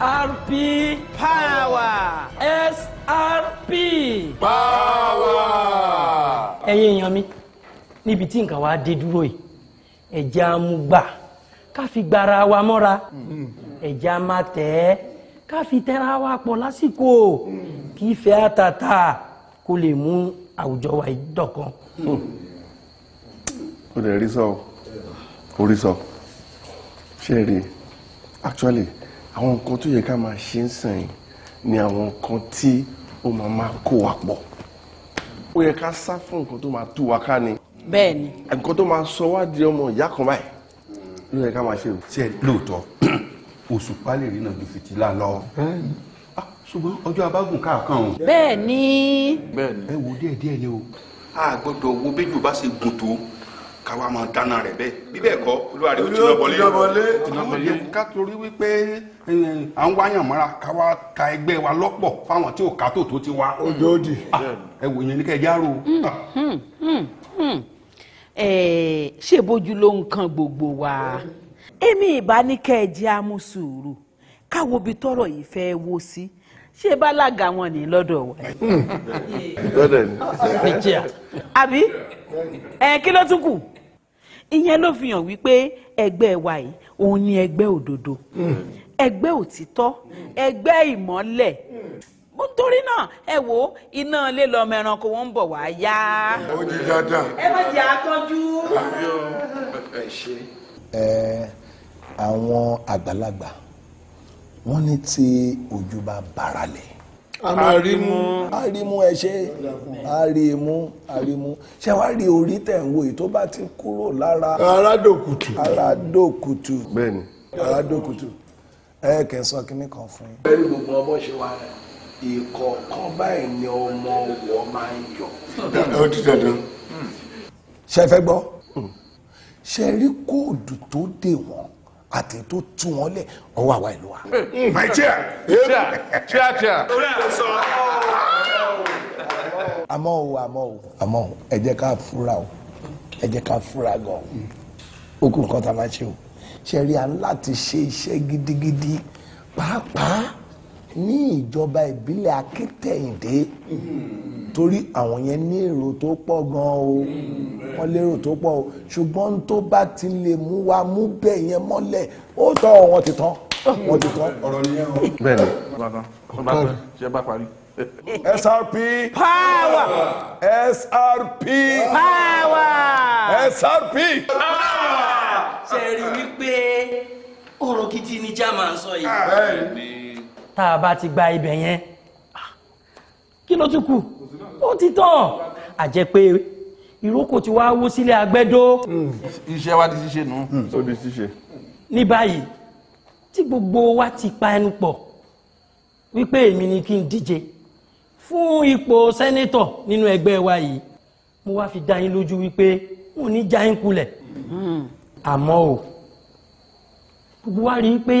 SRP power SRP power. ẹ̀yin èèyàn mi níbi tí nǹkan wa dé dúró yìí ẹ̀jẹ̀ á mú gbà ká fi gbara wa mọ́ra ẹ̀jẹ̀ á má tẹ̀ ẹ́ ká fi tẹ́ra wa pọ̀ lásìkò kí ìfẹ́ àtàtà kó lè mú àwùjọ wa dọ̀kan. o lè rí sọ o rí sọ ṣé rí actually àwọn nǹkan tó yẹ ká máa ṣe ń sìn yìí ni àwọn nǹkan tí ó máa máa kó wa pọ̀ ó yẹ ká sá fún nǹkan tó máa tú wa ká ni. bẹ́ẹ̀ni. nǹkan tó máa sọ wá di ọmọ ìyá kan báyìí ló yẹ ká máa ṣe o. ṣe lóòótọ́ òṣùpá lè rí náà ju fìtílà lọ ah, ṣùgbọ́n ọjọ́ abágùn káàkan o. bẹ́ẹ̀ni. bẹ́ẹ̀ni. ẹ wo díẹ̀díẹ̀ ni o. a gbọ́dọ̀ wo bẹ́jọ́ bá ṣe gùn tó káwa máa dáná rẹ̀ bẹ́ẹ̀ bí bẹ́ẹ̀ kọ́ olúwa rẹ̀ ó tìlọ́bọlé tìlọ́bọlé ká torí wípé à ń wáyàn mọ́ra káwa ka ẹgbẹ́ wa lọ́pọ̀ fáwọn tí ò ká tó tó ti wá. ojú ah ẹ wò yẹn ní kẹjá ro. ṣe bójú ló ń kan gbogbo wa èmi ìbá ní amúsùúrù káwo bí Si ṣé bálága wọn ní lọ́dọ̀ wa. lọ́dọ̀ ni. àbí ẹ kí ló tún kù ìyẹn ló fi hàn wípé ẹgbẹ́ wa yìí òun ni ẹgbẹ́ òdodo ẹgbẹ́ òtítọ́ ẹgbẹ́ ìmọ́lẹ̀ nítorí náà ẹ wo iná ilé lọmọ ẹranko wọn ń bọ̀ wá yá. ó di dáadáa. ẹ má jẹ́ àtọ́jú. ẹ ṣe. ẹ àwọn àgbàlagbà wọ́n ní tí ojú bá bára lẹ̀. àrímú àrímú ẹ ṣe àrímú àrímú ṣé wàá rí orí tẹ̀ ń wo èyí tó bá ti kúrò lára. aládòkùtù. aládòkùtù. bẹ́ẹ̀ni. aládòkùtù ẹ kẹ sọ kínní kan fún yín. bẹ́ẹ̀ni gbogbo ọmọ ṣe wà rẹ ìkọ̀ọ̀kan báyìí ni ọmọ wọ máa ń yọ. ó ti dandan. ṣe fẹ́ gbọ́ ṣe rí kóòdù tó dè wọ́n àti tó tú wọn lẹ̀ ọwọ́ àwa ìlú wa. Hmm. my chair. chair chair chair. orí àlùsọ. àmọ́ o àmọ́ o àmọ́ o ẹ jẹ́ ká fura o ẹ jẹ́ ká fura gan o kò nǹkan tá a máa ṣe o ṣe rí a láti ṣe iṣẹ́ gidigidi pàápàá ní ìjọba ìbílẹ̀ akítẹ̀yìndé torí àwọn yẹn ní èrò tó pọ̀ gan o wọ́n lérò tó pọ̀ o ṣùgbọ́n tó bá ti lè mú wa mú bẹ́ẹ̀ yẹn mọ́lẹ̀ ó tọ́ wọn ti tán wọn ti tán. ọ̀rọ̀ nìyẹn o. bẹ́ẹ̀ni ṣe bá parí. SRP power SRP power SRP power. ṣe rí wípé ọ̀rọ̀ gidi ni jama ń sọ yìí tá a bá ti gba ibẹ̀ yẹn ah, kí ló tún kù ó ti tán àjẹ́ pé ìrókò ti wá wó sílé agbẹ́dó. Hmm. iṣẹ́ wa ti ṣiṣe nù. Hmm, ó di ṣiṣe. ní báyìí tí gbogbo wa ti pa ẹnu pọ̀ wípé èmi ni kí n díje fún ipò sẹ́nẹ́tọ̀ nínú ẹgbẹ́ wa yìí mo wá fi dá yín lójú wípé wọn ò ní já yín kulẹ̀ hmm. àmọ́ o gbogbo wa rí i pé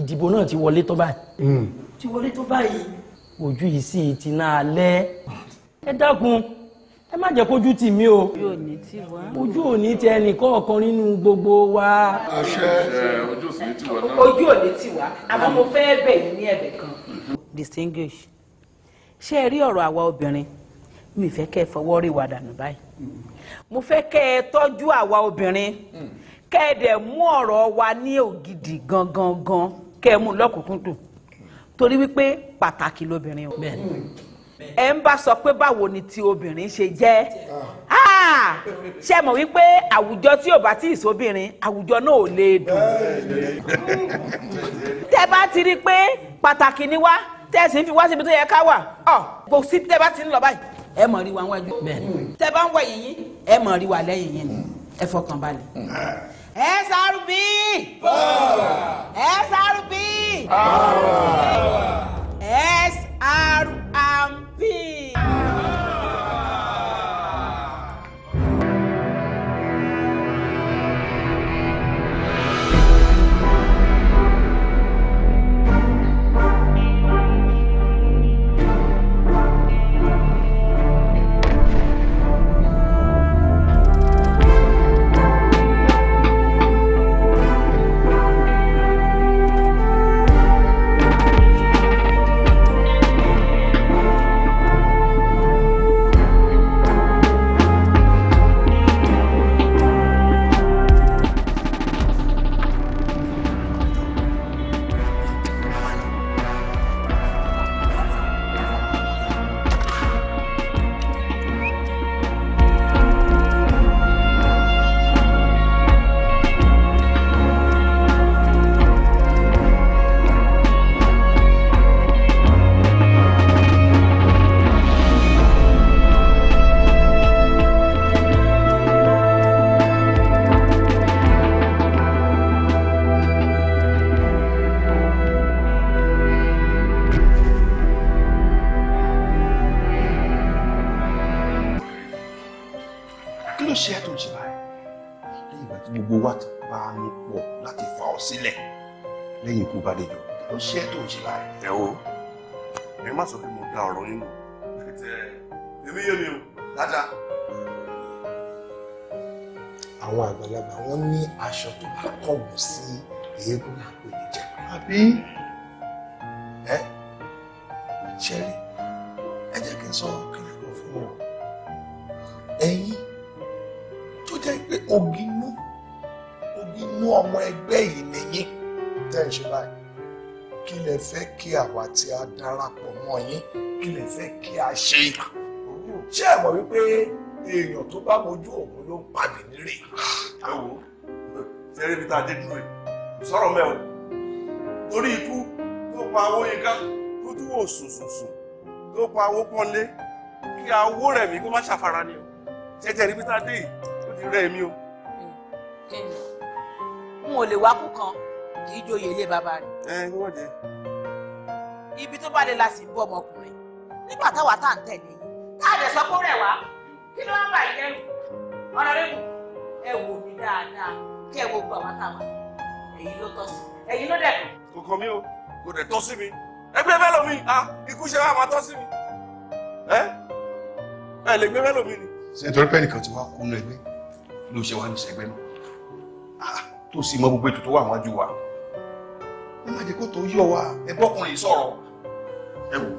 ìdìbò náà ti wọlé tó báyìí. Hmm. ti wọlé tó báyìí. ojú yìí sì ti náà lẹ́. ẹ dákun ẹ má jẹ́ kójú tì mí o. ojú ò ti ẹnì kọ̀ọ̀kan nínú gbogbo wa. àṣẹ ojú ò sì ní tiwa náà. ojú ò ní tiwa àmọ́ mo fẹ́ bẹ̀ yín ní ẹ̀bẹ̀ kan. distinguish ṣé ẹ rí ọ̀rọ̀ àwa obìnrin mi fẹ́ kẹ́ ẹ fọwọ́ rí wa dànù báyìí mo fẹ́ kẹ́ ẹ tọ́jú àwa obìnrin hmm. kẹ́ ẹ dẹ̀ mú ọ̀rọ̀ wa ní ògidì gangan gan. gan, gan kẹ́ ẹ mú lọ́kùnkúndùn torí wípé pàtàkì lóbìnrin o ẹ ń bá sọ pé báwo ni ti obìnrin ṣe jẹ́ ah. ah! ṣe mọ̀ wípé àwùjọ tí ò bá tí ì sóbìnrin àwùjọ náà ò lè dùn tẹ́ bá ti rí i pé pàtàkì ni wá tẹ́ ẹ sì ń fi wá síbi tó yẹ ká wà ọ kò sí tẹ́ bá ti ń lọ báyìí ẹ mọ̀ rí wa wájú tẹ́ bá ń wọ yìnyín ẹ mọ̀ rí wa lẹ́yìn yìnyín ẹ fọkàn balẹ̀. Ah. SRB power SRB power SRMP. Power. jẹ́ pé ògínú ògínú ọmọ ẹgbẹ́ yìí nìyí tẹ́ ń ṣe báyìí kí lẹ fẹ́ kí àwa tí a darapọ̀ mọ́ yín kí lẹ fẹ́ kí a ṣe ṣé ẹ mọ̀ wípé èèyàn tó bá mojú òun ló ń padì nírè. ẹ wo ṣeré mi tá a dé dúró yìí sọ̀rọ̀ mẹ́wọ̀ torí ikú tó pa owó yín ká tó tún wò sùnsùnsùn tó pa owó pọ́nlé kí awó rẹ̀ mí kó má ṣàfara ni o ṣẹ̀ṣẹ̀ rí mi tá a dé yìí ti rẹ́ mi o. n ò lè wákú kan kì í joyè ilé bàbá rẹ̀. ẹ ẹ wọ́n jẹ. ibi tó bá lè la sì ń bọ́ ọmọkùnrin nígbà táwa tá à ń tẹ̀lé yìí tá a lè sọ pé ó rẹ̀ wá kí ló ń bà yín lẹ́rù ọ̀nà rẹ̀ mú ẹ wò mí dáadáa kí ẹ wo gbọ́ àwọn táwa èyí ló tọ́ sí èyí ló dẹ̀ kù. kò kàn mí o kò dẹ̀ tọ́ sí mi ẹgbẹ́ bẹ́ẹ̀ lómi ikú ṣe wá máa tọ́ sí mi ẹ ẹ lè gbé bẹ́ẹ̀ lómi ni. ṣé nítorí pé ẹnìkan ti wá kú nínú ẹgbẹ́ ló ṣe wá ní sẹgbẹ́ náà ah, tó sì mọ gbogbo ètò tó wà wájú wa ẹ má jẹ́ kó tó yọ wa ẹ bọ́kùnrin sọ̀rọ̀ ẹ wò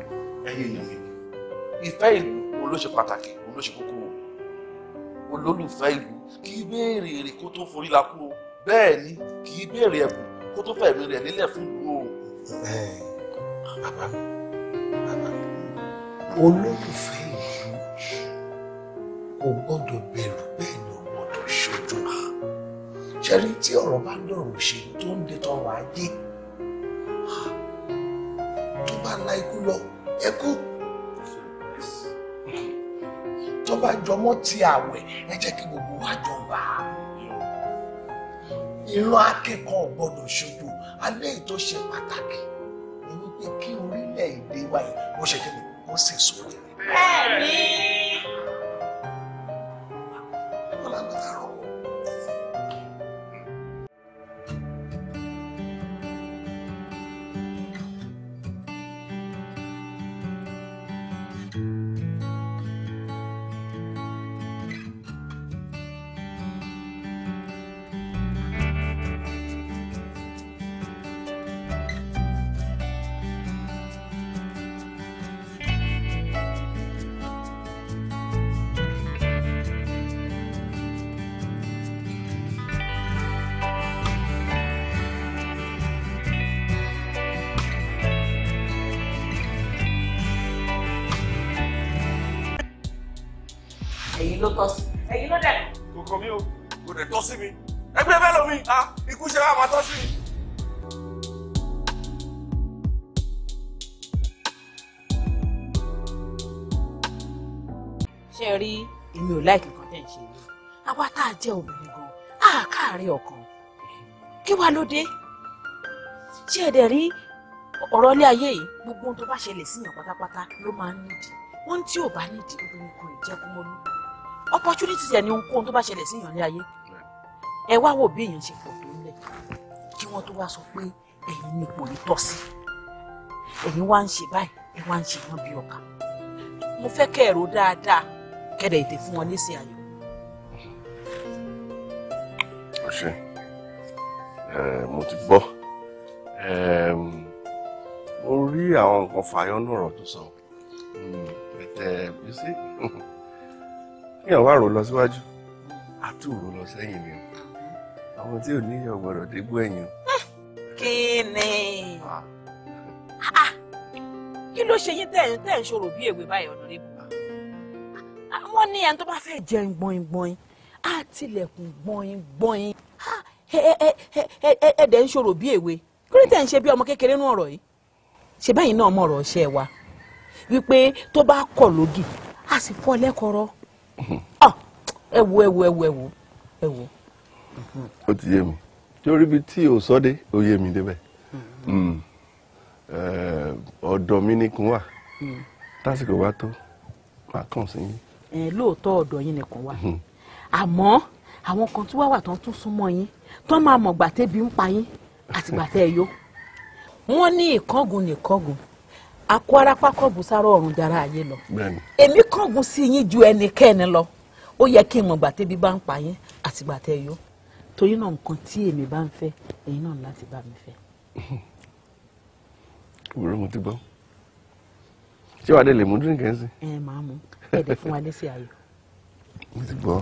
ẹyẹ èèyàn mi ìfẹ́ ìlú olóṣè pàtàkì olóṣè kókó olólùfẹ́ ìlú kì í béèrè èrè kó tó forí la kú o bẹ́ẹ̀ ni kì í béèrè ẹ̀bùn kó tó fẹ̀mí rẹ̀ nílẹ̀ fún ìlú o. bàbá ìlú kò gbọ́dọ̀. ṣẹ́rí tí ọ̀rọ̀ bá dọ̀rọ̀ òṣèlú tó ń de tọrọ ajé ah, tó bá la ikú lọ ẹkú tó bá jọmọ́ ti àwẹ̀ ẹ jẹ́ kí gbogbo wa jọ gbà á ìran akẹ́kọ̀ọ́ gbọ́dọ̀ ṣojú alẹ́ yìí tó ṣe pàtàkì ni wípé kí orílẹ̀-èdè wa ó ṣe kí ni ó sì sórí. bẹ́ẹ̀ ni. wá ló dé ṣé ẹ dẹ̀ rí ọ̀rọ̀ ilé ayé yìí gbogbo ohun tó bá ṣẹlẹ̀ síyàn pátápátá ló máa ń nídìí wọ́n tí ò bá nídìí obìnrin kò ìjẹ́kúmọ́lú opportunity ẹ̀ ní ohunkóhun tó bá ṣẹlẹ̀ síyàn ní ayé ẹ wá wò bí èèyàn ṣe pọ̀ tó lẹ̀ kí wọ́n tó wá sọ pé ẹ̀yin ni ipò yìí tọ́ sí ẹ̀yin wá ń ṣe báyìí ẹ wá ń ṣe wọ́n bí ọkà mo fẹ́ kẹ́ ẹ̀rọ dáadáa kẹ́dẹ̀ ètè fún wọn lẹ́sìn ayọ̀. ọ̀sẹ̀. Eh, mo ti gbọ́ mo rí àwọn nǹkan fàyọ́ náà ọ̀rọ̀ tó sọ pẹ̀tẹ́ bísí kíyàn wá rò lọ síwájú àti òrò lọ sẹ́yìn ni àwọn tí ò níyàn gbọ́dọ̀ dégbò ẹ̀yìn. kí ni ah, kí ló ṣe yín tẹ̀ tẹ̀ ń ṣòro bí èwe báyìí ọ̀nà rẹ̀ ah, wọ́n ní ẹni tó bá fẹ́ jẹun gbọ̀ngbọ̀n á tilẹ̀kùn gbọ̀ngbọ̀n ah, ẹ dẹ̀ ń ṣòro bí èwe kúrò tẹ̀ ń ṣe bí ọmọ kékeré nú ọ̀rọ̀ yìí ṣe bẹ́yìn náà mọ̀ ọ̀rọ̀ ọ̀ṣẹ́ wa wípé tó bá kọ̀ lógì a sì fọ́ lẹ́kọ̀ọ́rọ́ hmm. ah, ẹ wo ẹ wo ẹ wo ẹ wo ẹ wo. ó ti yé mi torí ibi tí ò sọ́dé ó yé mi débẹ̀ hmm. Hmm. Eh, ọ̀dọ̀ mi nìkan wà tásìkò wa tó máa kàn sí yín. Eh, lóòótọ́ ọ̀dọ̀ yín nìkan wà àmọ́ àwọn kan tí wàá wà tán tún súnmọ́ yín tó máa mọ̀ gbà tébi ń pa yín àtìgbà tẹ́ ẹ yó. wọ́n ní ìkángun nìkángun àkó arápá kọ̀gùn sára ọ̀run jara ayé lọ. èmi kángun sí yín ju ẹnikẹ́ni lọ ó yẹ kí n mọ̀ gbà bá ń pa yín àtìgbà tẹ́ torí náà nǹkan tí èmi bá ń fẹ́ ẹ̀yin náà láti bá mi fẹ́. òwúrọ̀ mo ti gbọ́ ṣé wàá dé lè mú dúró nǹkan sí. ẹ máa mú ẹ̀ẹ́dẹ̀ fún wa lé ayọ̀. mo ti gbọ́.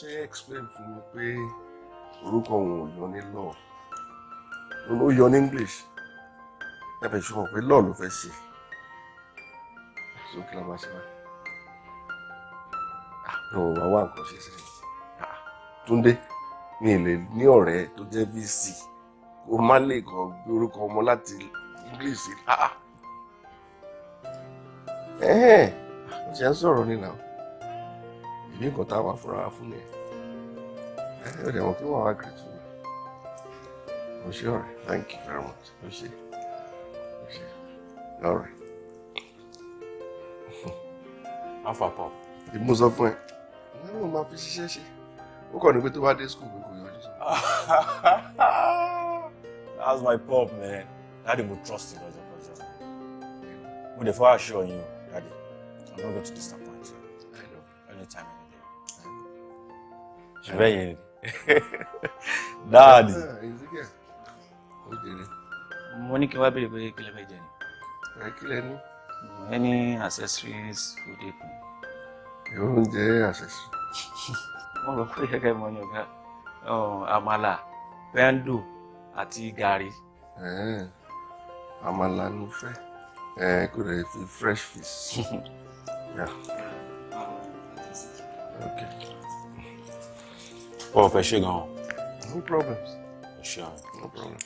ṣe explain fún mi pé orúkọ òun ò yọ ní law òun ló yọ ní english ẹbẹ̀ ṣùgbọ́n pé law ló fẹ́ ṣe so kí la máa ṣe wáyé àwọn òwà wà nǹkan ṣe sí ah, túndé mi ì lè ní ọ̀rẹ́ tó jẹ́ vc kó má lè kọ́ bí orúkọ ọmọ láti english ah, ah. ẹ̀ẹ́ ah, ṣe ń sọ̀rọ̀ nínú àwọn ìdí nǹkan tá a wà fúnra wa fún nìyẹn ẹ ẹ wọn kí wọn wá gírí tù mí o ṣe ọ̀rẹ́ thank you very much o ṣe o ṣe ọ̀rẹ́. afa pọ. ìmú sọ fún ẹ ní mo máa fi ṣiṣẹ́ ṣe ó kàn ní pé tó bá dé school kò yọjú sí. that's my pop man daddy mo trust you lọ́jọ́ kọjá mo dey for assure you daddy i'm no, going to disturb. ṣùgbọ́n yẹn ni dáàdì. mo ní kí n wá béèrè pé kílẹ̀ fẹ́ jẹ ni. kílẹ̀ ni. any accessories food epo. oúnjẹ accessories. mo rò pé kẹ́kẹ́ mọ ní ọ̀gá àmàlà pẹ́ńdò àti gàrí. àmàlà ló fẹ́ kó lè fi fresh fish. yeah. okay. Oh, Peixigão. No problems. Fechado. No problems.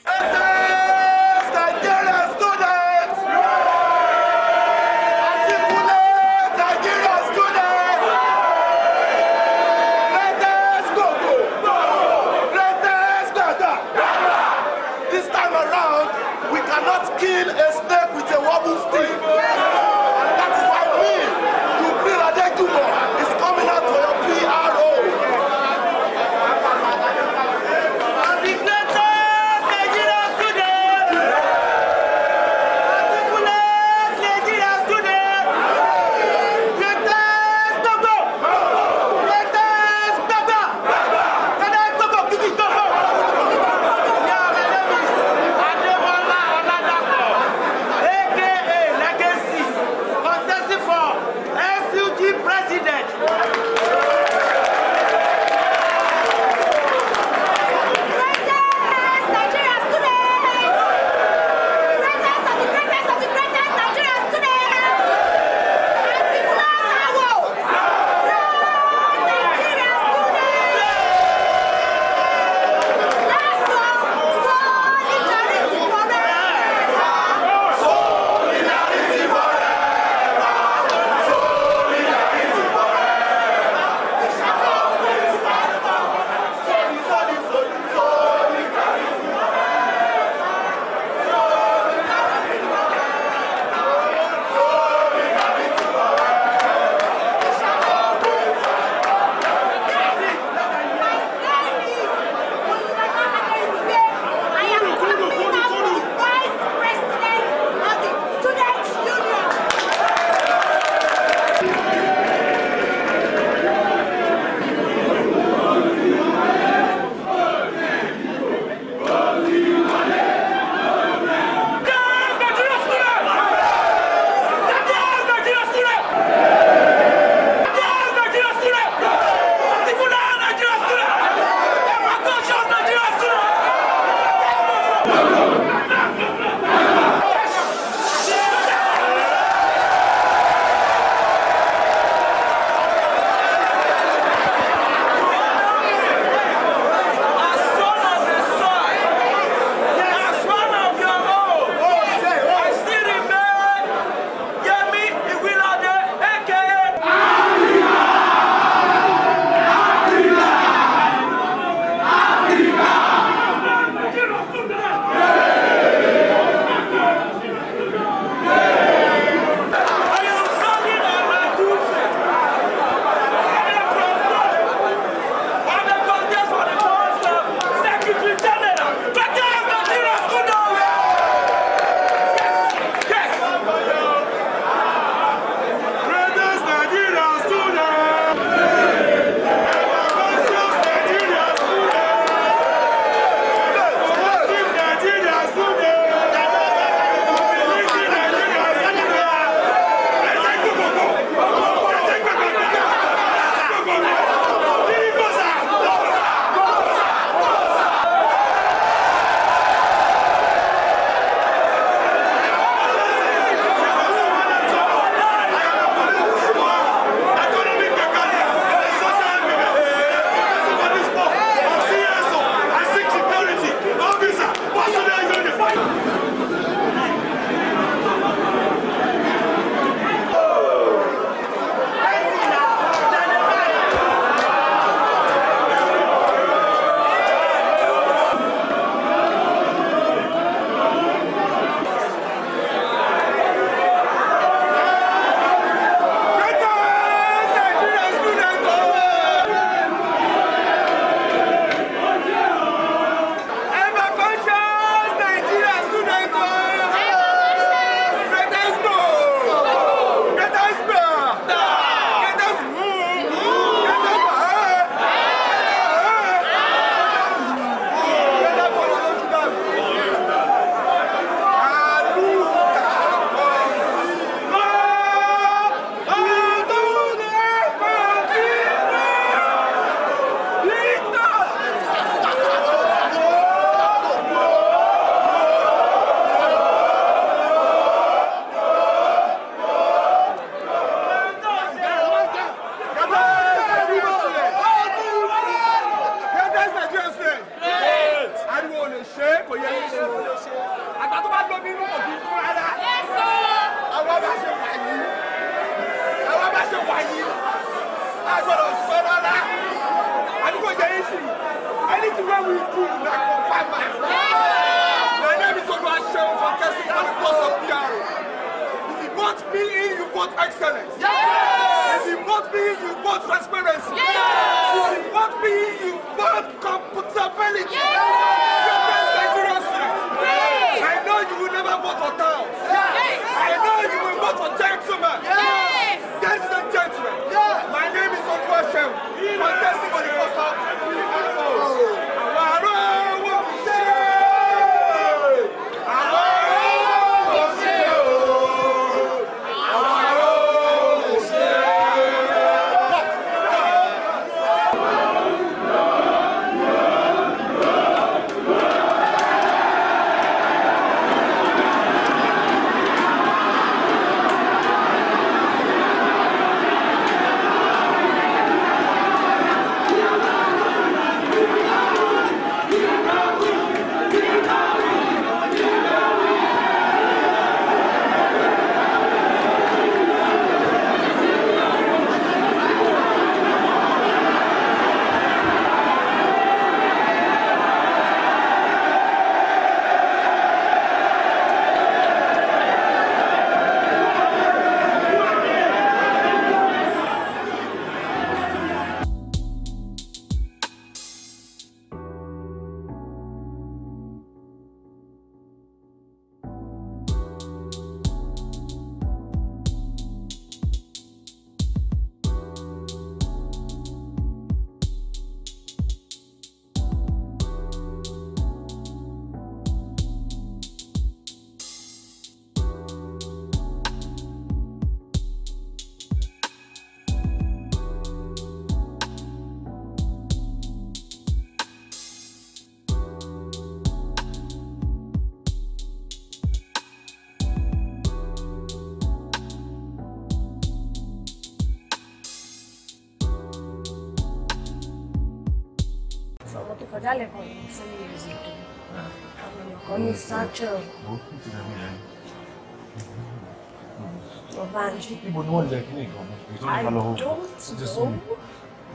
ti sùn.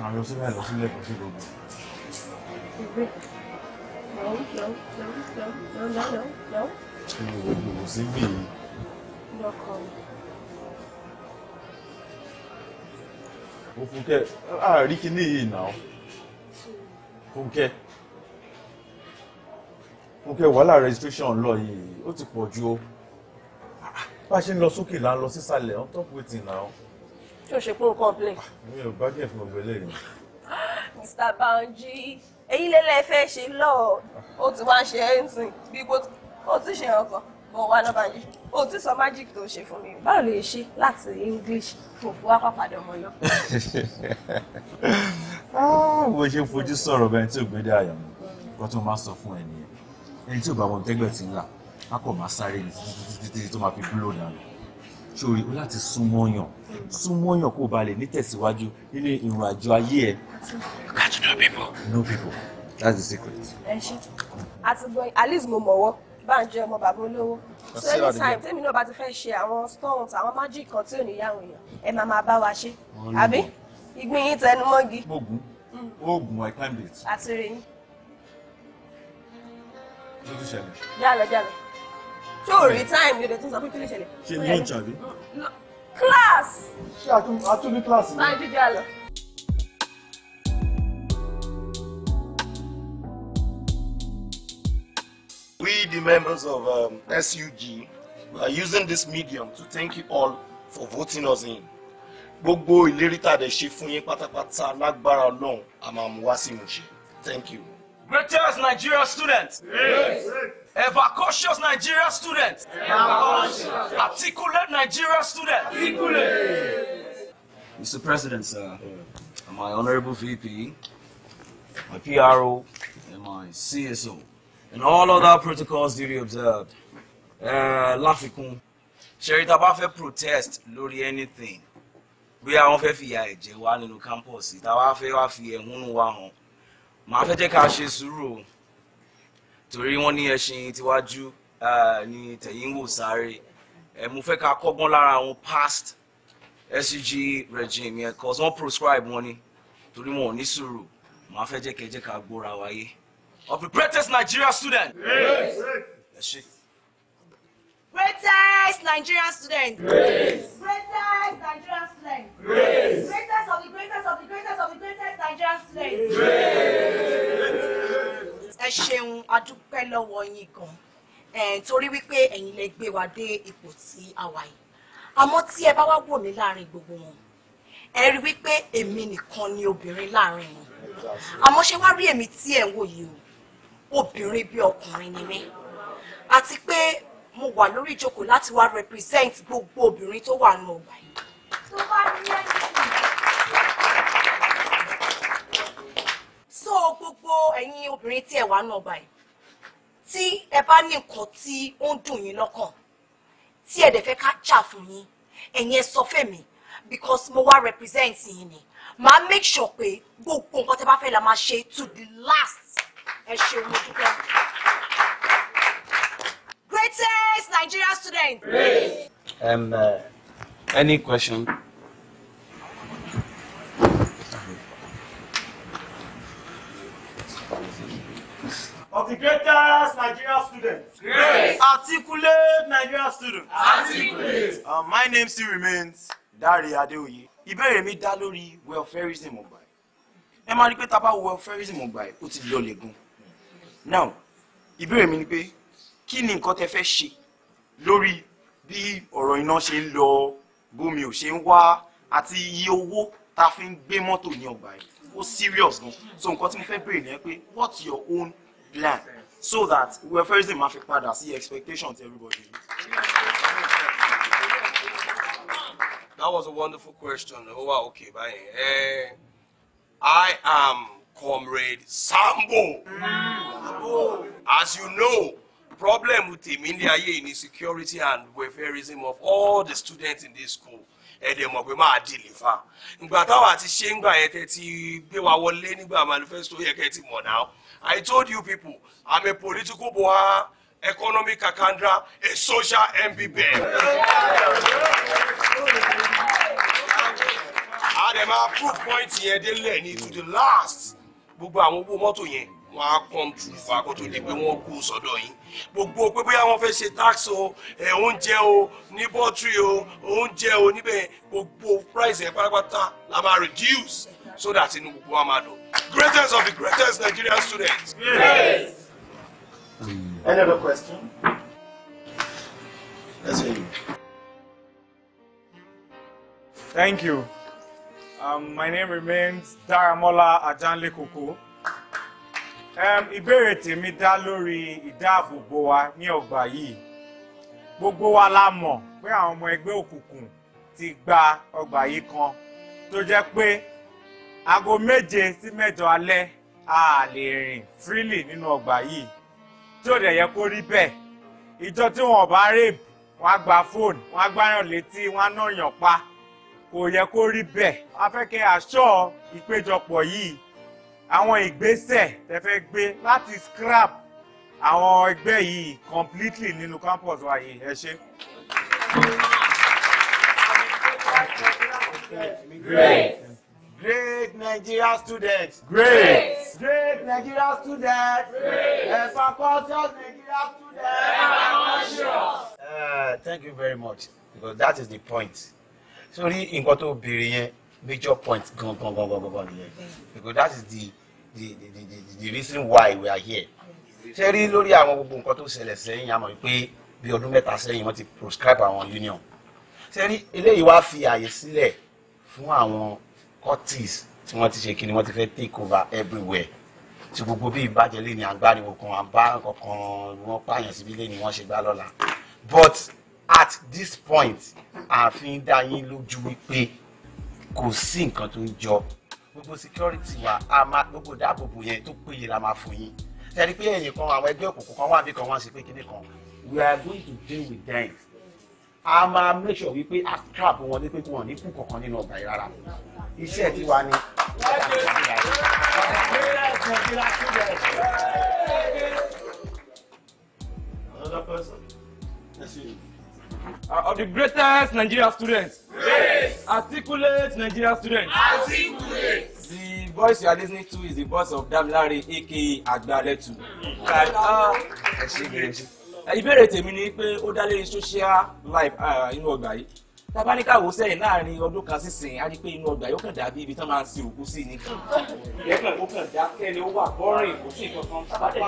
àwọn ọsẹ náà lọ sílẹ̀ kò sí gbogbo. mi ò gbogbo kò sí bí. ó fúnkẹ́ àárí kíní yìí náà fúnkẹ́ fúnkẹ́ wàhálà registration lọ yìí ó ti pọ̀ ju o bá a ṣe ń lọ sókè là ń lọ sísàlẹ̀ on top waiting now ṣé o ṣe pé o complain. mi ò bá jẹ́ fún gbogbo eléyìí. Mr. Banji èyí lélẹ̀ fẹ́ ṣe lọ́ọ̀ o ti wá ṣe ẹ́ńtìn bí o ti ṣe ọkọ̀ bọ̀ wá náà Banji o ti sọ magic tó ṣe fún mi báwo lè ṣe láti English kò fún wa pàpàdé ọmọ yọ. bó ah, ṣe fojú sọ̀rọ̀ bẹ́ẹ̀ tí ò gbé dé àyàn mi kó tó máa sọ fún ẹ nìyẹn ẹni tí ò bá mọ tẹ́gbẹ̀ tí ń là á kò máa sáré ní títí tó máa fi búlò dànù sórí o láti súnmọ́ yàn súnmọ́ yàn kó ba lè nítẹ̀síwájú nínú ìrìn àjò ayé ẹ. got to know people. know people that's the secret. ẹ ṣe àti gbọ́ alice mo mọ̀wọ́ Bánjí ọmọ bàbá olówó so anytime tèmi náà bá ti fẹ́ ṣe àwọn stones àwọn magic kan tí ò ní yàwó èèyàn ẹ máa máa bá wa ṣe àbí ìgbín yín tẹnu mọ́gi. oògùn oògùn i climbed it. àti rè yín. ló ti ṣẹlẹ̀. jálẹ̀ jálẹ̀ ṣé o rí time yóò dé tó sọ pé kí ló ṣẹlẹ̀. ṣe lunch àbí class. ṣé a tún ní class ni. máa We, the members of um, SUG, are using this medium to thank you all for voting us in. Gbogbo ìlérí tá a dẹ̀ ṣe fún yín pátápátá lágbára Ọlọ́run a máa mú wá sí ìmúṣẹ. Thank you. Greatest Nigerian students. Yes. Yes. Ever Nigeria students. Articulate Nigeria students. Articulate. Mr. President, sir, and my honorable VP, my PRO, and my CSO, and all other protocols duly observed. Uh, Láfikún, ṣeré tá a bá fẹ́ protest lórí anything, bí àwọn fẹ́ fìyà ẹ̀jẹ̀ wá nínú campus, tá a bá fẹ́ wá fi ẹ̀hónú wa hàn, màá fẹ́ jẹ́ ká ṣe sùúrù o torí wọ́n ní ẹṣin tíwájú ní tẹ̀yìn wò sáré mo fẹ́ ká kọ́gbọ́n lára àwọn past SUG regime yẹn cause wọ́n proscribe wọn ni torí wọn ò ní sùúrù màá fẹ́ jẹ́ kẹjẹ́ ká gbóra wáyé of the greatest Nigeria student. Yes. Yes. Greatest Nigerian student. Grace. Greatest Nigerian student. Grace. Greatest of the greatest of the greatest of the greatest Nigerian student. Grace ẹ ṣeun a lọ́wọ́ yín gan torí wípé ẹ̀yin lẹ gbé wa dé ipò tí a wà yìí àmọ́ tí ẹ bá wá wò mí láàrin gbogbo wọn ẹ rí wípé èmi nìkan ni obìnrin láàrin wọn àmọ́ ṣé wá rí èmi tí ẹ̀ ń wò yìí o obìnrin bí ọkùnrin ni mí àti pé mo wà lórí ìjókòó láti wá represent gbogbo obìnrin tó wà nù ọgbà yìí. tó bá rí ẹni so gbogbo ẹ̀yin obìnrin tí ẹ wà náà báyìí tí ẹ bá ní nǹkan tí ó ń dùn yín lọ́kàn tí ẹ dẹ̀ fẹ́ ká jà fún yín ẹ̀yin ẹ sọ fẹ́mi because mo wá represent yín ni màá make sure pé gbogbo nǹkan tẹ bá fẹ́ la máa ṣe to the last ẹ ṣeun mo dúpẹ́. greatest Nigerian student. Um, uh, any question? of the greatest Nigerian students. Great. Articulate Nigerian students. Articulate. Uh, my name still remains Dari Adeoye. Ìbéèrè mi dá lórí welfareism ọgbà ẹ̀. Ẹ máa rí pé tá bá welfareism ọgbà ẹ̀ ó ti lọlẹ̀ gan. Now, ìbéèrè mi ni pé kí ni nǹkan tẹ fẹ́ ṣe lórí bí ọ̀rọ̀ iná ṣe ń lọ bómi ò ṣe ń wá àti iye owó tá a fi ń gbé mọ́tò ní ọgbà ẹ̀. Ó serious gan. So nǹkan tí mo fẹ́ béèrè ni pé what's your own plan so that we first dey ma fi padà sí expectation to everybody. That was a wonderful question. Ó wà òkè báyìí. Eh, I am Comrade Sambo. As you know, problem with him in the in insecurity and welfareism of all the students in this school ẹ̀dẹ̀ mọ̀ pé máa dì nífà. Ìgbà táwa ti ṣe ń gbà yẹn tẹ́ ti gbé wa wọlé nígbà manifesto yẹ kẹ́ ti mọ̀ náà. I told you people, I'm a political boha, economic kakandra, a social MBBN. a dẹ̀ máa proof point they learn it to the last gbogbo àwọn owó mọ́tò yẹn wọ́n á come true fún akótó di pé wọ́n kú sọ́dọ̀ yín gbogbo pé bóyá wọ́n fẹ́ ṣe tax o ẹ̀ oúnjẹ o ní bọ́tírì o oúnjẹ o níbẹ̀ gbogbo price yẹn pátápátá la máa reduce so that inú gbogbo wa máa greatest of the greatest Nigerian students. Yes. Any other question? Let's hear you. Thank you. Um, my name remains Daramola Ajanle Koko. Um, ìbéèrè tèmi dá lórí ìdáàbòbò wa ní ọgbà yìí. Gbogbo wa la mọ̀ pé àwọn ọmọ ẹgbẹ́ òkùnkùn ti gba ọgbà yìí kan tó jẹ́ pé aago méje sí mẹ́jọ alẹ́ a lè rìn freely nínú ọgbà yìí tí ò dẹ̀ yẹ kó rí bẹ́ẹ̀ ìjọ tí wọn bá rape wọn á gba fóònù wọn á gbáyàn létí wọn á ná yàn pa kò yẹ kó rí bẹ́ẹ̀ a fẹ́ kẹ́ aṣọ ìpéjọpọ̀ yìí àwọn ìgbésẹ̀ tẹ́ fẹ́ gbé láti scrap àwọn ẹgbẹ́ yìí completely nínú campus wa yìí ẹ ṣé. Great. Great Nigeria students. Great. Great Nigeria students. Great. Ẹ̀fà conscious Nigeria students. Ẹ̀fà uh, thank you very much because that is the point. Sori nǹkan tó béèrè major point because that is the the the the the reason why we are here. Ṣé rí lórí àwọn gbogbo nǹkan tó ṣẹlẹ̀ sẹ́yìn àmọ́ pé bí ọdún mẹ́ta sẹ́yìn wọ́n ti proscribe àwọn union. Ṣé rí eléyìí wá fi àyè sílẹ̀ fún àwọn cultists tí wọ́n ti ṣe kí ni wọ́n ti fẹ́ take over everywhere tí gbogbo bí ìbàjẹ́ lé ní agbáriwo kan àbá kankan wọ́n pààyàn síbi lé ní wọ́n ṣe gbá lọ́la but at this point àfin dá yín lójú wípé kò sí nǹkan tó ń jọ gbogbo security wa a máa gbogbo dáàbòbò yẹn tó péye la máa fún yín tẹ́lẹ̀ pé ẹ̀yìn kan àwọn ẹgbẹ́ òkùnkùn kan wà bí kan wọ́n ṣe pé kíní kan we are going to deal with them a máa make sure wípé a trap wọn ní pé wọn ní kú kankan nínú ọgbà yìí rárá iṣẹ́ ti wà ní. Another person. That's you. of the greatest Nigerian students. Great. Articulate Nigerian students. Articulate. The voice you are listening to is the voice of Damilare aka Agbaletu. Ah. Ìbéèrè tèmi ni pé ó dá lé social life ah, inú ọgbà yìí tabaníkà wò sẹ́yìn láàrin ọdún kan sísìn á rí pé inú ọgbà yóò kàn dàbí ibi tán máa ń sin òkú sí ni. ìyẹ́kàn ó kàn dákẹ́ ni ó wà bọ́rìn kò sí nǹkan kan tábàdé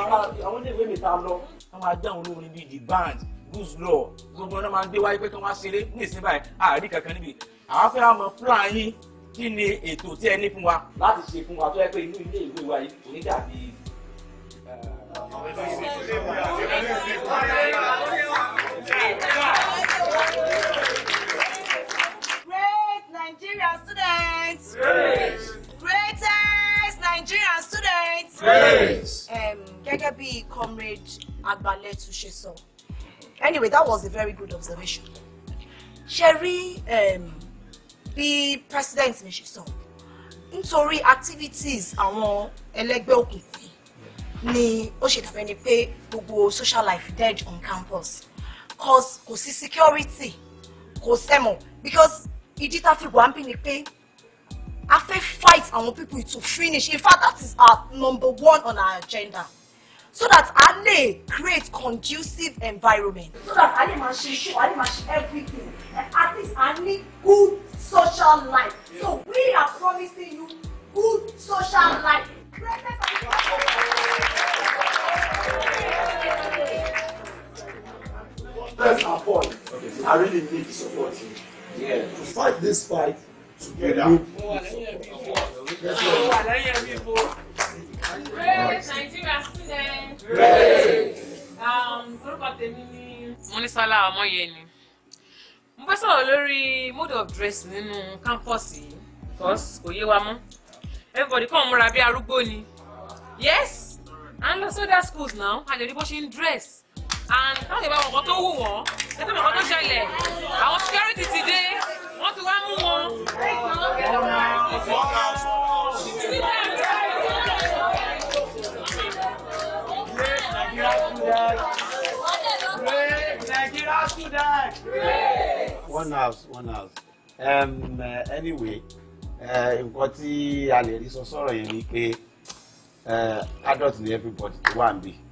àwọn ilé ìwé mi ta lọ. wọ́n máa dáhùn lórin bíi the band blues law gbogbo ọ̀nà máa ń gbé wáyé pé kí wọ́n á ṣeré ní ìsìn báyìí àárí kankan níbi àwọn fẹ́ àmọ́ plan yín kí ni ètò tí ẹ ní fún wa láti ṣe fún wa tó yẹ pé inú ilé ìwé wa yìí kò ní dàbí. Thank eh, you. Nigerian students. Praise. Greatest Nigerian students. Praise. Um, gẹ́gẹ́ bí comrade Agbaletu ṣe sọ. Anyway, that was a very good observation. Ṣé um, bí president mi ṣe sọ? Nítorí activities àwọn ẹlẹ́gbẹ́ òkùnkùn ni ó ṣe dàbẹ́ ni pé gbogbo social life dead on campus. Cause kò sí security, kò sẹ́mọ̀ because ìdí tá a fi wà ń bí ni pé a fẹ́ fight àwọn people to finish in fact that is our number one on our agenda so that a lè create conducive environment so that a lè máa ṣe show a lè máa ṣe everything and at least a ní good social life yeah. so we are promising you good social life. That's our point. I really need the support to fight this fight together. Praise Nigeria students. Praise. Um, orúkọ tèmi ni Mọ́nísọ́lá Ọmọyẹni. Mo fẹ́ sọ̀rọ̀ lórí mode of dress nínú kámpọ̀sì yìí because kò yé wa mọ́. Everybody kàn múra bí arúgbó ni. Yes, I'm ń lọ sódà schools now, a lè rí bó ṣe ń dress and wọ́n ti bá wọn nǹkan tó wù wọ́n ẹ̀tọ́ mi nǹkan tó ṣẹlẹ̀ àwọn security ti dé wọ́n ti wá mú wọn. One house, one house. Um, uh, anyway, uh, nǹkan tí a lè rí sọ sọ̀rọ̀ yẹn ni pé uh, adult ni everybody tó wà ń bì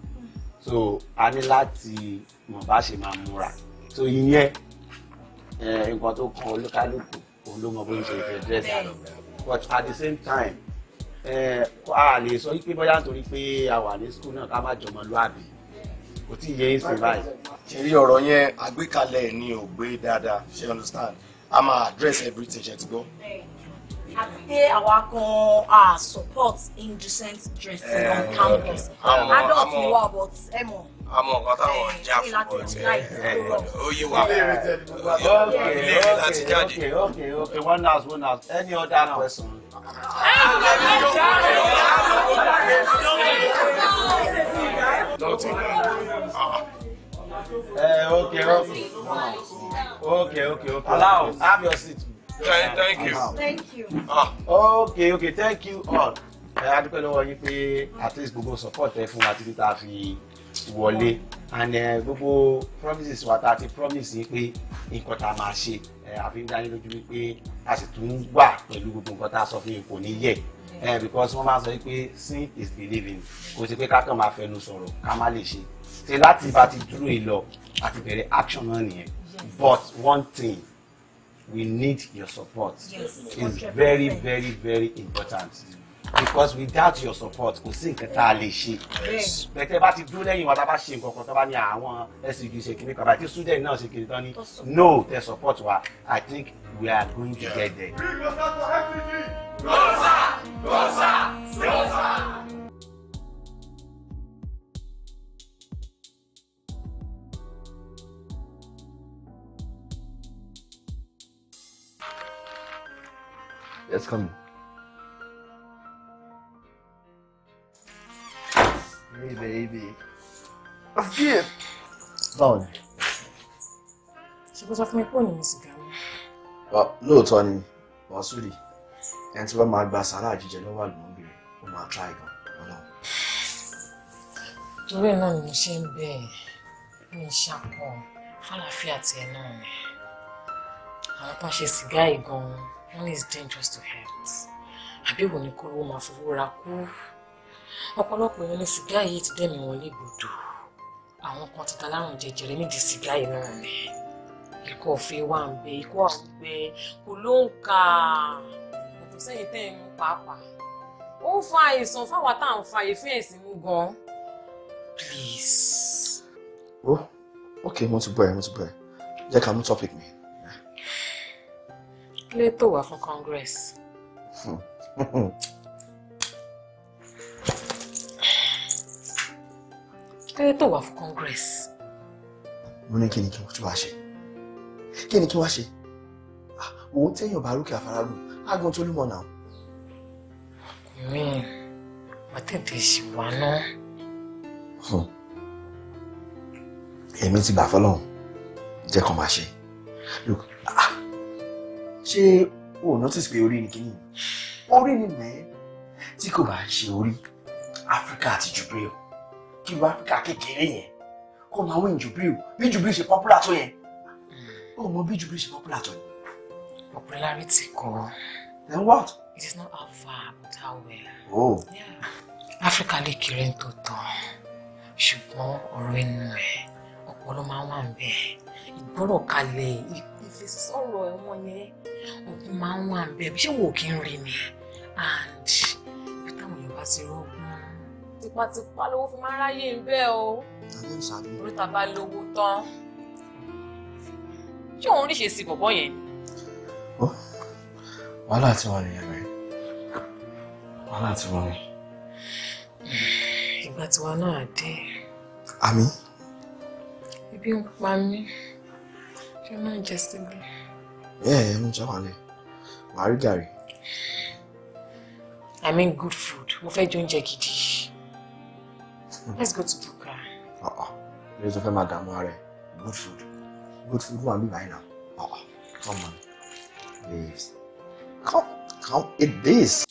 so a ní láti mọ̀ bá ṣe máa múra so ìyẹn nǹkan tó kan olúkálùkù òun ló mọ bó ń ṣe ìfẹ́ dírẹ́sì àná but at the same time a lè sọ pé bóyá nítorí pé a wà ní skul náà ká má jọmọ lóàbí kò tí ì yẹ ìsìn báyìí. ṣe rí ọ̀rọ̀ yẹn àgbékalẹ̀ ni ò gbé dáadáa ṣe understand a máa address everything ṣe ti gbọ́ àti pé àwa gan-an support indecent dressing eh, on campus adult ni wà but ẹ mọ̀ àmọ́ nǹkan táwọn já fún ọ tẹ ó yé wa ilé rẹ láti jáde. okay okay okay one last one last any other question. Uh, okay, okay. Okay, okay, okay. Allow, have your seat. Thank, thank you. Thank you. Ah. Okay, okay, thank you all. Ẹ á dúpẹ́ lọ́wọ́ yín pé at least gbogbo support ẹ fún wa títí tá a fi wọlé and eh, gbogbo promises wa tá ti promise yín pé nǹkan tá a máa ṣe àfi eh, ń dá yín lójú wípé a sì tún wà pẹ̀lú gbogbo nǹkan tá a sọ fún yín kò ní yẹ̀ eh, because wọ́n máa sọ pé sin is believing kò sí pé ká kàn máa fẹnu sọ̀rọ̀ ká má lè ṣe ṣe láti bá ti dúró ìlọ àti bẹ̀rẹ̀ action náà nìyẹn but one thing we need your support. Yes. It's very, very, very important. Because without your support, kò sí nǹkan tá a lè ṣe. Bẹ̀tẹ̀ bá ti dúró lẹ́yìn wa tá a bá ṣe nǹkan kan tó bá ní àwọn SUG e ṣe kiri kan àti student náà ṣe kiri ni no their support wa I think we are going to get there. That's coming. Hey, baby. What's good? Báwo ni? Ṣé kó sọ fún mi pé òní ni Tony. mi? Lóòótọ́ ni, Wàsúrì, ẹni tí wọ́n máa gba sàárà jíjẹ lọ́wọ́ àlùmọ́bìnrin, ó máa tra ìgbà ọlọ́run. Torí náà ni mo ṣe ń bẹ ẹ̀, mi ṣàkọ, fàlàfíà tiẹ̀ náà ni. Àwọn kan ṣe sìgá yìí Money is dangerous to health. Àbí wo ni kóró máa fowó ra kú? Ọ̀pọ̀lọpọ̀ èèyàn ní sìgá yìí ti dẹ́mi wọn légbodò. Àwọn kan ti ta lárùn jẹjẹrẹ nídìí sìgá yìí náà ni. Ikọ̀ òfin wà ń bẹ, ikọ̀ àwọn gbẹ, kò ló ń kà á. Yàtọ̀ sẹ́yìn tẹ́ ẹ̀ mú pàápàá. Ó ń fa àìsàn fáwọn tá ń fa ìfẹ́ ẹ̀sìn mú gan. Please. Oh, okay, mo ti gbọ́ ẹ, mo ti gbọ́ ẹ. Jẹ́ ká mú topic mi kí ló tó wá fún congress. kí ló tó wá fún congress. mo ní kí ni kí n tún wá ṣe kí ni kí n wá ṣe òun ah, téèyàn bá rúkè àfaragùn ágùn tó lùmọ̀ náà. mi ò tètè ṣìwà náà. Hmm. èmi ti gbà fọlọ́run jẹ́ kó máa ṣe look ah, ṣé o ò notice pé orí ni kí ni orí ni mẹ́ẹ́ tí kò bá ń ṣe orí áfíríkà àti jubril kí ló áfíríkà kékeré yẹn kó máa wí jubril bí jubril ṣe popular tó yẹn o mọ bí jubril ṣe popular tó yẹn. popularity kọ́. then what. it is not how far but how well. oh. áfíríkà lè kéré tó tán ṣùgbọ́n ọ̀rọ̀ ẹnu ẹ̀ ọ̀pọ̀ ló máa ń wà ń bẹ̀ ìgbọ́rọ̀ kalẹ̀ ìk lè sọ̀rọ̀ ẹ̀wọ̀n yẹn ogun máa ń wà ń bẹ̀ ṣé wò kí n rí ni and bí táwọn èèyàn bá ti rọ́gbọ́n. tipátipá lówó fi máa ń ráyè ń bẹ́ o orí ta bá lówó tán ṣé òun ríṣe sí bọ̀bọ̀ yẹn. wàhálà tí wọn nìyẹn rẹ wàhálà tí wọn ni. ìgbà tiwa náà dé. àmì. ebi ń pa mí. You're not jesting. Yeah, I'm Jawale. Màá rí Gary? I mean good food. Mo fẹ́ jẹ oúnjẹ gidi. Let's go to Buka. Uh uh. There's a fair madam are. Good food. Good food Who won't be right now. Uh uh. Come on. Please. Come, come eat this.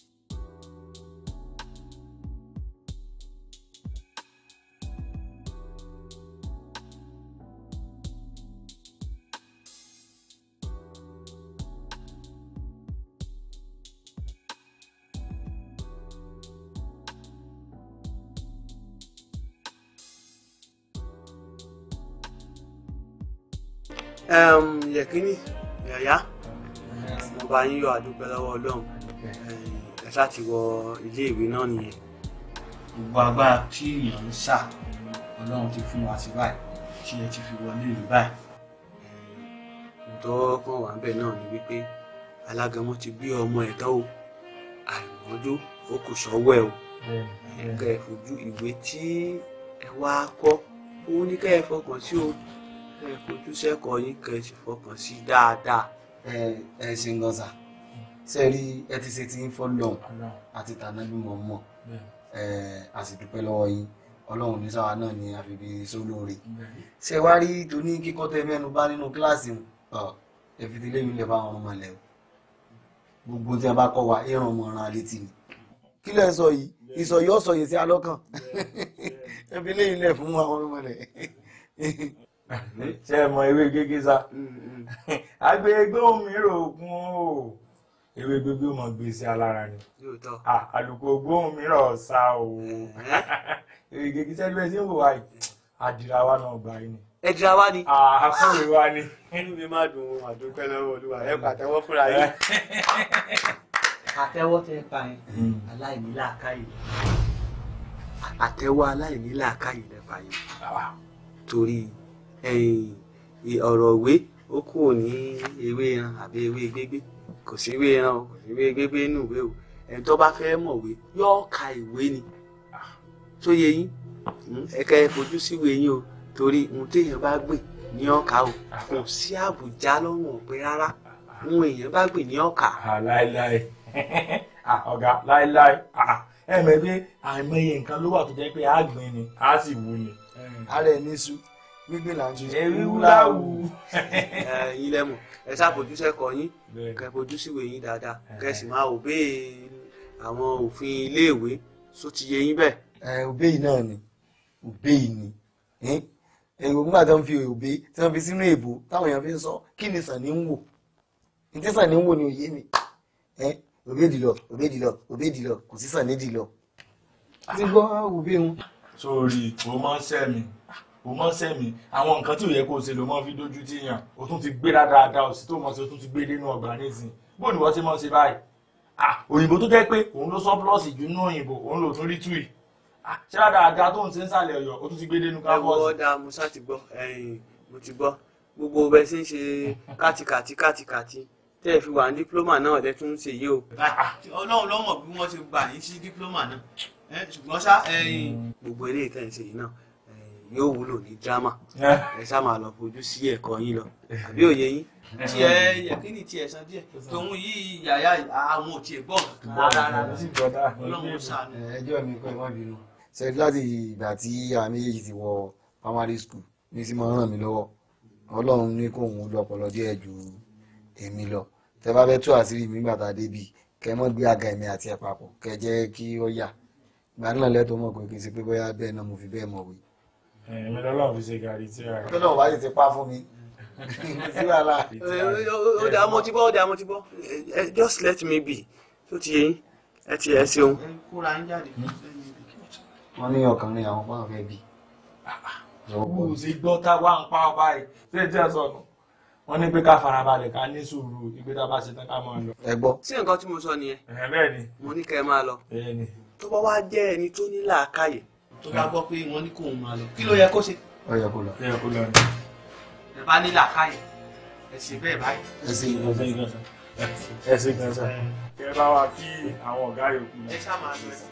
yẹ̀kínní yàyà mo bá yín yọ àdúgbò lọ́wọ́ ọlọ́run ẹ láti wọ iléèwé náà nìyẹn. gbogbo agbára tí èèyàn ń sà ọlọ́run ti fún wa sí báyìí tí ẹ ti fi wọlé ìlú báyìí. ǹtọ́ kan wà bẹ́ẹ̀ náà ni wípé alágẹmọ ti bí ọmọ ẹ̀ tán o àìmọ́jú ó kò sọ́wọ́ ẹ̀ o ẹ̀ka ìfojú ìwé tí ẹ wá kọ́ òun ní ká ẹ fọkàn sí o ẹ fojú sẹ́kọ̀ọ́ yín kẹ́ ẹ sì fọkàn sí dáadáa. ẹ ẹ ṣe ń gan sa ṣe rí ẹ ti ṣe ti ń fọ́ lọ́hùn àti tànà bí mo mọ̀ ẹ a sì dúpẹ́ lọ́wọ́ yín ọlọ́run ní sáwa náà ni àfibí sólóore ṣe wá rí tóní kíkọ́ tẹ mẹ́nu bá nínú kíláàsì ẹ fi tilé mi lẹ bá wọn mọ̀lẹ́ o gbogbo tí a bá kọ́ wa ìran ọmọ ọ̀ràn àlétí ni kí lẹ́ ń sọ yìí ìsọ̀yọ́ sọ̀yìn sí alọ́kàn ẹ fi lé ilẹ̀ fún àwọn ọmọ rẹ̀ ṣe é mọ ewé gégé sá agbègbè òmíràn ògùn o ewé gbogbo mọ gbèsè alára ni àlùkò gbóhùn mìíràn ọ̀sà o ewé gégé sẹ́ni bẹ́ẹ̀ sí ń wò wáyé àdìrà wa náà gbà yín ni ẹ̀dìrà wa ni. àkọ̀wé wa ni. inú mi máa dùn ohun àdúpẹ́ lọ́wọ́ olúwa ẹ pàtẹ́wọ́ fúnra yín. àtẹ́wọ́ tẹ pa yẹn hmm. aláìní làákàyè àtẹ́wọ́ aláìní làákàyè lẹ pa yẹn torí ọ̀rọ̀ òwe ó kúrò ní ewé ẹran àbí ewé gbégbé kò sí ewé ẹran o kò sí ewé gbégbé nínú ìwé o ẹni tó bá fẹ́ mọ̀wé yóò ka ìwé ni tó yẹ yín ẹ̀ka hmm, ẹ̀ fojú síwé yín o torí ohun téèyàn bá gbìn ní ọ̀ka o kò sí àbùjá lọ́rùn ọ̀pẹ rárá ohun èèyàn bá gbìn ní ọ̀ka. láéláé ọ̀gá láéláé ẹ mọ̀ pé àìmọye nǹkan ló wà tó jẹ́ pé àgbìn ni a sì wù ni. ara ẹ̀ ní sùn gbígbé là ń tu. ẹ̀rí ẹ ṣàfojúsẹ́ kọ yín kẹ fojú síwèé yín dáadáa kẹ sì máa òbé àwọn òfin iléèwé só ti yé yín bẹ́ẹ̀. ẹ òbé náà ni òbé ni èrò nígbà tó ń fi òbé tí wọ́n fi sínú èbó táwọn èèyàn fi ń sọ kí ni sàn ní ń wò ní tí sàn ní ń wò ni òye mi òbé dìlọ òbé dìlọ òbé dìlọ kò sí sàn ní dìlọ. ti gbọ́ òbí wọn. sórí o máa ń sẹ́ mi o mọ sẹ́mi àwọn nǹkan tí ò yẹ kó o ṣe ló mọ fi dojú tí yàn o tún ti gbé dáadáa o sì tó mọ sí o tún ti gbé dénú ọgbà nísìn bó ni wọ́n ti mọ̀ ṣe báyìí ah òyìnbó tó jẹ́ pé òun ló sọ plus jù nínú òyìnbó òun ló tún rí tùì ah ṣé dáadáa tó ń ṣe ń sàlẹ̀ ọ̀yọ́ o tún ti gbé dénú káfọ́ọ̀sì. ẹ wọ́n dáa musa ti gbọ́ ẹ̀yìn mo ti gbọ́ gbogbo bẹ́ẹ̀ ṣe ń ṣe kátìkàtì kátìkàtì tẹ́ ẹ fi wà ní dípúlọ́mà náà ọ̀dẹ tún ń ṣe yé o. ọlọ́run ló mọ̀ bí wọ́n ti gbà yín sí dípúlọ́mà náà ṣùgbọ́n ṣá gbogbo eléyìí tẹ̀ ń ṣe yìí náà ni ó wúlò ní drama eh. ẹ sá máa lọ fojú sí ẹ̀kọ́ yín lọ eh. àbí òye yín eh. tiẹ yẹkínì tiẹ san díẹ̀ tòun yìí yàyà àwọn òtí ẹ̀gbọ́n rárá Ọlọ́run ṣàánú. ẹjọ́ mi kọ́ ẹ bínú sẹ́ni láti ìgbà tí àwọn méjèèjì ti wọ primary school ní sí máa ràn mí lọ́wọ́ Ọlọ́run ní kó òun lọ́pọlọ díẹ̀ ju èmi lọ tẹ bá fẹ́ tú àṣírí mi gbàtà débi kẹ mọ́ gbé àga ẹ̀mí àti ẹ̀ kẹ jẹ́ kí ó yà gbàdúrà lẹ́tọ̀ọ́ mọ̀ pé kì í ṣe pé bóyá bẹ́ẹ̀ náà mo fi bẹ́ẹ̀ mọ̀ wí èmi lọ́lọ́run fi ṣe gàrí tíra rẹ̀. lọ́lọ́run wáyé ti pa fún mi ó dà mo ti ó dà mo ti eh, oh, oh, oh, eh, eh, just let me be tó ti yẹn ẹ ti ẹ ṣeun. wọ́n ní ọkùnrin àwọn fáwọn fẹ́ bí. kò sí gbọ́ tá wà ń pa ọba yìí ṣé jẹ́ sọnù wọ́n ní pé ká farabalẹ̀ ká ní sùúrù ìgbé tá a bá ṣe tán ká máa lọ. ẹ gbọ́. sí nǹkan tí mo sọ nìyẹn. bẹ́ẹ̀ ni. mo ní kẹ́ ẹ máa lọ. bẹ́ẹ̀ ni. tó bá wá jẹ́ ẹni tó ní làákàyè tó bá gbọ́ pé wọ́n ní kò ń máa lọ kí ló yẹ kó ṣe. ó yẹ kó lọ. ó yẹ kó lọ. ẹ bá ní làákàyè ẹ ṣe bẹ́ẹ̀ báyìí. ẹ ṣe ìgbọ̀nsẹ̀ ìgbọ̀nsẹ̀ ẹ ṣe ìgbọ̀nsẹ̀. ẹ bá wa kí àwọn ọ̀gá yòókù. ẹ ṣáà máa lọ ẹ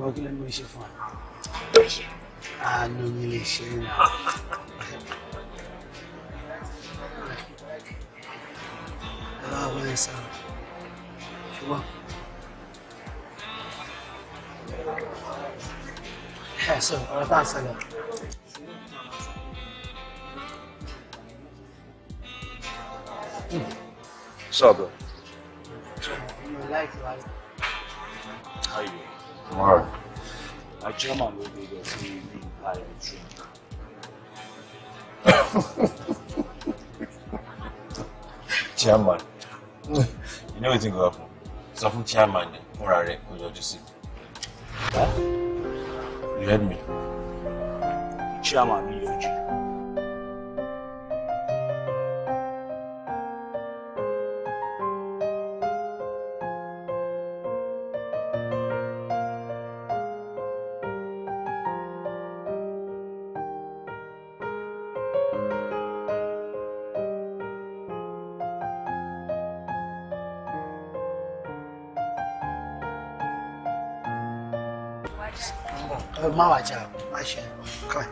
ṣùgbọ́n kí ló ní ṣe fún ọ. àánú mi lè ṣe é nà. aláwọ̀ ẹ̀ sá ṣùgbọ́n. ẹ̀sọ́ ọ̀rọ̀ tá a sọ̀rọ̀. What's up, bro? you All right. A German will be there to you buy a drink. Chairman. You know what's going to happen. Sọ fún chairman ni fúnra rẹ̀ kó yọjú sí. You heard me? Chairman mi yọjú. má wàá jà má ṣe kàn.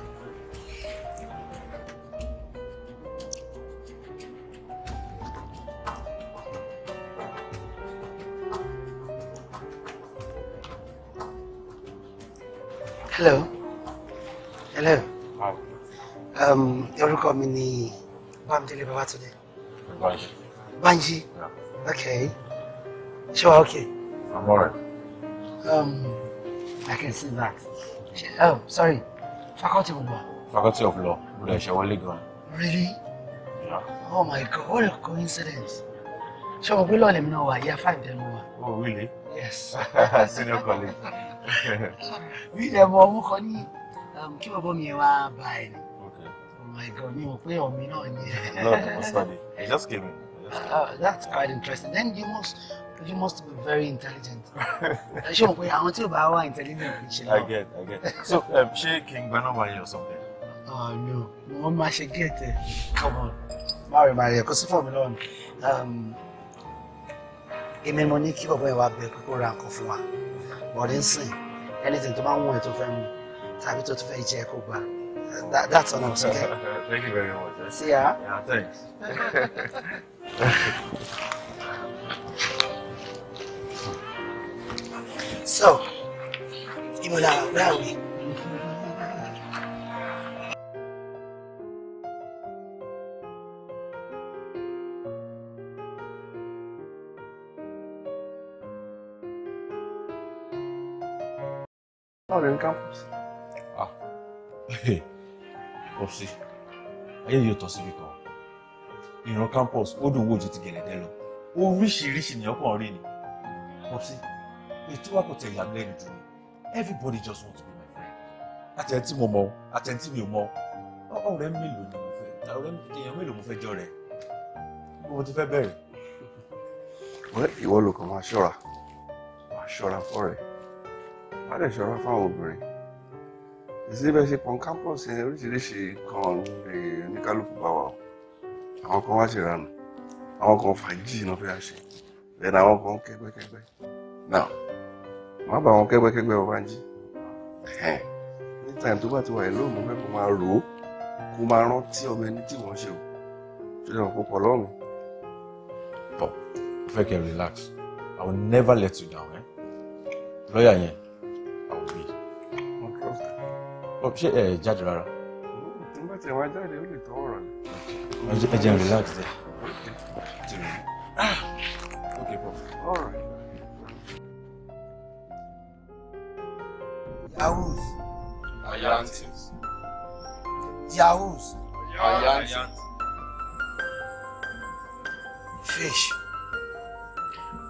Hello. Hello. Um, orúkọ mi ni Bámidélé Babátúndé. Banji. Banji? Yeah. Okay. Sure, okay. I'm alright. Um, can sit back. Oh, sorry. Faculty of Law. Faculty of Law. Bùdà ìṣẹ̀wọlé gan. Really? Yeah. Oh my God, what a coincidence. Ṣé o gbé lọ́ọ̀lẹ̀ mi náà wà? Ìyá five them mo Oh really? Yes. Senior colleague. Mi dẹ̀ mọ ọmú kan ní kí bọ́bọ́ mi wá bá ẹ ni. Oh my God, You ò play on me now? No, no, study. I just came in. Just came in. Uh, that's quite interesting. Then you must, you must very intelligent ẹ ṣe mọ̀ pé àwọn tí ò bá wà intelligent kì í ṣe lọ. I get I get so um, ṣé kí n gba nọ́mbà yìí or something. Uh, no wọ́n máa ṣe get ẹ̀ come on má rẹ̀ má rẹ̀ kó sí fọ̀ mi lọ́wọ́ mi um, èmi mo ní kí bàbá ẹ̀ wá bẹ pé kó ra nǹkan fún wa bọ̀dé ń sìn anything tó bá ń wọ̀ ẹ̀ tó fẹ́ mu tàbí tó tó fẹ́ jẹ́ kó gbà that, that's all I'm saying. Thank you very much. See ya. Yeah, thanks. So, Imola, where are we? Báwo lè campus? Ah, Popsi, ayé yóò tọ́ síbi kan. Ìran campus do ó dùn wò ju ti gẹ̀lẹ́dẹ́ lọ. Oríṣiríṣi ni ọkàn rí ni. opsi ètò wa kò tẹ̀ ìyá lẹ́nu jù everybody just want to be my friend àtẹ̀ntì mo mọ àtẹ̀ntì mi ò mọ ọ̀rẹ́ mélòó ni mo fẹ́ ọ̀rẹ́ èèyàn mélòó mo fẹ́ jọ rẹ̀ mo ti fẹ́ bẹ̀rẹ̀. ìwọ ló kàn máa ṣọ́ra máa ṣọ́ra fọ́rẹ̀ má lè ṣọ́ra fáwọn obìnrin síbẹ̀ ṣe pọn campus yẹn oríṣiríṣi kan lè oníkálukú bá wa àwọn kan wá ṣèrànà àwọn kan fàájì náà fẹ́ ṣe lẹ́nu àwọn kan kẹ́gbẹ́kẹ́gbẹ́ náà má bà wọn kẹ́gbẹ́kẹ́gbẹ́ wọn máa ń jí ní táìmù tó bá ti wà yìí lóòmù fẹ́ kó máa rò ó kó máa rántí ọmọ ẹni tí wọ́n ṣe o tó dẹ̀ wọ́n kó pọ̀ lọ́rùn. bọ̀ mo fẹ́ kí relax I will never let you down ẹ eh? lọ́ọ̀yà yẹn I will be. bọ̀ ṣé ẹ jáde rárá. tí wọ́n bá ti wá jáde ó lè tọ́ ọ̀rọ̀ ni. ẹ jẹ́ relax there. Yahoo's. Ayantis. Yahoo's. Ayantis. Fish.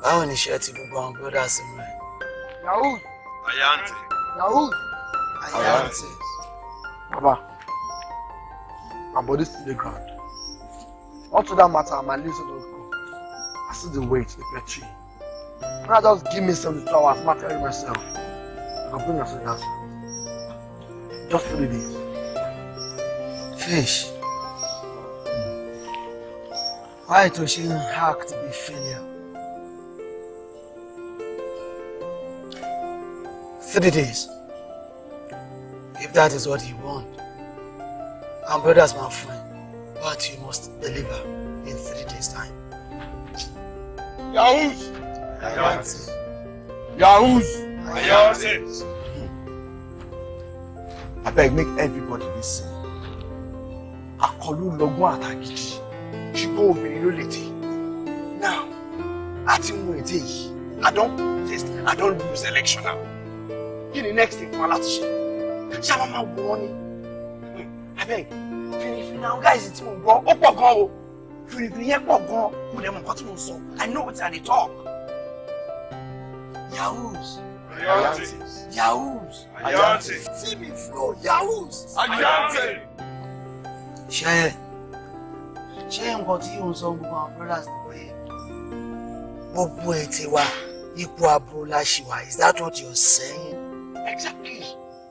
Báwo ni iṣẹ́ ti gbogbo àwọn bírọ́dà sí mi? Yahoo's. Ayantis. Yahoo's. Ayantis. Baba, my body still the ground. Not to that matter, my legs don go. I see the weight to the petri. Now just give me some flowers, not matter myself. I'll bring her to the Just three days. Fish. Why does she hack to be failure? Three days. If that is what you want. And brothers, my friend, but you must deliver in three days' time. Yahoos! Yahoos! Yahoos! I beg, make everybody listen akọlù lọ́gbọ́n àtàgídí she go with lè tè now àti mú ètè yìí i don't, taste i don't lose election now kí ni next thing fún aláṣẹ ṣé àwọn máa wọ ni abeg fìrìfìrì àwọn guys tí mo gbọ́ ó pọ̀ gan o fìrìfìrì yẹn pọ̀ gan mo dẹ̀ mọ̀ nǹkan tí mo i know wetin i dey talk yahoos. Ayante. Yahoos. See me flow. Yahoos. Ayante. Ṣé ṣé nǹkan tí yóò ń sọ gbogbo àwọn brothers ni pé gbogbo ètè wa ipò àbúrò la ṣì wà is that what you're saying? Exactly.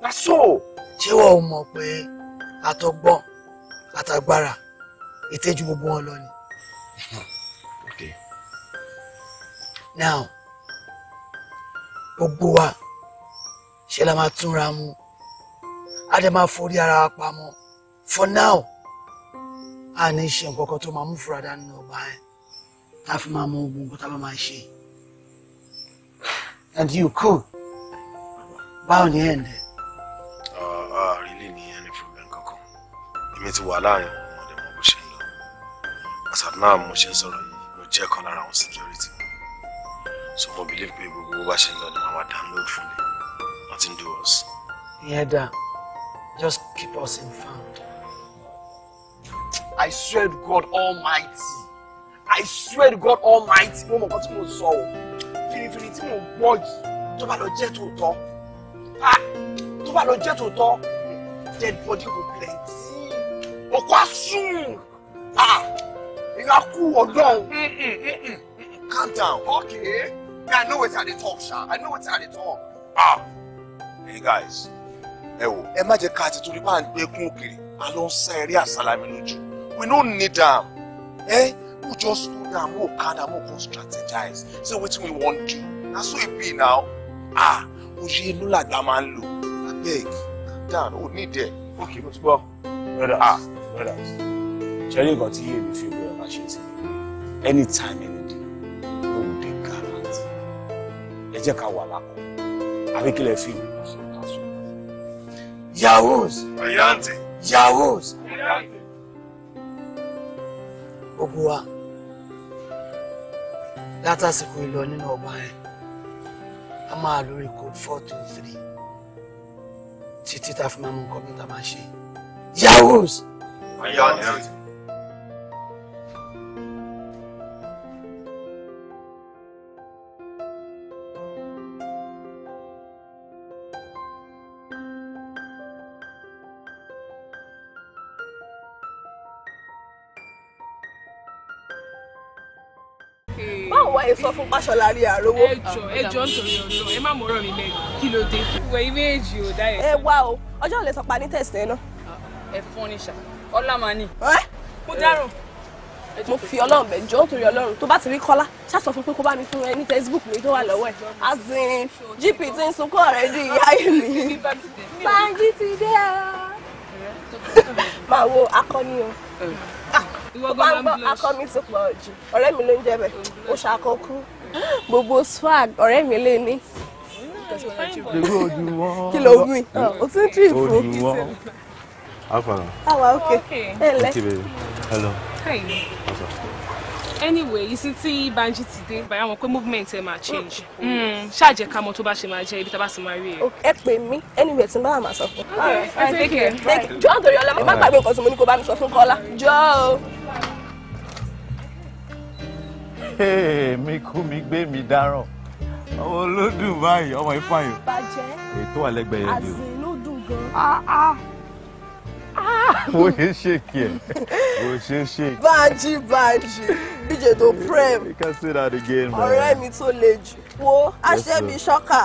Na so. Ṣé wọ́n ò mọ̀ pé àtọgbọ́n àtàgbára ètè ju gbogbo wọn lọ ni? Okay. Now gbogbo wa ṣe la máa túnra mu a dẹ̀ máa forí ara wa pamọ́ for now a ní ṣe nǹkan kan tó máa mú fura dání ní ọgbà yẹn tá a fi máa mọ ogun nǹkan tá a bá máa ṣe and you cool báwo ni ẹ̀ ń dẹ̀. àrílẹ̀ ni ẹni fún mi kankan èmi ti wà láàrin àwọn ọmọdé wọn bó ṣe ń lọ àṣà náà mo ṣe ń sọ̀rọ̀ yìí mo jẹ́ kan lára àwọn security so mo believe pé gbogbo bó bá ṣe ń lọ ni màá download fún mi nothing do us. ìyẹn just keep us informed. I swear to God Almighty I swear to God Almighty mo mọ̀ nǹkan tí mo sọ o fìrìfìrì tí mo gbọ́ yìí tó bá lọ jẹ́ tòótọ́ tó bá lọ jẹ́ tòótọ́ dead body go plenty ọkọ asùn èèyàn á kú ọdún calm down. Okay. Me, I know it's how they talk, Sha. I know it's how they talk. Ah! Hey, guys. oh, wò, ẹ má jẹ́ ká ti torí bá ń gbẹ́kún òkèrè, a lọ ń sá eré àsálàmì lójú. We don't need them, Eh? We just slow down, we calm down, we go strategize. Say wetin we wan do. Na so it e be now. Ah! Òye inú làgbà máa look. lò. Abeg, calm down, o ní ìdẹ. Ok, mo ti Brothers, ah. brothers, ṣe ní nǹkan tí èmi fi ìwé ọba ṣe Anytime, any day. jẹ́ ká wà lákọ̀ àbí kílẹ̀ fi wù. yahoo yahoo gbogbo wa látàsìkò ìlọ nínú ọgbà yẹn a máa lórí code four two three títí tá a fi máa mú nǹkan bí tá a máa ayante. fún Pàṣọlá rí àrówó. ẹjọ ẹjọ nítorí Ọlọ́run ẹ má mọ̀rọ̀ mi lẹ́yìn kí ló dé. ìwé ìméjì ò dá ẹ. ẹ wá o ọjọ́ òlẹ̀ sọ̀pá ní tẹ̀sán náà. ẹ fún ní ṣá ọlá máa ní. mo dárò. mo fi Ọlọ́run bẹ̀ jọ nítorí Ọlọ́run tó bá ti rí Kọ́lá ṣàṣọ fún pé kó bá mi fún ẹ ní Facebook mi tó wà lọ́wọ́ ẹ̀ azin gp ti ń sunkún ọ̀rẹ́ di ìyá yìí mi. báńkì ti dé o. máa wo akọni o ó bá ń gbọ́ mi ti pọ̀ gbogbo swag ọ̀rẹ́ kí ló wí ah, o ti ń tún ìfún. Afara. Awa okay. okay. Hello. Anyway, isi tí Banji ti dé, bàyá wọn pé movement ẹ máa change. Mm. Mm, ṣáà jẹ́ ká mọ̀ tó bá ṣe máa jẹ́ ibi tá a bá sì máa rí ẹ. Ẹ pè mí, anyway tí n bá wà máa sọ fún. All right, take care. Jọ́ nítorí ọlọ́mọ, má gbàgbé nǹkan tí mo ní kó bá mi sọ fún Kọ́lá. Jọ́ mi kú mi gbé mi dáràn ọmọ olódùn báyìí ọmọ ifá yìí. bàjẹ́ ètò àlẹ́gbẹ̀ẹ́ yẹn bí o. àsìn ló dùn gan. wo ye shake ẹ wo ṣe shake. báàjì báàjì bíjè tó prem. you can say that again. ọ̀rẹ́ mi tó le jù wo aṣẹ́ mi ṣọ́kà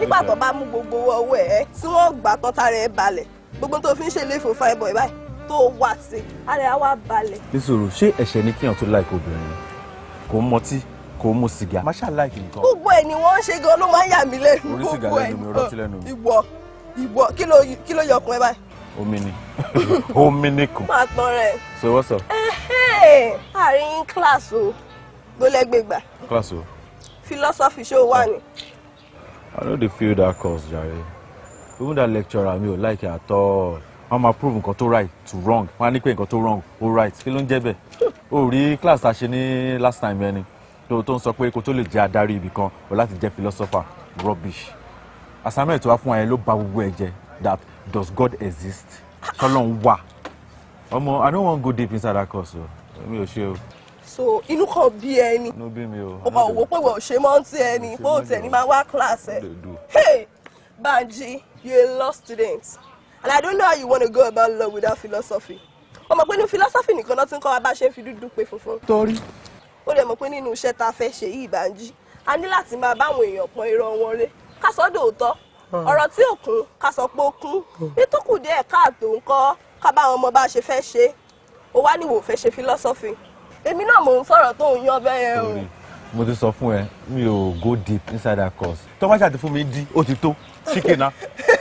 nígbà tó bá mú gbogbo owó ẹ̀ tí wọ́n gbà tán tára ẹ̀ balẹ̀ gbogbo tó fi ń ṣe léfò fáìbọ̀ ẹ̀ báyìí tó wà sí ara ẹ̀ á wá balẹ̀. nísòro ṣé ẹ̀ṣẹ̀ ni kíyàn tó láìka obìnrin ni kò ń mọtí kò ń mu sìgá má ṣáà láìkì nǹkan. gbogbo ẹ ni wọn ń ṣe gan ló máa ń yà mí lẹ́nu gbogbo ẹ ìwọ ìwọ kí ló yọ ẹ báyìí. omi ni omi ni kù. máa tán rẹ. so what's up. àárín kíláàsì o gbólẹ́gbẹ̀gbà. kíláàsì o. philosophy ṣó wà ní. i no dey feel that cause jare even that lecturer mi ò like it at all wọ́n máa prove nǹkan tó right to wrong wọ́n á ní pé nǹkan tó wrong ó right kí ló ń jẹ́ bẹ́ẹ̀ o rí class ta ṣe ní last time ẹni tó tó ń sọ pé kó tó lè jẹ́ adarí ibì kan o láti jẹ́ philosopher rubbish assignment wa fún ẹ ló bà gbogbo ẹ jẹ́ that does God exist ṣọlọ́n wà ọmọ I no wan go deep inside that course o mi ò ṣe o so inú kan bí ẹni o kàn wò pé wò ṣe mọ́ ti ẹni bó tẹ̀ ní máa wá class ẹ hey Banji you a lost student and I don't know how you wanna go about love without philosophy. o mọ̀ pé ní philosophy nìkan náà ti ń kọ́ wa bá ṣe ń fi dúdú pè funfun. torí. ó lè mọ̀ pé nínú iṣẹ́ tá a fẹ́ ṣe yìí Bánjí a ní láti máa báwọn èèyàn pọn irọ́ wọn ré ká sọ dòótọ́ ah. ọ̀rọ̀ tí ò kún ká sọ pé ó kún ah. nítòkù díẹ̀ káàtó ń kọ́ ká bá àwọn ọmọ bá ṣe fẹ́ ṣe ó wá níwò fẹ́ ṣe philosophy èmi náà mò ń sọ̀rọ̀ tó ń yan bẹ́ẹ̀ o. mo ti sọ fún ẹ mi ò go deep inside that course tọ́wọ́ ṣàti fún mi chicken na.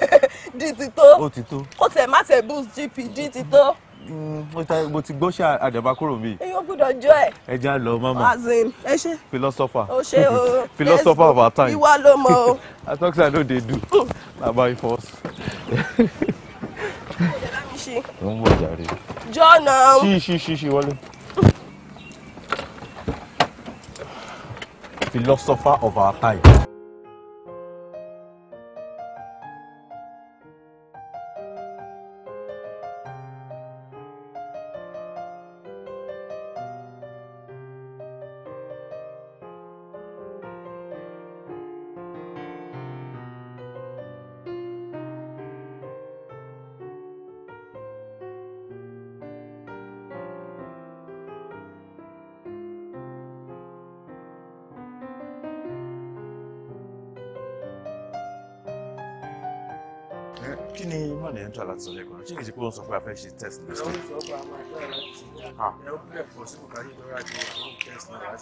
di ti tó o ti tó kó tẹ má tẹ boost gp di ti tó. Mm, mo ti gbọ́ ṣe àdàbà kúrò mi. èyí ó gbúdọ̀ jọ ẹ̀. ẹ já lọ mama. azin ẹ ṣe. philosopher o ṣe o. philosopher of our time. ìwà ló mọ o. i talk say i no dey do na by force. ló ń bọ̀ jàre. john. ṣí ṣí ṣí ṣí wọlé. philosopher of our time. ń tọ́ láti sọ yẹ kan ṣé kìí ṣe pé ó ń sọ pé a fẹ́ ṣe test ní ah. state.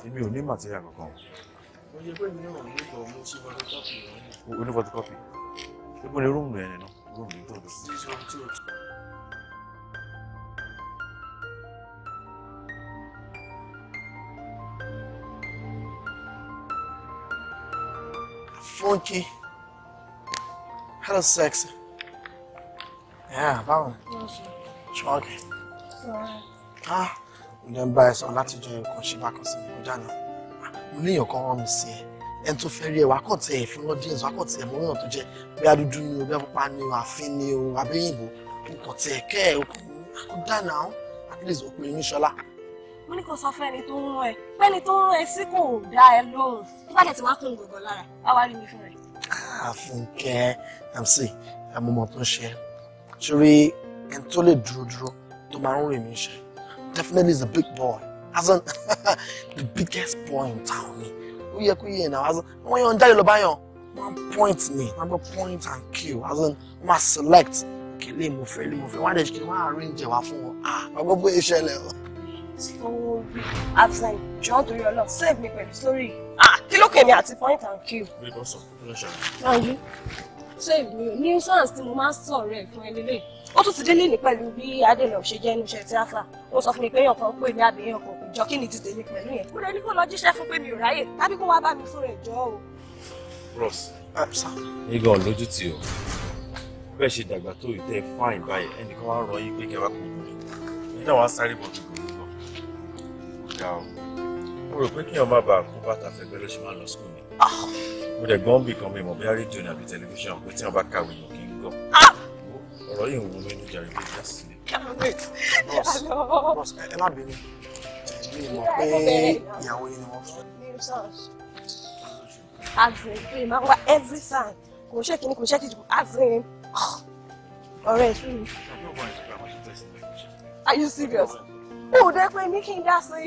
èmi ò ní material kankan. o ní photocopy. ṣé mo ní rúùmù yẹn nínú rúùmù yìí tó dùn. Funky. Hello, sexy báwo ṣọ́ọ̀kì ǹjẹ́ ń bá ẹ sọ láti jọ nǹkan ṣe bá kan sí mi kọjá náà ah, mo ní èèyàn kan wọ́n mi sí ẹ ẹni tó fẹ́ rí ẹ wá kàn tẹ ẹ̀ fún lọ díẹ̀ wá kàn tẹ ẹ̀ mọ́ràn tó jẹ bí adúdú ni o bí apapa ni o àfin ni o abẹ́yìnbó nǹkan tẹ ẹ̀ kẹ́ ẹ̀ kó ah, dáná at least ọkùnrin ní ṣọlá mo ní kò sọ fún ẹni tó ń rán ẹ pẹ́ni tó ń rán ẹ sí kò dá ẹ lóhùn nígbà tẹ̀ tí wọ́n á kún gbọ̀ngàn lára wá wá rí ṣeré ẹn tó lè dúró dúró tó máa ń definitely is a big boy as the biggest boy in town ni ó yẹ kó yẹ náà as in wọ́n yàn point me wọ́n bẹ point and kill as in wọ́n máa select kí lè mo fẹ́ lè mo fẹ́ wọ́n á dẹ̀ Arrange. kí wọ́n á arrange ẹ̀ wá fún wọn ah ọgbọ́n bóyá ìṣẹ̀lẹ̀ o. Sorry, absent john torí Ọlọ́run save me pẹ̀lú sorry ah kí ló kèmí àti point and kill. bí kò sọ ló ṣe tó èmi ò ní insurance tí mo máa ń sọ̀rọ̀ ẹ̀ fún ẹni lè ó tún ti dé lè ní pẹ̀lú bí adèlọ ṣe jẹ́ ẹnu iṣẹ́ tíáfà ó sọ fún mi pé èèyàn kan pè ní àbẹ̀yàn kan kò jọ kí ni ti tèmi pẹ̀lú yẹn mo lè ní kó lọ jíṣẹ́ fún pé mi ò ráyè tàbí kó wá bá mi fún rẹ̀ jọ o. Ross ah, igọ̀ lójú tì o bẹ́ẹ̀ ṣe dàgbà tó ìtẹ́ fáìn báyìí ẹnìkan wá rọ yín pé kẹwàá kò gbòòrò nígbà wàá sáré bọ̀ gbogbo nǹkan o mo rò pé kí èèyàn má bàa kó bàtà fẹ́ bẹ́ẹ̀ mo dẹ̀ gbọ́n bì kan mi mọ̀ bóyá rédíò ni àbí tẹlifíṣàn pé tí wọ́n bá kàwé yàn kí n gbọ́. Ah! ọ̀rọ̀ yìí ń wo mi ní ìjà ìgbé ìjà sílẹ̀. bọ́s ẹ má bínú mi mọ̀ pé ìyàwó yìí ni wọ́n fún. azrin pé máa wá every time kò ṣe kìíní kò ṣe kìíní azrin ọ̀rẹ́ ìṣú mi. are you serious? ó dẹ́ pé mi kí n dá sí.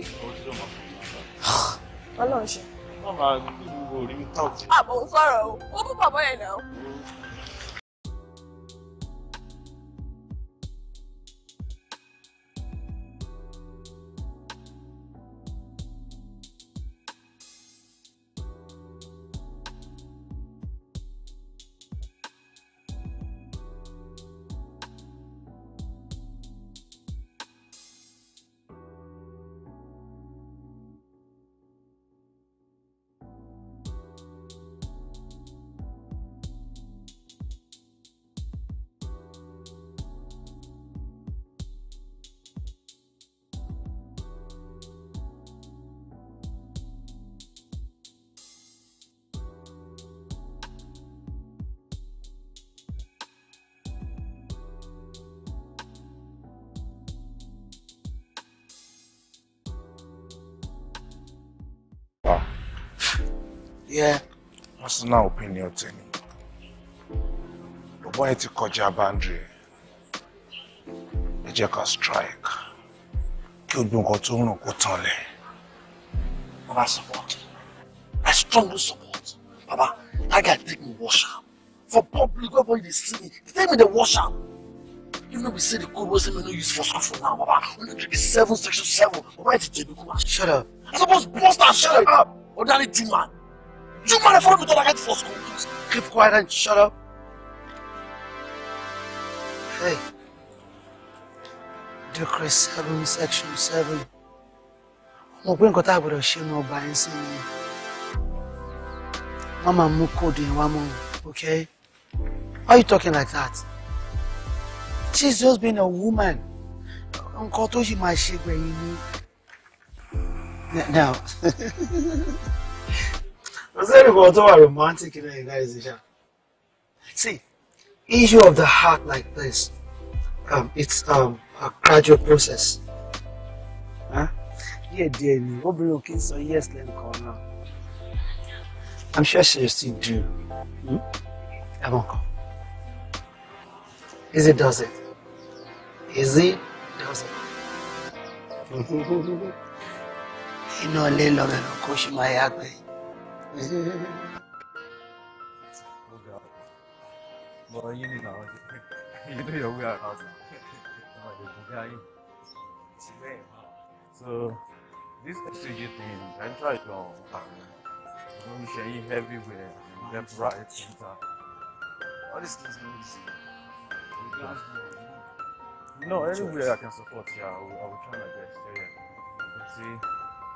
ọlọ́run ṣe. Mama, Ah, but sorrow. Open my boy ọkùnrin ní ọ̀tẹ̀ ni bọ̀bọ́ yẹn ti kọjá boundary ẹ jẹ́ ká strike kí o gbọ́n nǹkan tó ń rùn kó tán lẹ̀. baba support i strongly support baba that guy take me wash am for public where boy dey see me he take me dey wash am even though we say the code wey say me no use for school for now baba we need to be seven section seven baba yẹn ti jẹ mi kú. shut up i suppose burst am shut up ordinary two man. You might have found me that I had for school. Keep quiet and shut up. Hey. Decree 7, Section 7. I'm pé nǹkan tá a gbọ́dọ̀ ṣe by ọba yẹn Mama, ni. Wọ́n one more, okay? Why are you talking like that? She's just being a woman. Nǹkan tó ṣì máa ṣe gbẹ̀yìn ni. Now. kò sẹ́ni kan tó wà romantic lẹ́yìn guys ṣá see issue of the heart like this um, it's um, a gradual process díẹ̀ díẹ̀ ni obìnrin ò kí ń sọ yes lẹ́nìkan náà i'm sure she to do ẹ̀wọ̀n hmm? Is easy does it Is easy does it know a little lọ́rẹ̀ lọ́kọ́ ṣe máa yá gbẹ̀yìn. 我英語我英語有嘅，我哋唔介意。So this is the thing, I try to find um, share it everywhere, left, right, center. All these things can be seen. No, anywhere I can support, you, I will, I will try my best. Yeah, yeah. You see.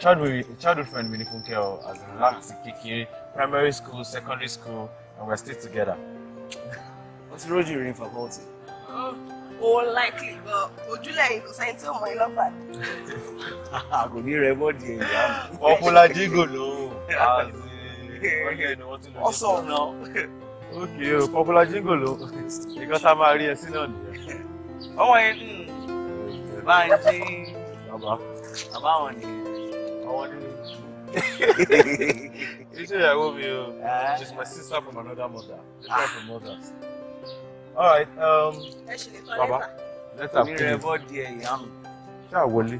childhood childhood friend mi ni Fúnkẹ́ o as in láti kékeré primary school secondary school and we're still together. o ti rojú for faculty. Um, o oh, likely but would you like to sign to my lover? bá. kò ní rẹ bọ́ọ̀dì ẹ̀yà. popular jigo Okay, ọsàn náà. ok o popular jigo ló nǹkan tá a máa rí ẹ sí náà nìyẹn. ọwọ́ yẹn bá ń jí àwọn nílé ìṣù iṣẹ́ ìyàwó mi o ah. she's my sister from another mother different ah. from mothers. all right um, baba lẹ́tà kúrò onírẹ̀ bọ́ọ̀dì ẹ̀yìn àmì. ṣé àwọlé.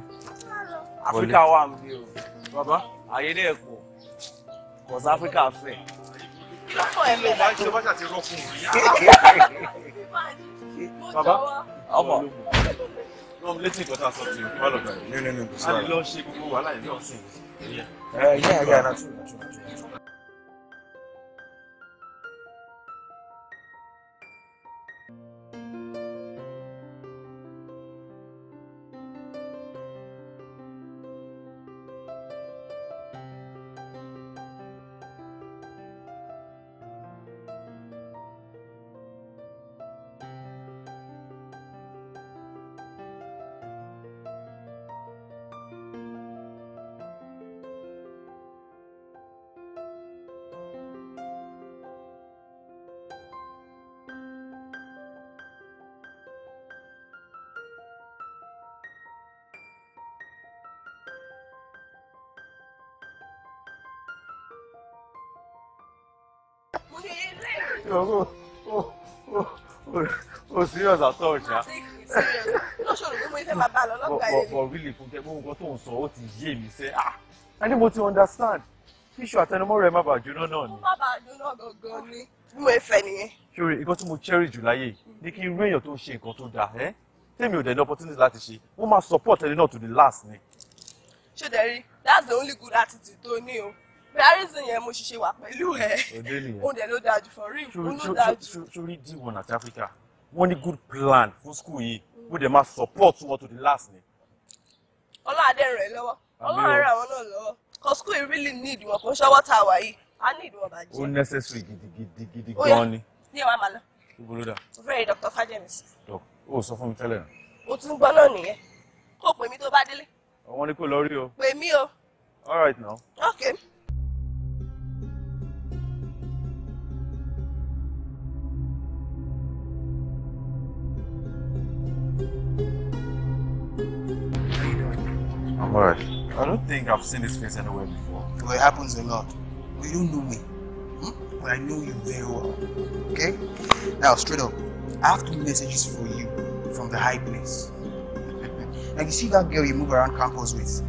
Africa, wà ń bí o baba ayé dẹ̀ pọ̀ cause Africa, fẹ̀. baba ọmọ. Ọmọ létí nǹkan tá a sọ ti o, kí wọ́n lọ gbà yìí. Nínú nínú kò sí wàhálà. A lè lọ ṣe gbogbo wàhálà yìí lọ́sìn. serious at all ṣá. but really fúnkẹ́ gbogbo nǹkan tó ń sọ ó ti yé mi sẹ́ ah ẹni mo ti understand fíṣù àtẹnumọ́ rẹ̀ má bàa jóná náà ni. má bàa jóná gangan ni bí mo fẹ́ nìyẹn. ṣòro nǹkan tí mo cherish jù láyé ni kí irú èèyàn tó ń ṣe nǹkan tó dáa ẹ́ tèmi ò dẹ̀ ní opportunity láti ṣe wọ́n máa support ẹni náà to the last ni. ṣé dẹ́rí that's the only good attitude tó ní o comparison yẹn mo ṣiṣẹ́ wà pẹ̀lú ẹ̀ òun dẹ̀ ló dáa jù for real òun ló dáa jù. sori d1 àti Africa wọ́n ní good plan fún school yìí wọ́n dẹ̀ máa support wọn to the last ni. ọlọ́adé rẹ̀ lọ́wọ́ ọlọ́run rẹ̀ àwọn náà lọ́wọ́ kò school yìí really need wọn kò ṣọwọ́ tá a wà yìí a need wọn bàjẹ́. ó necessary gidigidi gidi gan ni. ní ìwà màlá. ibo ló dà. o fẹ́rẹ̀ Dr. Fajemi sí. dọ o sọ fún mi tẹ́lẹ̀ náà. o tún gbọ́ náà nìyẹn kó o pè mí tó bá délé. àwọn ni kò lọ rí o. pè mí o. all right now. okay. I don't think I've seen this face anywhere before. Well, it happens a lot. Well, you don't know me. Hmm? But I know you very well. Okay? Now, straight up, I have two messages for you from the high place. now, you see that girl you move around campus with?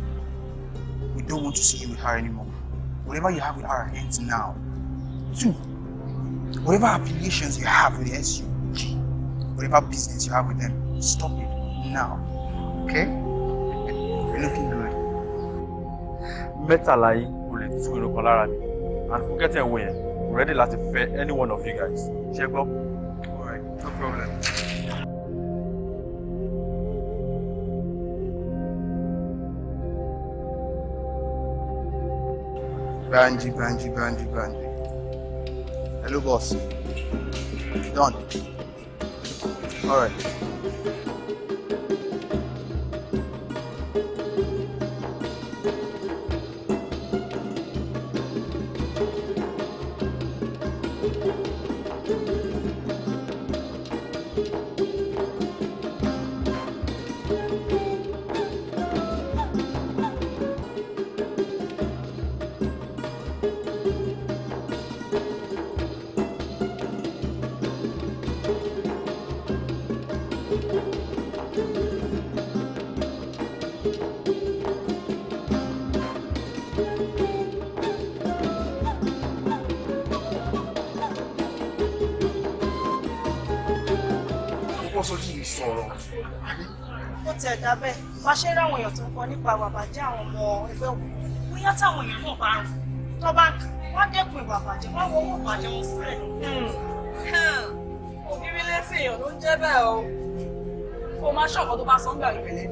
We don't want to see you with her anymore. Whatever you have with her ends now. Two, whatever affiliations you have with the SUG, whatever business you have with them, stop it now. Okay? looking good. mẹ́tàlá yín kò lè tú irun kan lára mi and forget ẹ̀ wọ̀nyẹn ready láti fẹ́ any one of you guys ṣé gbọ́. alright no problem. Banji, Banji, Banji, Banji. Hello, boss. Done. All right. àwọn èèyàn tó ń kọ nípa ìwàbàjẹ́ àwọn ọmọ ẹgbẹ́ òkú bóyá táwọn èèyàn náà bá rùn tó bá wọ́n dẹ́kun ìwàbàjẹ́ wọ́n wọ́n ìwàbàjẹ́ wọn sílẹ̀. òbírí hmm. lẹ́sìn èèyàn ló ń jẹ́ bẹ́ẹ̀ o kó máa ṣọ̀kan tó bá sọ ń gbà ìrẹ̀lẹ̀.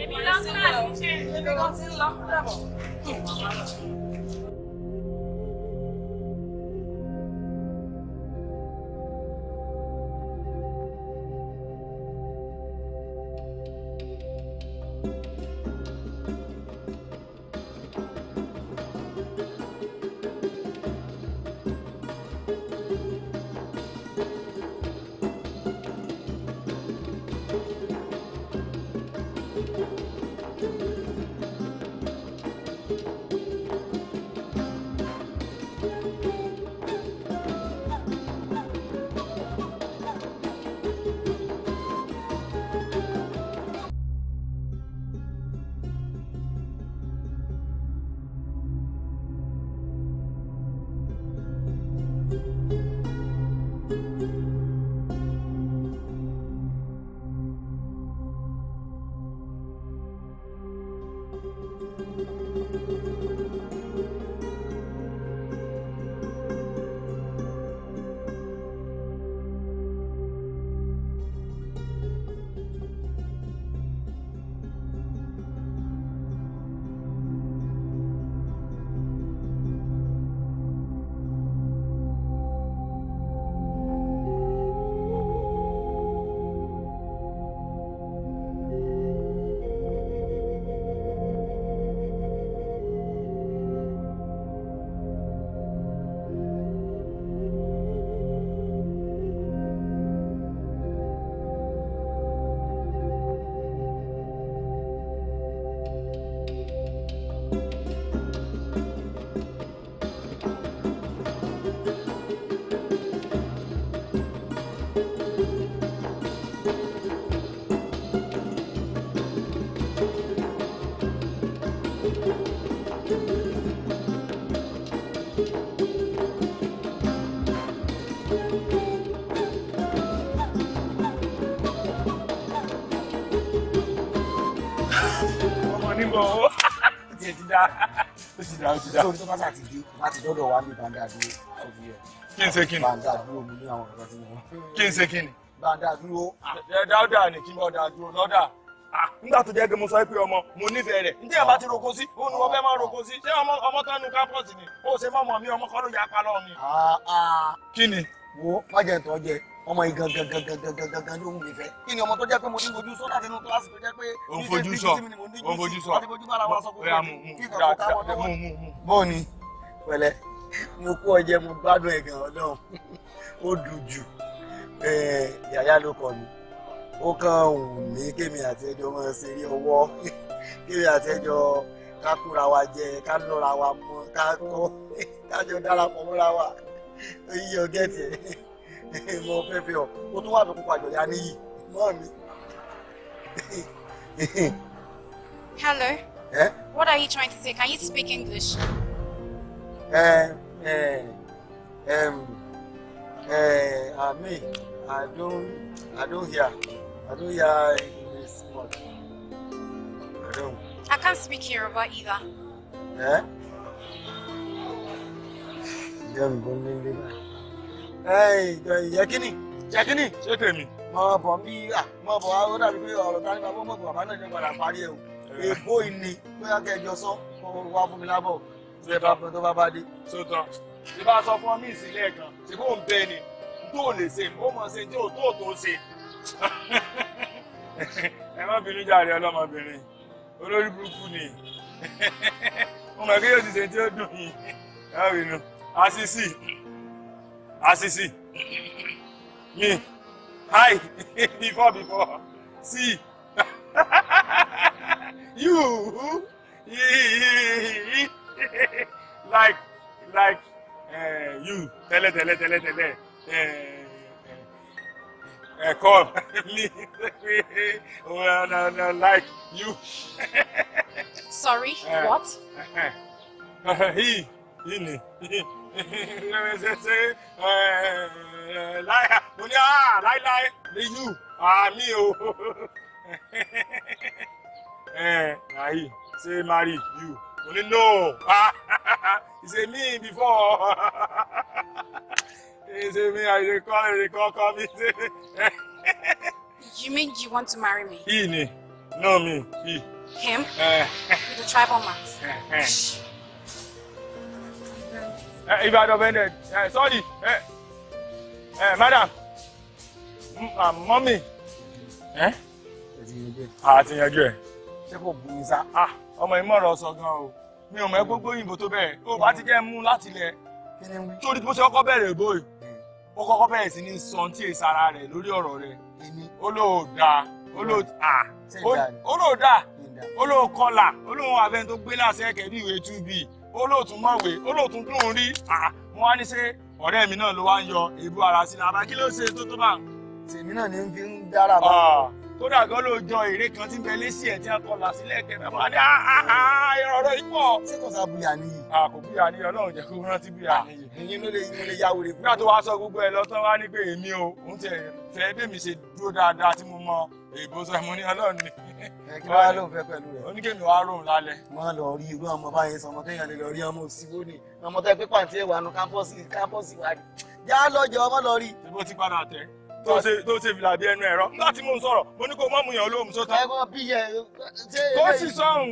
èmi lọ́sàn-án ti ṣe èmi kan ti ń lọ sórí tó bá sà nígbà tó jẹ́ pé mo sọ pé ọmọ mo nífẹ̀ẹ́ rẹ̀ ǹjẹ́ ìbá ti roko sí òun ni wọ́n fẹ́ máa roko sí ṣé ọmọ tó ń nu kápọ́ọ̀sì ni ó ṣe mọ́ mi ọmọ kọ́ ló yapa lọ́ọ̀ mi. Ah, ah. kí ni. wo májèntọ́ jẹ ọmọ yìí gan gan gan gan gan gan gan gan ló ń mi fẹ́ kí ni ọmọ tó jẹ́ pé mo ní mojú sọ láti inú kíláàsì tó jẹ́ pé ní ṣe bí kí ni mo ní jù sí láti mojú bára wa sọ pé kí nǹkan kó ká wọn lọ́wọ́. bọ́ọ̀ ni pẹ̀lẹ́ mo kú ọjẹ́ mo gbádùn ẹ̀gàn ọlọ́run ó dùn jù yàyà ló kọ mi ó kàn wù mí kémi àti ẹjọ́ máa ṣe rí ọwọ́ kémi àti ẹjọ́ ká kúra wa jẹ ká lọ́ra wa mọ́ ká kọ́ ká jọ dárapọ̀ mọ́ra wa ó yí ọgẹ́tì ẹ̀. mo fẹ́ fẹ́ ọ o tún wà fún pupa jọ̀yà níyì mọ́ mi. Hello. Eh? What are you trying to say? Can you speak English? Uh, uh, um, uh, uh, me, I don't, I don't hear, I don't hear English much. I don't. I can't speak Yoruba either. Eh? Yeah, I'm going to yẹkínì yẹkínì ṣé tèmi. mọ bọ bí mọ bọ ó dàbí pé ọ̀rọ̀ tani bàbá mọ bọ bàbá náà ní padà parí ẹ o èbó ìní bóyá kẹjọ sọ wá fún mi lábọ ṣe bá tó bá bá dé. sọtàn ṣe bá sọ fún ọ ní ìsìnlẹ̀ kan ṣe kó ń bẹ ni tó lè ṣe ó mọ ṣe tí ò tó tó ṣe. ẹ má bínú jàre ọlọ́mọbìnrin olórí burúkú ni mo mọ̀ kí yóò ti ṣe tí ó dùn yìí ẹ bínú àṣìṣì. Asisi. Me. Hi. before, before. See. you. like, like, uh, you. Tele, tele, tele, tele. Uh, uh, call well, oh, no, no, like you. Sorry, uh, what? he, he, he ṣe eh, láyà mo ní ah, láíláí ní yù àmì ah, o eh, láyì ṣe marry you mo ní no ṣe me before ṣe me I dey call I call me ṣe. You mean you want to marry me? He, no, me, he. Him? Uh, With the tribal mask. Uh, uh. Eh, Ibadan bended. Eh, sorry. Eh, madam. Mọ́mì. Ah, Àti yanjú ẹ̀. Ṣé kò bu mi sá? Ah, ọmọ ìmọ̀ràn sọ gan o. Mi ò mọ gbogbo òyìnbó tó bẹ̀rẹ̀. O bá ti jẹ́ mú láti ilẹ̀. Torí bó ṣe kọ́kọ́ bẹ̀rẹ̀ ìbò yìí. Ó kọ́kọ́ bẹ̀rẹ̀ sí ní sọ tí èsì ara rẹ̀ lórí ọ̀rọ̀ rẹ̀. Ó lóò dáa. Ó lóò dáa. Ó lóò dáa. Ó ah, lóò kọlà. Ó lóò àfẹn tó gbé láṣẹ kẹ̀lú ìwé 2B olóòtún mọ̀wé olóòtún dùn rí ah, mo wá ní ṣe ọ̀rẹ́ mi náà ló wá ń yọ èébú ara sí làbá kí ló ṣe tó tó bá. tèmi náà ni ń fi ń dára bá. Ah, kódà gan ló jọ èrè kan tí ń bẹ lé sí ẹ tí a kọ là sílẹ̀ kẹfẹ́ mọ́ ní ah, ọ̀rọ̀ ipò. ṣé kò sá buya níyì. a kò buya níyì ọlọ́run jẹ́ kó rántí buya níyì. ìyẹn ló lè ló lè ya wèrè. nígbà tó wá sọ gbogbo ẹ lọ́tọ́ wá ní pé èmi o òun tẹ̀ fẹ́ bẹ́ẹ̀ mi ṣe dúró dáadáa tí mo mọ èèbó sọ ẹ̀ mo ní ọlọ́run ni kí ló wá lóun fẹ́ oníkèmí wàá rò lálẹ́. má lọ rí irú àwọn ọba yẹn sọmọ kéèyàn lè lọ rí ọmọ òsínwó ni ọmọ tẹ pé pàǹtí ẹwà nu kámpọ́sì kámpọ́sì wa ni já lọ́jọ́ ọmọ lọ rí. ṣé bó ti padà tẹ tó ṣe tó ṣe fìlà bí ẹnu ẹ̀rọ nígbà tí mo ń sọ̀rọ̀ mo ní kó mọ́mú yẹn olóhùn sọ́tà. ẹ̀gbọ́n bí yẹn. tó sì sọ̀hún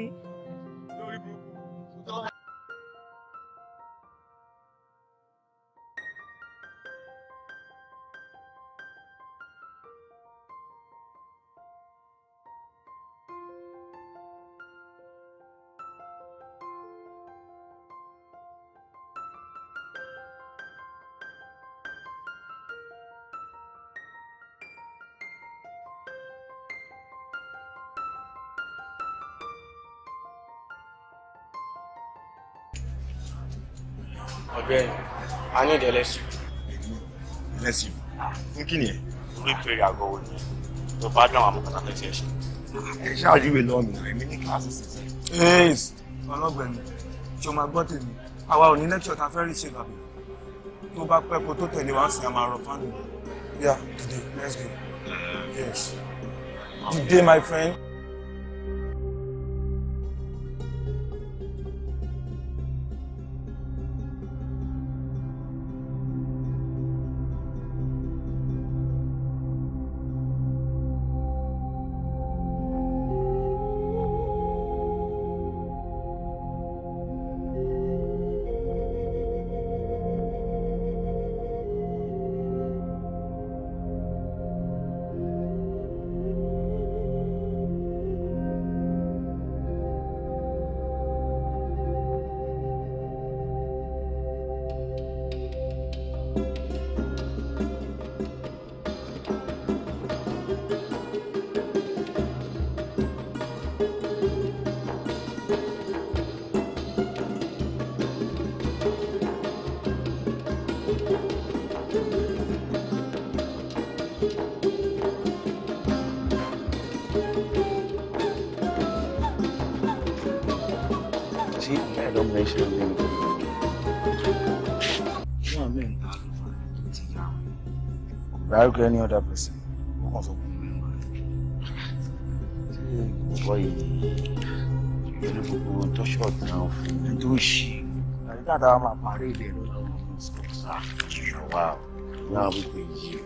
I need a lesson. Lesson? Fún kí ni ẹ? Orí pèrè àgọ́ wo ni? Tó bá dán àwọn kàtà tẹ́tí ẹ ṣe. Ẹ ṣáàjú ìwé lọ́wọ́ mi náà, èmi ní kíláàsì sísẹ. Ẹ́ẹ̀s, ọlọ́gbẹ̀ni, ṣé o máa gbọ́ tèmi? Àwa ò ní lẹ́kṣọ̀ ta fẹ́ rí ṣe bàbá. Tó bá pẹ́ kó tó tẹ̀lé wá Yeah, today, let's go. Mm. Yes. Today, my friend. like any other person ó kàn sọ pé ọ̀pọ̀ yìí pẹ̀lú gbogbo now. ṣọ̀tì náà fún mi tó ń ṣe àyíká àtàwọn máa parí ilé lọ lọ́wọ́ sọ́sà jùlọ wà ó náà wípé yìí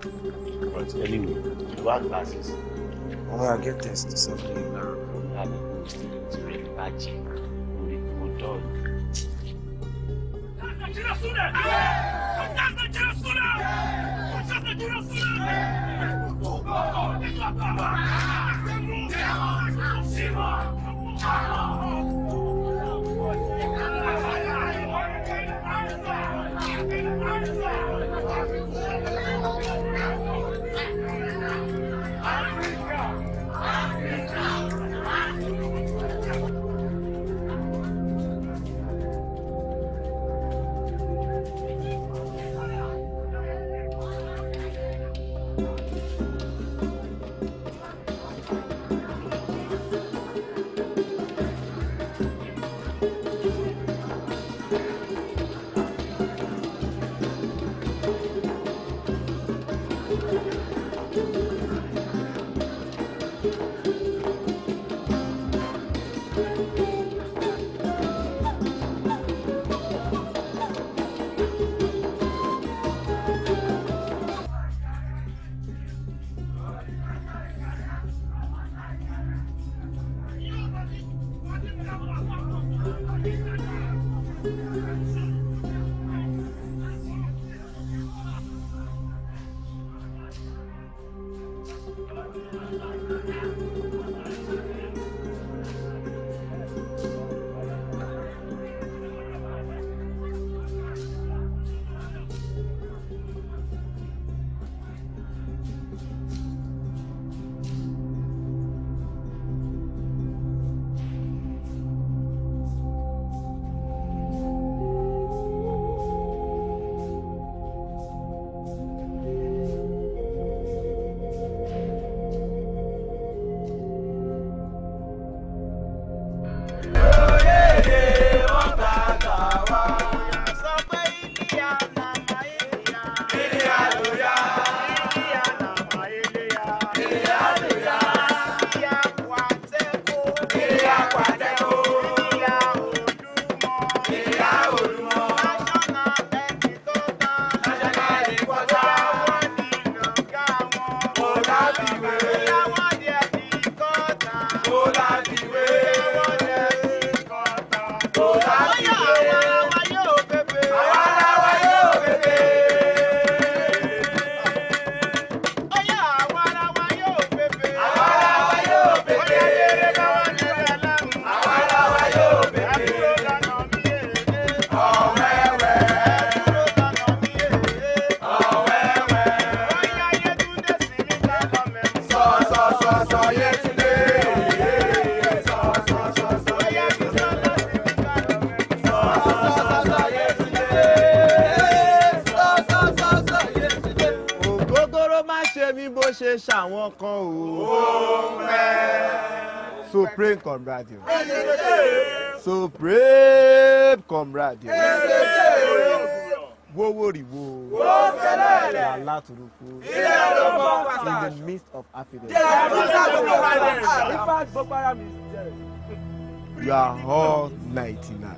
but anyway ìlú wa gba àṣìṣe. wọ́n get test to the ìgbàlódé. wọ́n ní àdúgbò ìṣẹ̀lẹ̀ tí rẹ̀ bá 爸爸。comrade o supreme comrade o woworiwo lalaturuku in the midst of happiness. you are all ninety-nine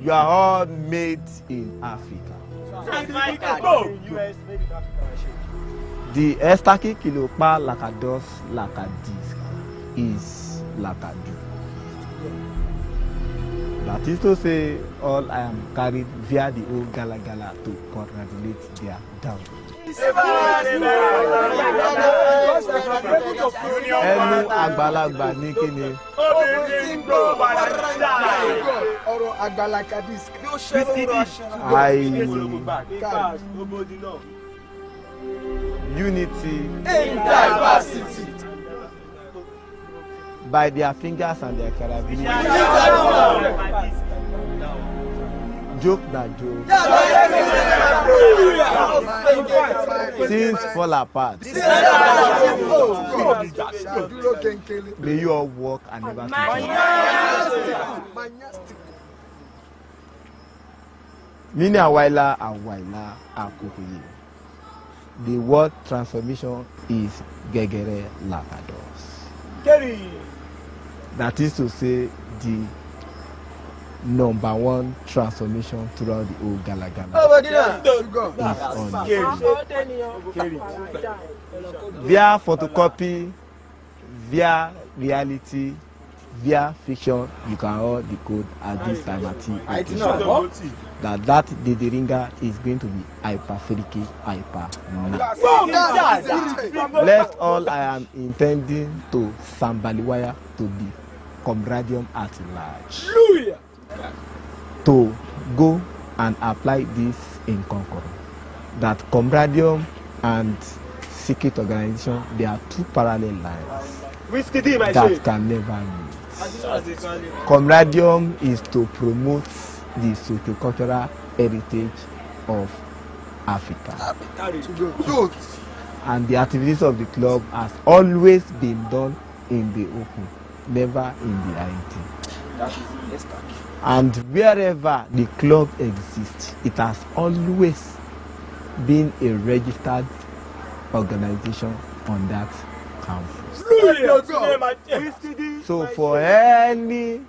you are all made in Africa. The Estaki Kilopa Lakados Lakadis is black and Jew. That is to say, all I am carried via the old Gala Gala to congratulate their down. Ẹnu àgbàlagbà ní kíni. Ọ̀rọ̀ Unity. In diversity by their fingers and their carabiners. joke na joke. things fall apart. may you all work and never complain. Nini Awaila and Waila Akokoye. The word transformation is Gegere Lakados. Kerry that is to say the number one transformation throughout the whole Galagala oh, is on via photocopy via reality via fiction you can all decode at this time amati education that that didiringa is going to be hyperfriki hyper left all i am intending to sambaliwire to be Comradium at large. Hallelujah. To go and apply this in Concord. That Comradium and secret organization, they are two parallel lines that can never meet. Comradium is to promote the sociocultural heritage of Africa. And the activities of the club has always been done in the open never in the I.T. And wherever the club exists, it has always been a registered organization on that campus. So for any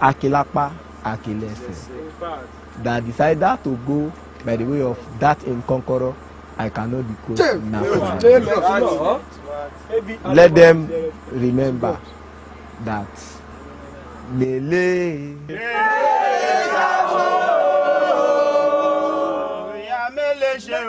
akilapa akilese that decided to go by the way of that in Konkoro I cannot be close now. Let them remember that Mele. Ìyá mélé ṣe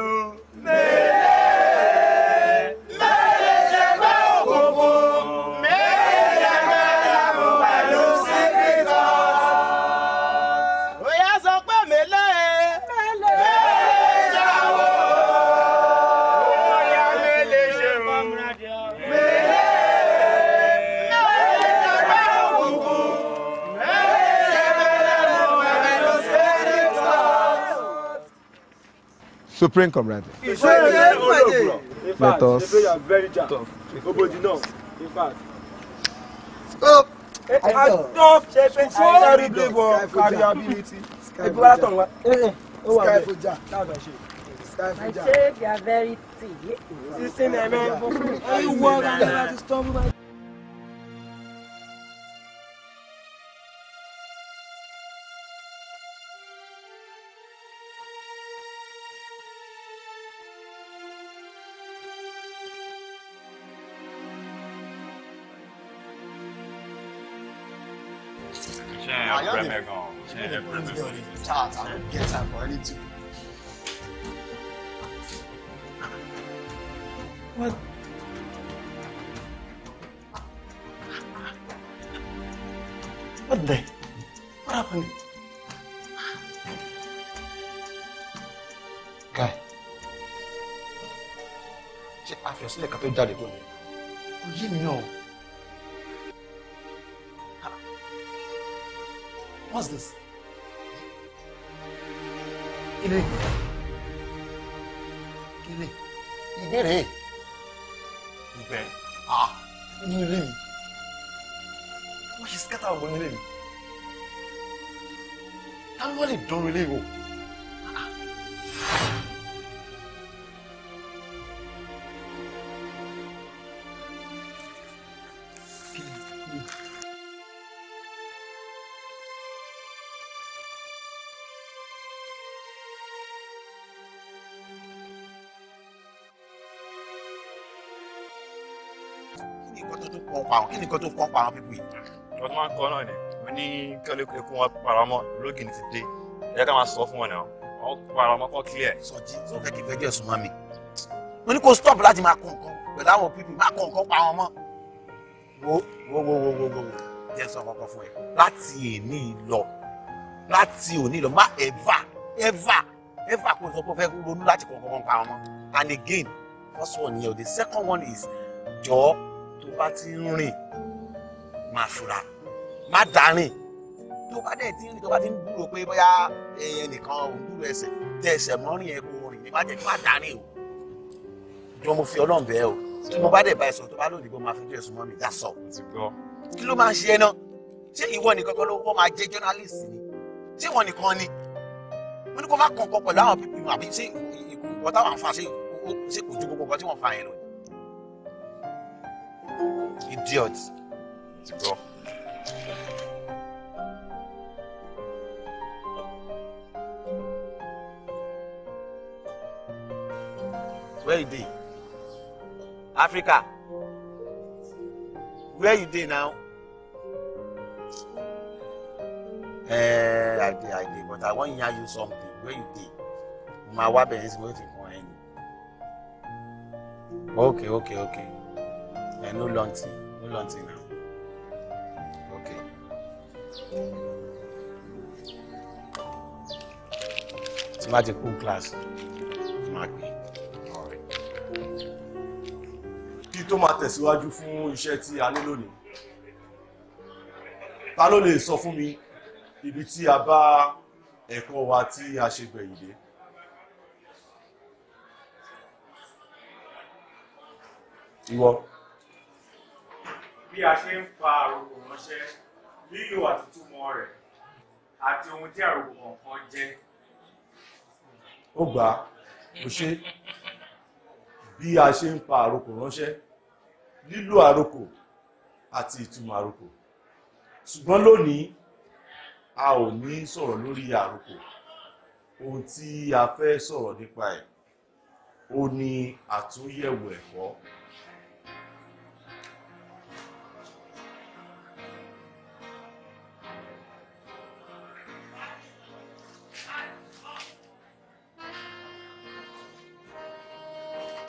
So praying comrade. Let us. Obodi náà. In fact. Stop. Stop. Ṣé pé tí wọ́n lárí blé wọ variability? Ẹgbẹ́ wa tàn eh, eh, wá. Sky Foja. I say they are very thick. Sísìn ẹ̀mẹ́. Ẹ̀yin wọ́n ra ní láti stop. kílè ìbéèrè ìbẹ ah inú ilé mi wọ́n ṣe scatter ọmọ nílé mi ta ló wá lè dánwó ilé ìwò. pa àwọn kí nìkan tó kọ́ pa àwọn pípì. ọ̀rọ̀ tó máa ń kọ́ náà ni mo ní kẹ́lẹ́kùn ikú wọn paramọ́ lógin ti dé ẹ̀yẹ́ ká máa sọ fún wọn náà wọ́n paramọ́ kọ́ clear. sọjí sọ fẹ́ kí fẹ́ jẹ́ sùn mọ́ mo ní kó stop láti máa kọ́ nǹkan pẹ̀lú àwọn pípì máa kọ́ nǹkan pa àwọn mọ́ wo wo wo wo wo jẹ́ sọ kọ́kọ́ fún ẹ láti èní lọ láti òní lọ má ever ever ever kò sọ pé fẹ́ ronú láti kọ́ nǹkan pa àwọn mọ́ and again first one yẹn o the second one is jọ̀ọ́ tó bá ti ń rìn máa fura má dárìn tó bá dẹ̀ ti ń rìn tó bá ti ń gbúrò pé bóyá èèyàn nìkan ò ń gbúrò ẹsẹ̀ tẹ ẹsẹ̀ mọ́rin ẹ̀ kò rìn nípa jẹ́ má dárìn o jọ mo fi ọlọ́run bẹ́ẹ̀ o tí mo bá dẹ̀ bá ẹ sọ̀rọ̀ tó bá lòdì bó máa fojú ẹ̀sùn mọ́ mi dá sọ. kí ló máa ń ṣe ẹ náà ṣé ìwọ nìkan kan ló wọ́n máa jẹ́ journalist ni ṣé ìwọ nìkan ni mo ní kó má kàn kọ pẹ̀lú àwọn pípín àbí ṣé ìkùnkùn táwọn fa ṣe kò Idiot. Ti Where you dey? Africa. Where you dey now? Eh, I dey, I dey, but I wan yarn you something. Where you dey? Mo máa wá bẹ̀rẹ̀ sí mo fi hàn ẹ́ Okay, okay, okay. Eh, no long thing, No long thing now. Okay. It's bá ti kú class, máa gbé. Kí tó máa tẹ̀síwájú fún iṣẹ́ tí a ní lónìí? Ta ló lè sọ fún mi ibi tí a bá ẹ̀kọ́ wa tí a ṣe gbẹ̀yìn dé? Ìwọ bí a ṣe ń fa àròkọ ránṣẹ́ lílo àtìtúmọ̀ rẹ̀ àti ohun tí àròkọ kọ̀ọ̀kan jẹ́. ó gbà ó ṣe bí a ṣe ń fa àròkọ ránṣẹ́ lílo àròkọ àti ìtumọ̀ àròkọ ṣùgbọ́n lónìí a ò ní sọ̀rọ̀ lórí àròkọ ohun tí a fẹ́ sọ̀rọ̀ nípa ẹ̀ ó ní àtúnyẹ̀wò ẹ̀kọ́. E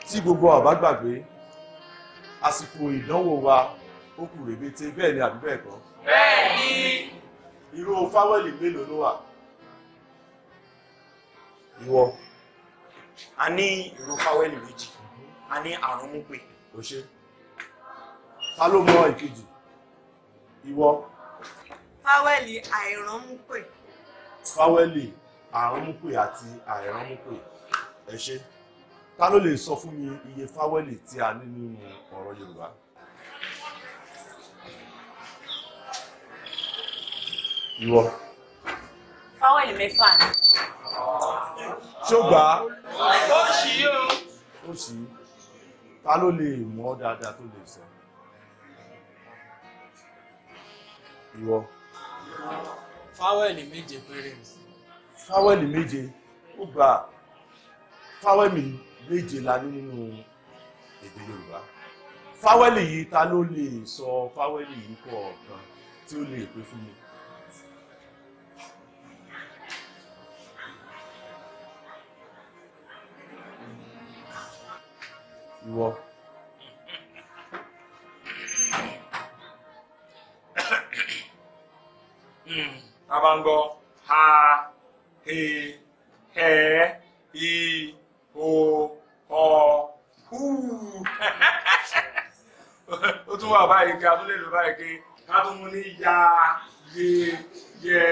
tí gbogbo àbá gbàgbé àsìkò ìdánwò wa ó kù rèbete bẹ́ẹ̀ ni àbí bẹ́ẹ̀ kọ́. bẹ́ẹ̀ ni. irú fáwẹ́lì mélòó ló wà. ìwọ a ní irú fáwẹ́lì méjì a ní àrùn mú pé. ṣe ta ló mọ ìkejì ìwọ. fáwẹ́lì àìrán mú fáwẹ́lì àrùn mú àti àìrán mú ẹ ṣe ta ló lè sọ fún mi iye fáwẹ́lì tí a ní nínú ọ̀rọ̀ Yorùbá. Ìwọ. Fáwẹ́lì mẹ́fà ni. Ṣọ́gbà. Ó ṣì í o. Ó ṣì í. Ta ló lè mọ̀ dáadáa tó lè sọ? Ìwọ. Fáwẹ́lì méje péré. Fáwẹ́lì méje. Ó gbà. Fáwẹ́lì méje la ní nínú èdè Yorùbá fáwẹ́lì yìí ta ló lè sọ fáwẹ́lì yìí kọ̀ọ̀kan tí ó lè pè fún mi. ìwọ. a máa ń gbọ́ ha he he i o ọ húù ó tún wà báyìí ká tún lè lò báyìí ké ká tún mú ní ya ye yẹ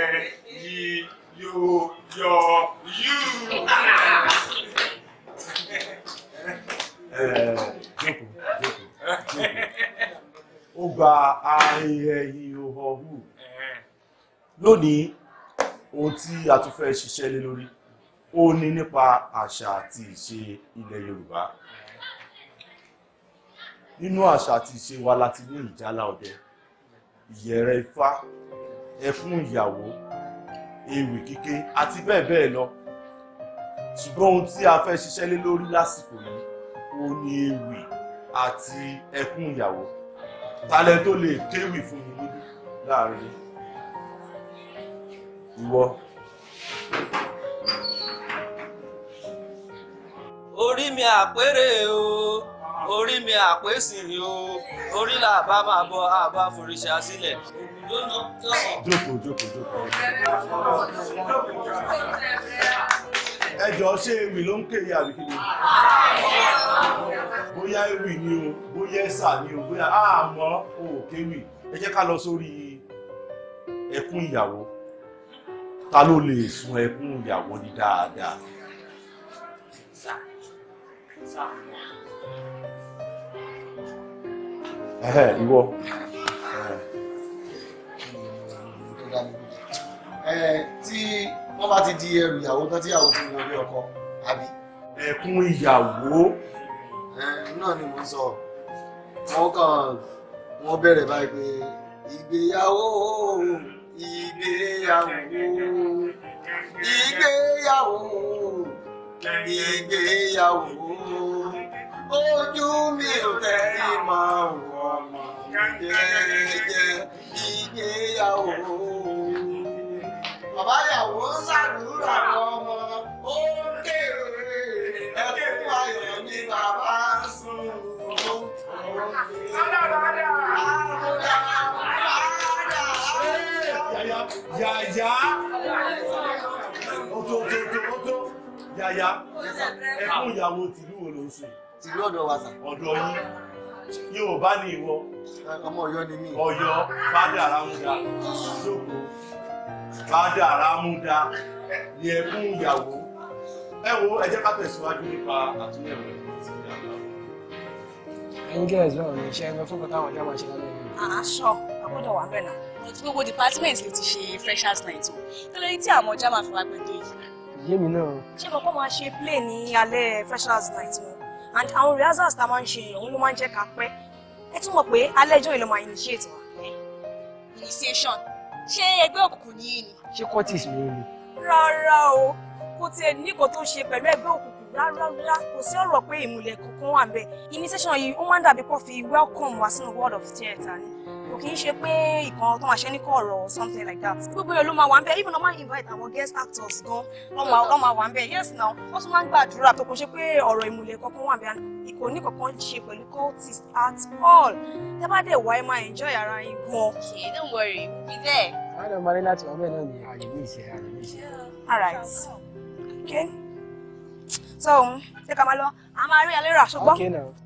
yi yo yọ yú. ó gba ahẹ́hẹ́ ọ̀hún lónìí ohun tí a tún fẹ́ ṣiṣẹ́ lé lórí ó ní nípa àṣà àti ìṣe ilẹ̀ Yorùbá nínú àṣà àti ìṣe wa láti ní ìjálá ọdẹ ìyẹ̀rẹ̀ ifá ẹfún ìyàwó ewì kíké àti bẹ́ẹ̀ bẹ́ẹ̀ lọ ṣùgbọ́n ohun tí a fẹ́ ṣiṣẹ́ lé lórí lásìkò yìí ó ní ewì àti ẹkún ìyàwó talẹ̀ tó lè kéwì fún mi níbí láàrin ìwọ. orí mi àpérè o orí mi àpésìrì o orí là bá máa bọ àbá foríṣà sílẹ̀. jókòó jókòó jókòó. ẹ jọ ṣé ewì ló ń kéye àbíkíni bóyá ewì ni o bóyá ẹsà ni o bóyá àmọ́ o ò kéwì ẹ jẹ́ ká lọ sórí ẹkún ìyàwó ta ló lè sun ẹkún ìyàwó ní dáadáa. ìwọ. tí wọ́n bá ti di ẹrù ìyàwó tán tí ìyàwó ti ń lórí ọkọ àbí. ẹkún ìyàwó. náà ni mo sọ wọ́n kàn wọ́n bẹ̀rẹ̀ báyìí pé ìgbéyàwó ìgbéyàwó ìgbéyàwó ìgbéyàwó ojú mi ò tẹ́rí máa wọ ọmọ jẹ́jẹ́ ìgbéyàwó. Bàbá ìyàwó ṣàdúrà ọmọ ó kéré ẹkún ayọ̀ ni bàbá sùn ó kéré. yàyà. yàyà ẹkún ìyàwó tìlú wo ló ń sùn. tìlú ọ̀dọ̀ wa sà. ọ̀dọ̀ yín Yorùbá ni ìwọ. ọmọ Ọ̀yọ́ ni mí. Ọ̀yọ́ bàdà àràmúdà jókòó bàdà àràmúdà ni ẹkún ìyàwó. ẹ wo ẹ jẹ́ ká tẹ̀síwájú nípa àtúnyẹ̀wò ti ìyàwó. ẹ̀yin gẹ́gẹ́ ìlú ọ̀run iṣẹ́ ẹgbẹ́ fún kọ́tà àwọn ọjọ́ máa ṣe lálẹ́ yìí. àṣọ ah, àgbọ̀dọ̀ ah, wà bẹ́ẹ̀ náà gbogbo department lè ti ṣe freshers night o tó lórí tí àwọn ọjà máa fi wá gbẹdẹ yìí yémi náà. ṣé mo kọ́ máa ṣe play ní alẹ́ freshers night wọn and àwọn rehearsals tá a máa ń ṣe òun ló máa ń jẹ́ ká pẹ́ ẹ tún mọ̀ pé alẹ́ ìjọ ìlọ́mọ initiate wa. initiation ṣé ẹgbẹ́ òkùnkùn ní í ni. ṣé curtis ni í ni. rárá o kò tiẹ̀ ní kò tó ṣe pẹ̀lú ẹgbẹ́ òkùnkùn rárá kò sí ọ̀rọ̀ pé ìmùlẹ̀ kankan wà bẹ́ẹ̀ initiation yìí ó máa ń dàbí pọ́ fi welcome wá sínú world of theatre ni kò kì í ṣe pé ìkan tó máa ṣe ní kọ̀ọ̀rọ̀ or something like that gbogbo èèyàn ló máa wà ń bẹ even ọmọ invite àwọn guest actors gan wọ́n máa wà ń bẹ yes now wọ́n tún máa ń gbàdúrà tó kò ṣe pé ọ̀rọ̀ ìmùlẹ̀ kankan wà ń bẹ ìkò ní kankan ṣe pẹ̀lú cultist at all tẹ́ bá dẹ̀ wá ẹ máa enjoy ara yín gan. okay don't worry we'll be there. àwọn ọmọ rẹ láti wọn bẹ́ẹ̀ náà ní àyè ní ìṣe àyè ní ìṣe. all right okay so ṣé ká máa lọ a máa rí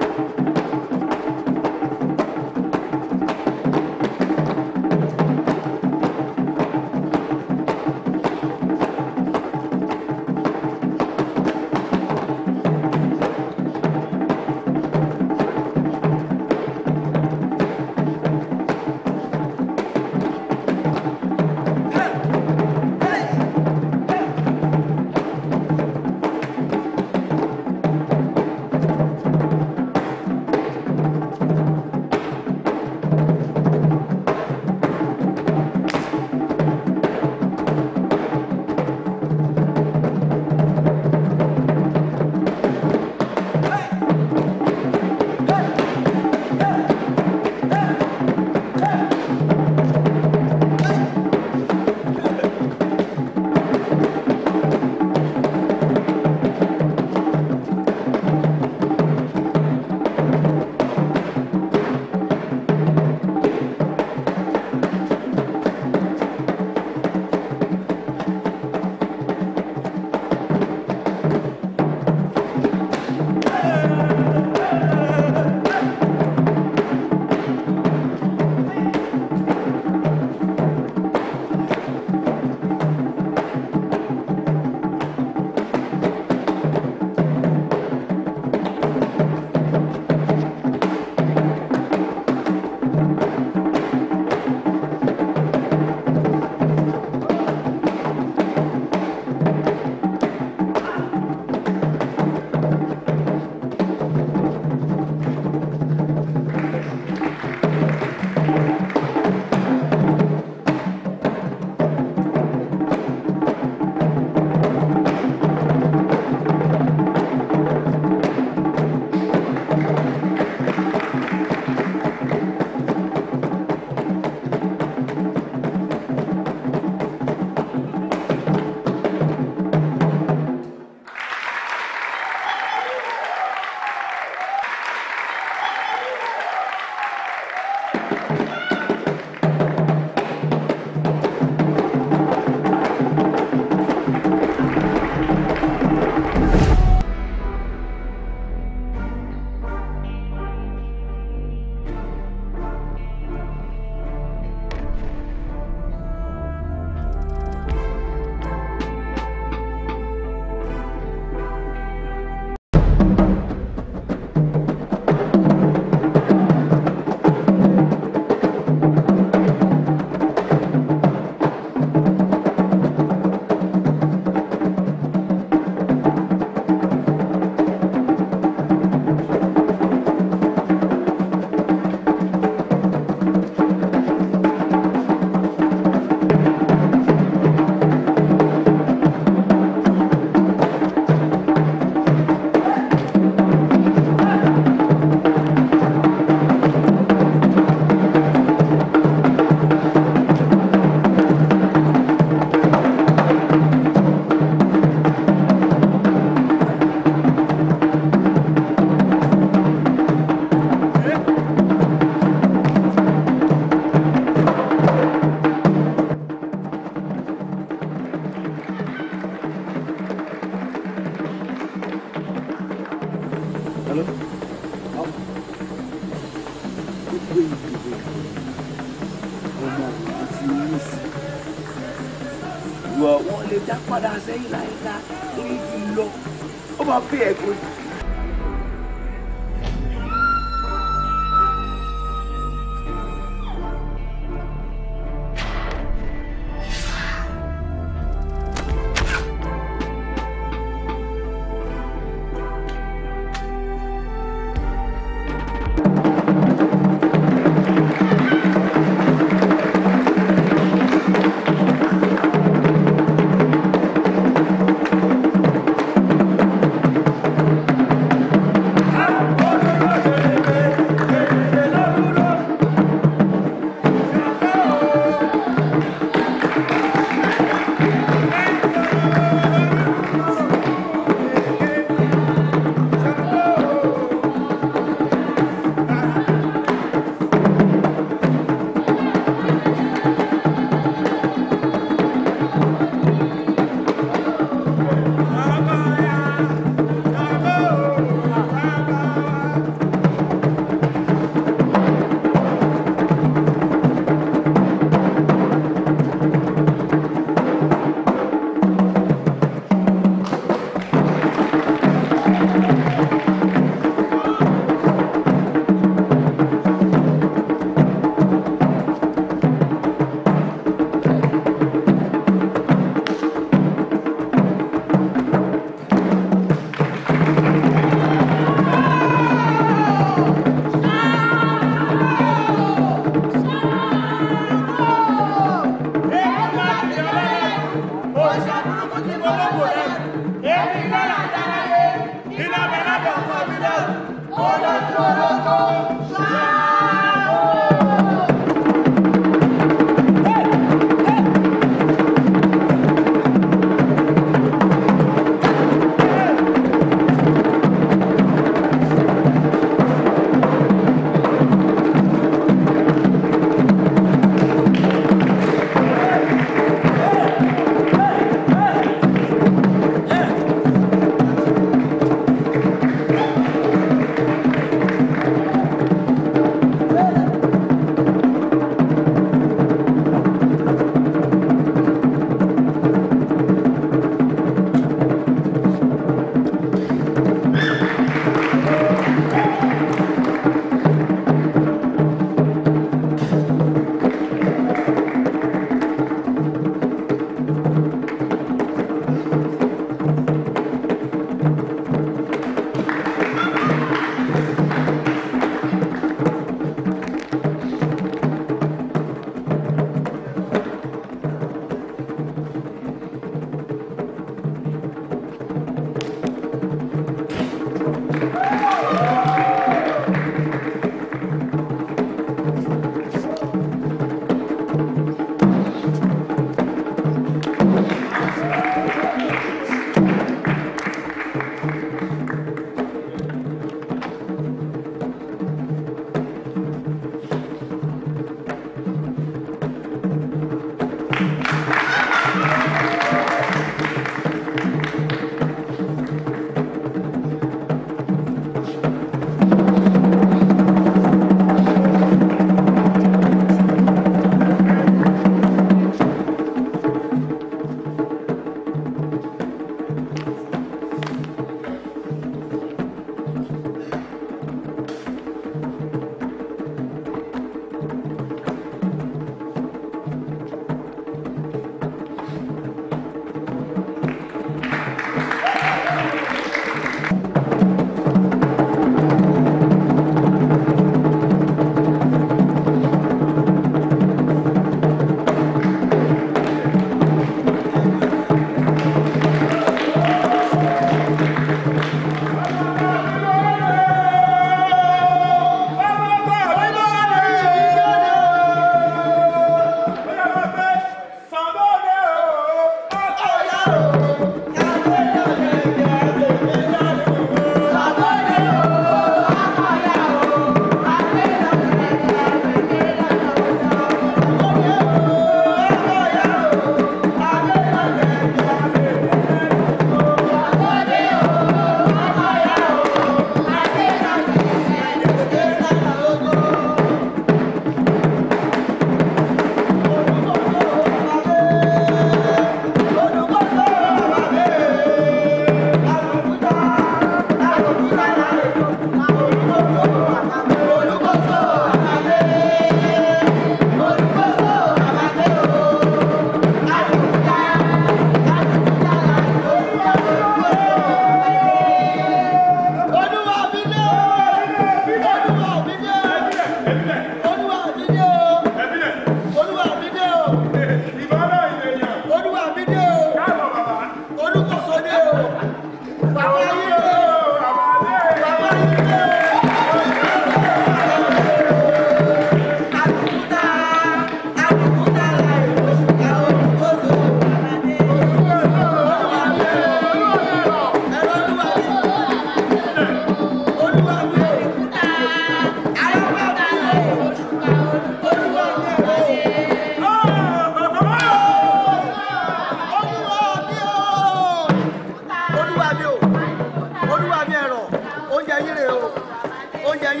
yín o oúnjẹ yín o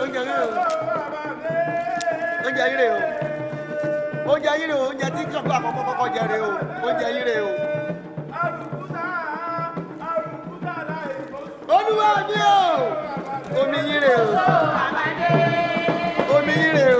oúnjẹ yín o oúnjẹ yín o oúnjẹ tí kàkọ́ àkọ́kọ́ kọ́kọ́ jẹ o oúnjẹ yín o. olúwa mi o omi yín o omi yín o.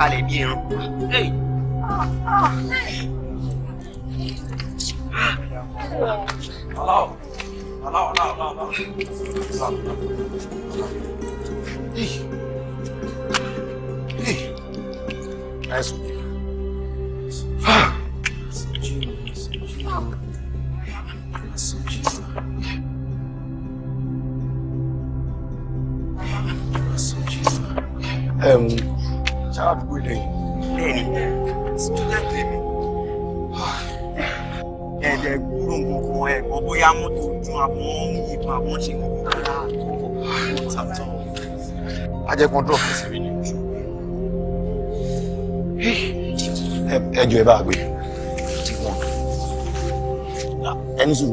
kalẹ̀ bí irun jẹ́ kó drop ẹsẹ̀ mi ni. ẹ jọ ẹ bá gbé ẹni sùn. ẹ mọ̀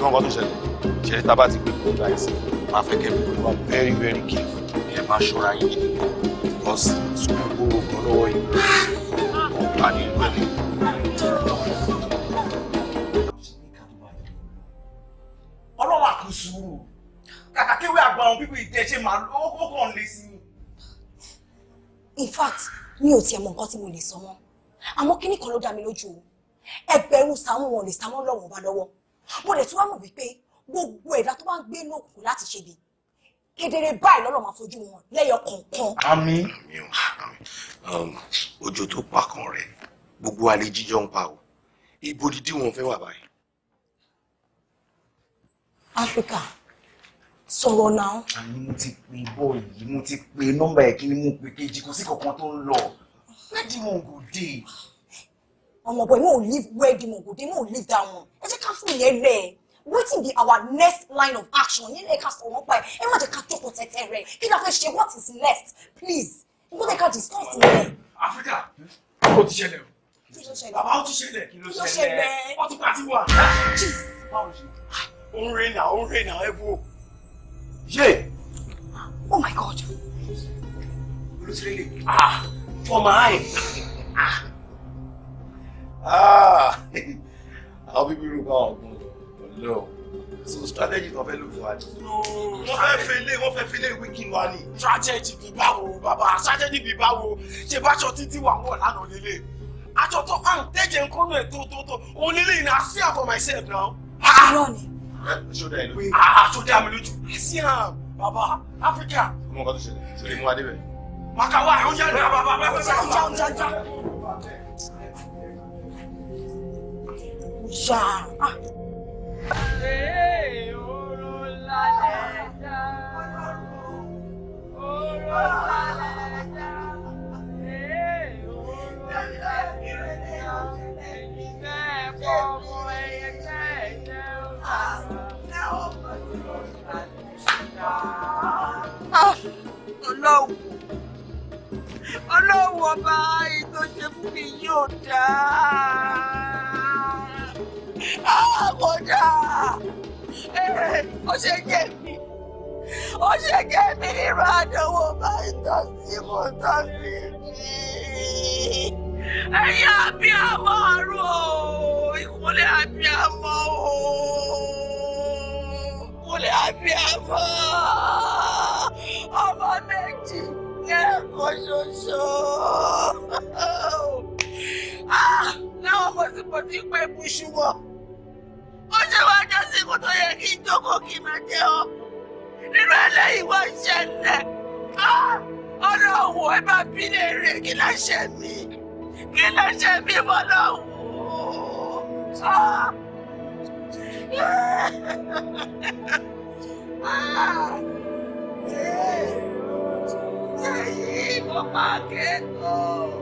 nǹkan tó ṣẹlẹ̀ ṣẹlẹ̀ tá a ti gbé kúrò láìsí máa fẹ́ kẹ́ mi kúrò máa ṣọ́ra yín gidi gan because sukùn gbówó gan lọ́wọ́ yìí ọ̀pá nínú ẹ̀ ni. ọlọ́wọ́ àkóso kàkà kéwé àgbà àwọn bíbí ìdẹ ṣe máa ó kàn lé sí i. in fact mi ò tiẹ̀ mọ nǹkan tí mo lè sọ mọ́ àmọ́ kíní kan ló dá mi lójú ẹgbẹ̀rún sáwọn wọn lè sáwọn lọ́wọ́ bá lọ́wọ́ kedere báyìí lọ́lọ́ máa fojú wọn lẹ́yọ kọ̀ọ̀kan. àmín um, ojú tó pàkan rẹ gbogbo alẹ́ jíjọ ń pa o ibo dídí wọn fẹ́ wà báyìí. áfíríkà sọ̀rọ̀ náà. àní mo ti pe bọ́ọ̀lù mo ti pe nọ́mbà ẹ̀kíní mo pe kejì kò sí kankan tó ń lọ wẹ́ẹ̀dì wọn kò dé. ọmọ bọ̀ mo ò leave wẹ́ẹ̀dì wọn kò dé mo ò leave that one ẹ jẹ́ ká fún ìyẹn lẹ́ẹ̀ wetin be our next line of action yín lè ka sọ̀rọ̀ pa ẹ̀ ẹ má jẹ́ ká jókòó tẹ̀tẹ̀ rẹ̀ kí la fẹ́ ṣe what is next please nǹkan tẹ̀ ká discuss yẹn. Africa ó ti ṣẹlẹ̀ o bàbá ó ti ṣẹlẹ̀ kí ló ṣẹlẹ̀ ó ti pàtí wà. Ah, ó ń rìn náà ó ń rìn náà ẹ o. yé. oh my god. olùsílẹ̀ ah for my eye. ah, ah. I'll be rú bá ọ̀gbun no so strategy kan fẹ́ ló fún wa ni. wọ́n fẹ́ fi ilé wọ́n fẹ́ fi ilé ìwé kí wa ni. strategy bí báwo bàbá strategy bí báwo ṣe báṣọ títí wà wọ̀ lánàá lélẹ̀ aṣọ tó hàn tẹ́jẹ̀ ń kọ́nà ẹ̀ tó tó tó òun lélẹ̀ yìí ni i fear for myself now. Ah, irọ́ ni. aṣọdá ẹ lójú. Ah, ah, aṣọdá mi lójú. i see am bàbá Africa. ọmọ nǹkan tó ṣẹlẹ̀ ṣẹlẹ̀ mú adébẹ̀. màkàwá ẹ̀ ó yá ìrìn àbàbà bá fẹ́ sáré. ọjà ọjà ọjà. ọjà ọlọ́wọ́ ọba ètò ìṣẹ́fún mi yóò dáa kọjá ah, eh, ó ṣe jẹ́ mi nínú àdánwò báyìí tó sí mo tó sí mi. ẹ̀yin abiyamọ ọ̀rọ̀ ìkúnlẹ̀ abiyamọ ìkúnlẹ̀ abiyamọ ọmọ méjì lẹ́ẹ̀kan ṣoṣo. Ah! Now I'm supposed to be pushing up ó ṣe wá jásìkò tó yẹ kí n jókòó kí n máa jẹ ọ nínú ẹlẹ́yìí wọ́n ṣẹlẹ̀ ah! ọ̀rọ̀ ẹ máa bí léèrè kí ló ṣe mí kí ló ṣe mí fọlọ́ wò ó. Ṣé yìí mo máa kẹ́kọ̀ọ́?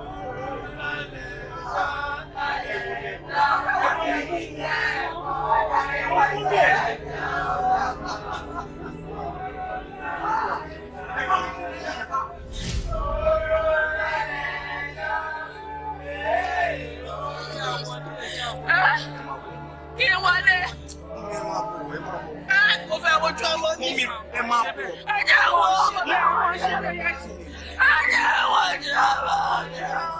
Ajá wọ́n ah, jẹ́ bá ọjọ́.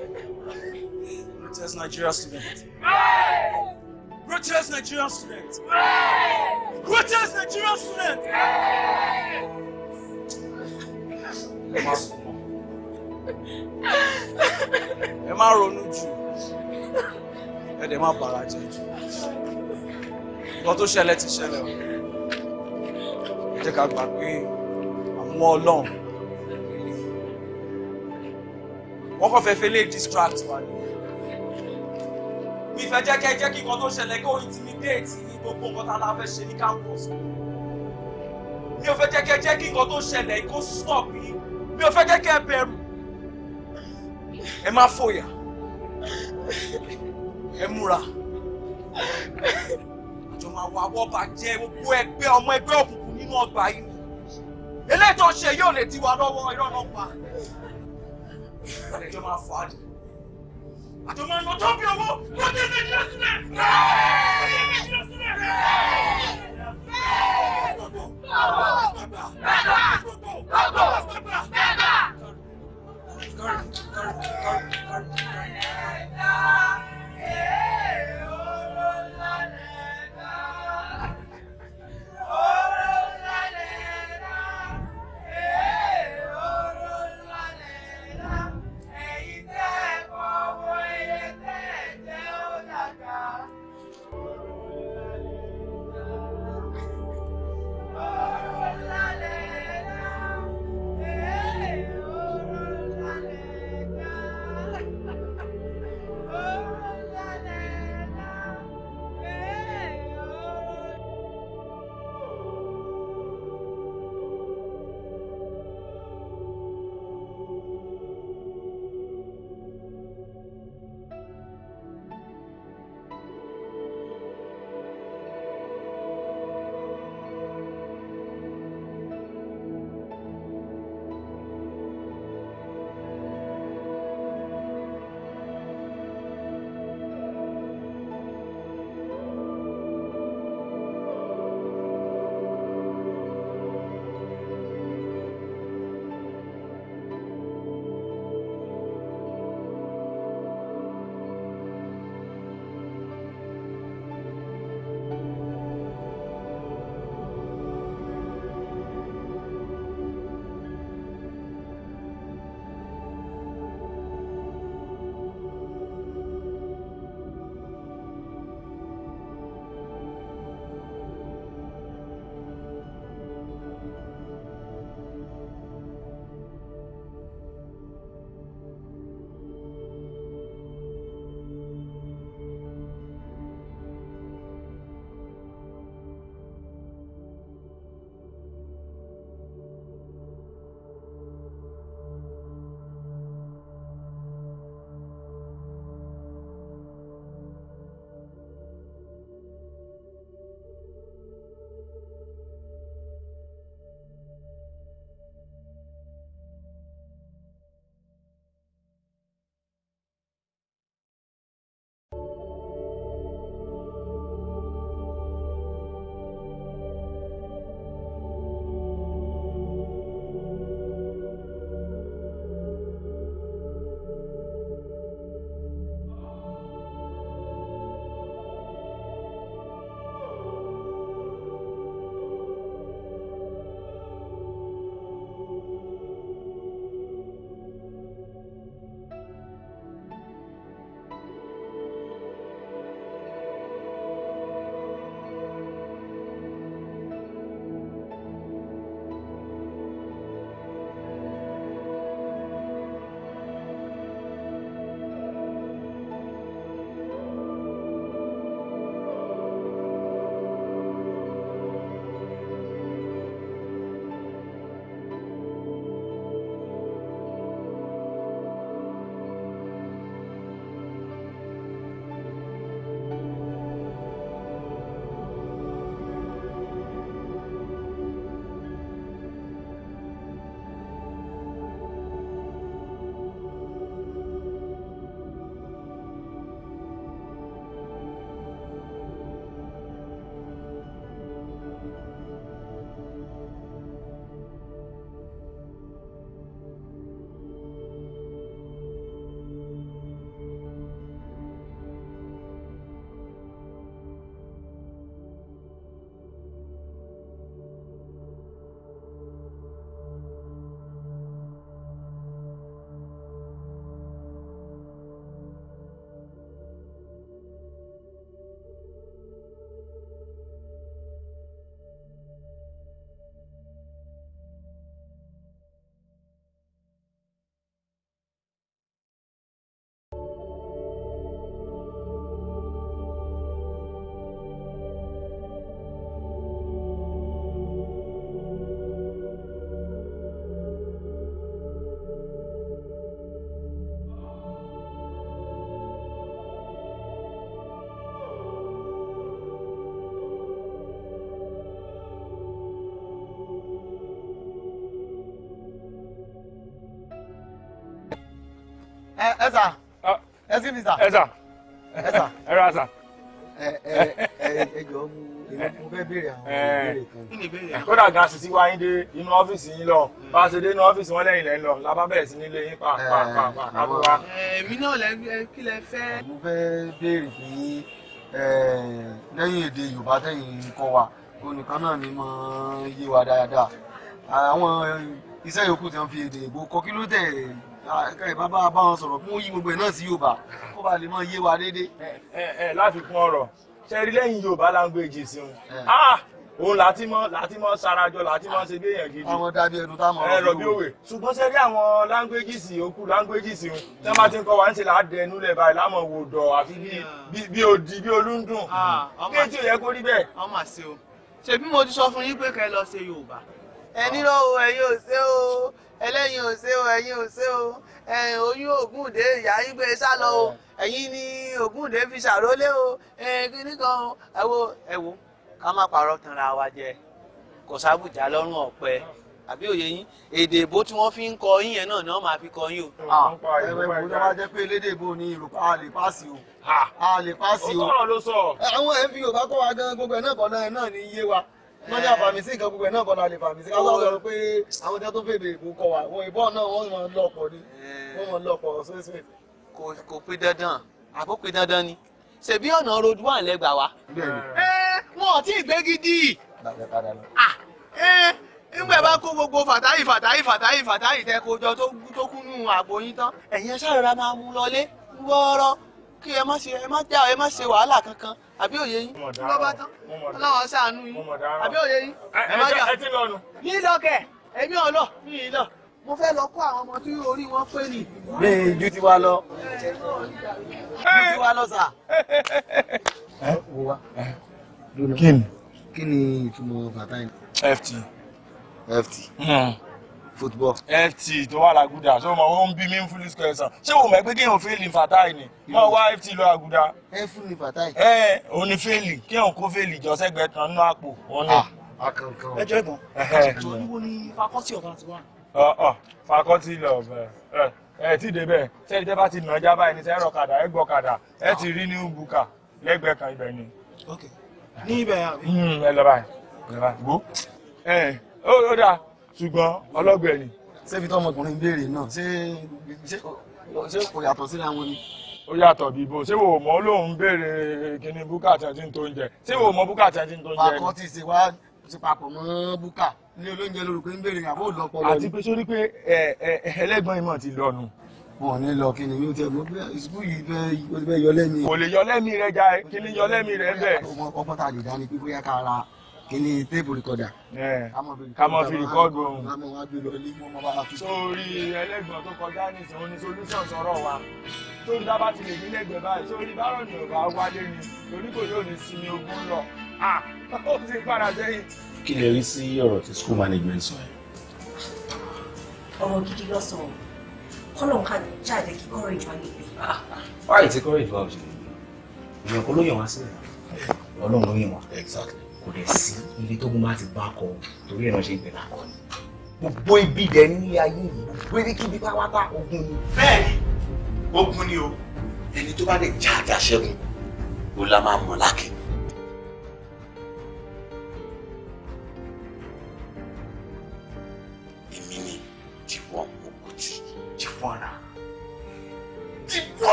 ruthless Nigerian student. Hey! Ruthless Nigerian student. Hey! Ruthless Nigerian student. Hey! Ẹ má ronú jù. Ẹ dẹ̀ má bàrà jẹ́ jù. Nǹkan tó ṣẹlẹ̀ ti ṣẹlẹ̀ o. Ẹ ká gbà pé àwọn ọlọ́run. Wọ́n kàn fẹ́ fẹ́ lè distract wa nìyẹn mi fẹ́ jẹ́ kẹ́ jẹ́ kí nǹkan tó ṣẹlẹ̀ kó intimidate ní gbogbo nǹkan tá a la fẹ́ ṣe ní campus mi ò fẹ́ jẹ́ kẹ́ jẹ́ kí nǹkan tó ṣẹlẹ̀ kó stop yìí mi ò fẹ́ jẹ́ kẹ́ bẹ̀rù ẹ má fòyà ẹ múra àjọ máa wà wọ́ọ̀bà jẹ́ gbogbo ẹgbẹ́ ọmọ ẹgbẹ́ òkùnkùn nínú ọgbà yìí eléyìí tó ṣe yóò lè tiwa lọ́wọ́ irọ́ náà pa àlejò máa fọ́ àdìyẹ àtọmọ ẹ̀kọ́ tó bí owó ló dé sí ìdílé sílẹ̀. Oh! Eh, ah. ẹ ẹ sà ẹ sì ni sà ẹ sà ẹ sà ẹ ra sà. ẹ ẹ ẹ jọ mo fẹ́ eh. béèrè àwọn ìbéèrè eh. kan. kódà gan sisi wá yín dé inú ọ́fíìsì yín lọ bá a ṣe dé inú ọ́fíìsì wọn lẹ́yìn lẹ́ ń lọ lábá bẹ̀rẹ̀ sí nílé yín pàápàá kábọ̀ wá. èmi náà lẹ kí lẹ fẹ́. mo fẹ́ béèrè pé lẹ́yìn èdè Yorùbá tẹ̀yìn kọ́ wa onìkan náà ni mo yé wa dáadáa àwọn iṣẹ́ yòókù tí wọ́n fi èdè Ìgbò kọ kí ló tẹ̀ Ah, ẹ bá bá wọn sọ̀rọ̀ kí wọ́n yí gbogbo náà sí Yorùbá kó ba lè máa yé wa déédéé. ẹ ẹ láfikún ọ̀rọ̀ ṣẹrí lẹ́yìn Yorùbá language sí wọn ah, òun láti mọ láti mọ sarajọ láti mọ ṣe béèyàn gidi. àwọn dàbí ẹnu tá mọ ọ̀rọ̀ bí òwe. ṣùgbọ́n ṣe rí àwọn languages òkú languages òun tí wọ́n ti ń kọ́ wa ń ṣe ládẹnu lẹ̀ báyìí láwọn wò àfi ah. bí odi bí olúndùn. kí ètò yẹ kó rí bẹ́ẹ̀. o ṣèbí mo ti sọ fún yín pé kẹ́ lọ ṣe Yorùbá ẹni lọ o ẹ̀yin ò ṣe o ẹlẹ́yin ò ṣe o oyún Ògúndé ìyá yín e o ẹ̀yin ni Ògúndé fi ṣàrólé o kíní kan o ẹ̀wò ẹ̀wò ká má parọ́ tanra wa jẹ kò sábùjá lọ́rùn ọ̀pẹ àbí òye yín èdè èbó tí wọ́n fi ń kọ yín yẹn náà ni wọ́n máa fi kọ yín o. ẹ̀wẹ̀ ìbò tó bá jẹ́ pé elédè èbó ni Yorùbá a lè pàṣẹ o a lè pàṣẹ o. ó tọ̀rọ̀ ló sọ. àwọn ẹ̀ fi Yorùbá kọ́ wa gan gbogbo ẹ̀ náà kọ́ náà ní iye wa. wọ́n ní àfàmìsí eh. nǹkan gbogbo ẹ̀ náà kọ́nà lè fàmìsí ká sọ̀rọ̀ lọ pé àwọn ìjọ tó fèdè èkó kọ wà wọ́n ìbọn náà wọ́n mọ̀ ń lọ́pọ̀ ni eh. wọ́n mọ̀ ń lọ́pọ̀ sóṣèlú. kò pé dandan àbó pé dandan ni ṣèbí ọ̀nà road one lẹ́gbà wa. Eh, wọn ò tí ì gbé gidi. nígbà bá kó gbogbo fàtáyì fàtáyì fàtáyì fàtáyì tẹ kó jọ tó kúnnú àgbo yín tán ẹ̀yin ẹ ṣàrọ̀ra máa mú lọlé wọ́ọ́rọ́ kí ẹ má ṣe wàhálà kankan àbí òye yín ló bá tán ọlọ́wọ́ ṣàánú yín àbí òye yín ẹ má jà ní lọ́kẹ̀ èmi ò lọ ní ìlọ mo fẹ́ lọ kọ́ àwọn ọmọ tí orí wọn pé ni. bẹ́ẹ̀ ju ti wa lọ ju ti wa lọ sà. ẹ wo wa kí ni kí ni ìtumọ̀ bàtà yìí. ft ft. Mm football. ft tó wà làgùdà ṣé o mọ̀ ó ń bí meanful question ṣé o mọ̀ pé kéèyàn fẹ́ẹ̀lì fatai ni máa wá ft lọ àgùdà. fẹ́ẹ̀lì fatai. ẹ ẹ òní fẹ́ẹ̀lì kéèyàn kó fẹ́ẹ̀lì jọ sẹ́gbẹ̀ẹ́ kan nínú àpò wọn náà. Ah, akankan. ẹ jọ ìbọn jọ níbo ni faculty of art wà. ọ ọ faculty of ẹ ẹ tí débẹ̀ sẹ́ni tẹ́ bá ti nà já báyìí ní sẹ́rọ̀ kàdà ẹ gbọ́ kàdà ẹ ti rí ní buka lẹ́gbẹ̀ẹ́ kan ibẹ̀ ni. ok ní ibẹ̀ yà. Hmm, ẹ lọ báyìí ẹ lọ báyìí ṣùgbọ́n ọlọ́gbẹ̀ẹ́ ni. ṣébi tó ọmọkùnrin béèrè náà ṣé ṣé kò yàtọ̀ síra wọn ni. ó yàtọ̀ bí ibo ṣé wò mọ́ lòun béèrè kíní búkà tí wọ́n ti ń tó ń jẹ ṣé wò mọ́ búkà tí wọ́n ti ń tó ń jẹ. pàkọ́ ti ṣe wá ti papọ̀ mọ́ búkà ní olóúnjẹ lórúkọ ń béèrè àbó lọ́pọ̀ lọ́nu. àti pé sórí pé ẹlẹ́gbọ́n ìmọ̀ ti lọ́nu wọn ní lọ kí ni mi tẹ mo bẹ sukuu yìí bẹ yọ lẹ́mìí. kò lè yọ lẹ́mìí rẹ jà kí ni yọ lẹ́mìí rẹ bẹ. ọmọ ọpọta lè dá ní pípé yẹ ká ra Kini téèpù rìkọ̀dà. kámọ́ fi rìkọ́dù ohun. kámọ́ wá gbé lọ ilé mọ́ bá tó. sórí ẹlẹ́gbọ̀n tó kọjá ní ìsìn oní solúsàn sọ̀rọ̀ wa tó ń dábàá ti lè ní lẹ́gbẹ̀ẹ́ báyìí sórí bárọ̀ ni ọ̀gá wálé ni torí kò yóò ní sinmi ogún lọ. ó ti padà sẹ́yìn. kí lè rí sí ọ̀rọ̀ tí school management sọ yẹn. ọ̀rọ̀ gidi lọ sọ kọ́lọ̀n ká jáde kí courage wá níbi. wáyé tí courage wá òṣèlú ìgbìyànjú olóyè wá sílẹ̀ ọlọ́run ló yàn wá. exactly kò dẹ̀ sí ilé tó mú láti bá kọ torí ẹ̀rọ ṣe ń pẹ̀lú akọni gbogbo ibi dẹ̀ ní ayé yìí gbogbo ibi kíbi pátápátá ogun ni. bẹ́ẹ̀ni ogun ni o ẹni tó bá lè já àdá ṣẹ́gun ó la máa mọ̀ lákìí.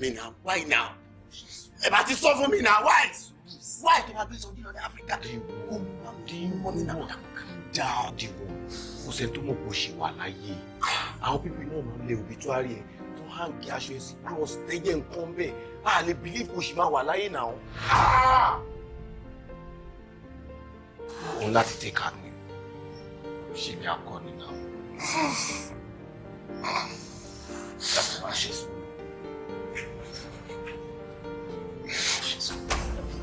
mi now why now ẹ bá ti sọ fún mi now why why kí n máa gbé sọ bí lọ́dẹ áfíríkà ó máa ń dín down the road kò sẹ́ni tó mọ̀ kó ṣe wà láyé àwọn pípì náà máa ń lé obituary ẹ̀ tó hàǹkì aṣọ ẹ̀ sí cross tẹ́jẹ̀ nǹkan bẹ́ẹ̀ a lè believe kò ṣì máa wà láyé náà òun láti tẹ kàánú ṣe ni akọni náà láti máa ṣe sùn.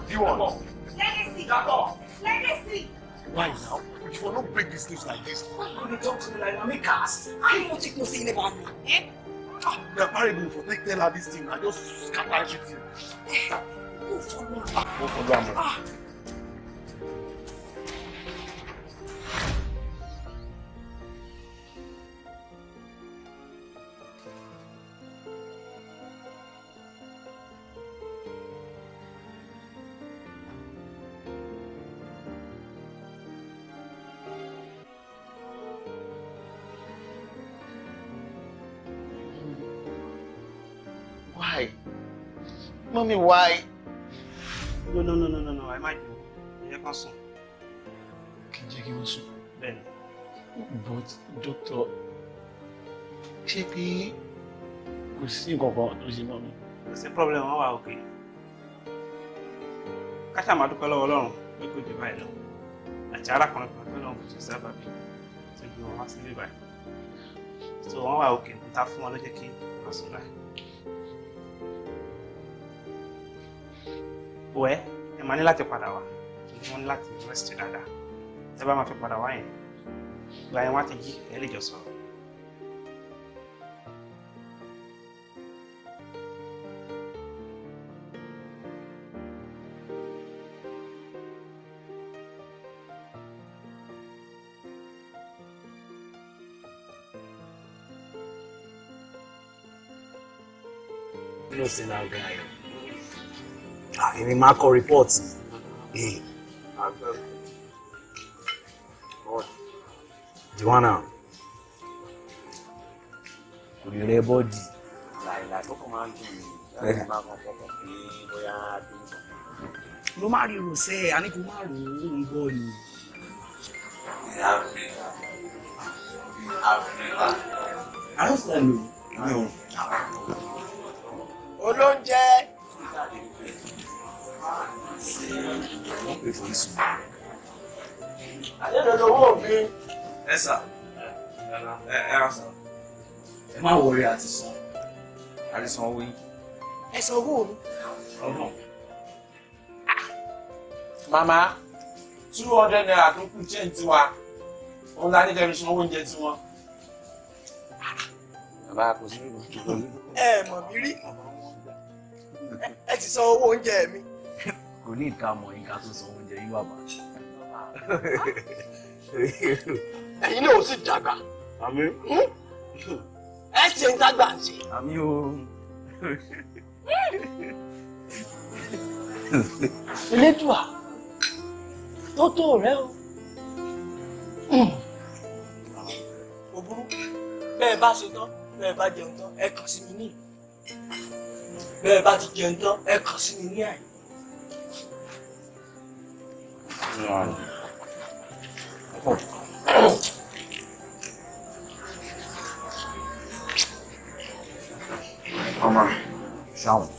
D1. Legacy. Jacob. Legacy. Why now? You will not break these news like this. Why you dey talk to me like na me cast? I no take no say you never know. Eh? Ah, na married for take tell her this thing. I just scatter everything. Eh, no follow am. No follow am. Ah. Mommy, why? No, no, no, no, no, no. I might be. Ẹ kàn sùn. Kí Ben jẹ́ kí wọ́n sùn. Bẹ́ẹ̀ni. But doctor, ṣé pé kò sí nǹkan kan tó ṣe mọ́ mi? Kò sí problem, wọ́n wà òkè. Káṣá máa dúpẹ́ lọ́wọ́ Ọlọ́run pé kò dé báyìí lọ. Àti arákùnrin kan pé lọ́run kò ṣe sábà bí tí ó gbé wọn So wọ́n wà òkè níta fún wọn ló jẹ́ kí wọ́n bọ̀ ẹ́ ẹ máa ní láti padà wá wọ́n ní láti rẹ́sítì dáadáa tẹ́ bá máa fi padà wá yẹn ìgbà yẹn wá ti jí ẹ lè jọ sọ̀rọ̀. no sin na gan èmi máa kọ rìpọ́ọ̀tì. Eh. Joanna kò lè rẹ bọ́ọ̀dì. láìláì tó kàn máa ń dùn mí láti eh. máa kàn fọkàn pé bóyá bí nǹkan. ló má rí rosé àníkù má rò ó ń bọ̀ ni. àrùn sàn lò. olóúnjẹ. Adédọ̀dọ̀wọ́ mi. Ẹ sà, ẹ ẹ sà, ẹ má wọrí àti san, àti san owó yín. Ẹ san owó mi. Màmá, two hundred naira tó kù jẹ́ tiwa, òun la ní kẹ́mi san owó oúnjẹ tiwọn. Bàbá kò sí. Ẹ mọ̀ mí rí, ẹ ti san owó oúnjẹ mi kò ní ìka mọ̀ ìka tó san oúnjẹ yín bàbá. ẹ̀yin náà ò sì dàgbà. àmín. ẹ ṣe ń dàgbà ń ṣe. àmín o. elédùà tó tó rẹ o. Hmm. òbúrú bẹ́ẹ̀ bá ṣe tán bẹ́ẹ̀ bá jẹun tán ẹ kàn sí mi ní bẹ́ẹ̀ bá ti jẹun tán ẹ kàn sí mi ní àyè. Mama, sound.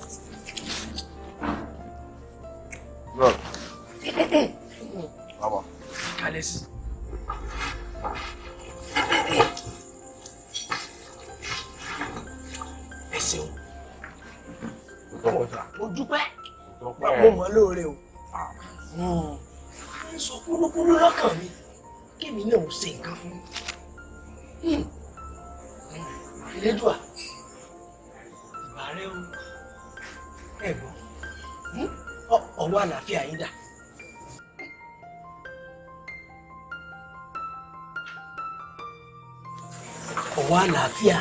Look. Mama. Alice. Ẹ ṣeun. Ojú pẹ́. Mo mọ̀ lóore o kúlúkúlú lọ́kàn mi kémi náà ò ṣe nǹkan fún yín hmm. elédùà ìbá rẹ o ẹ̀gbọ́n hmm. ọwọ́ àlàáfíà yín dà. ọwọ́ àlàáfíà.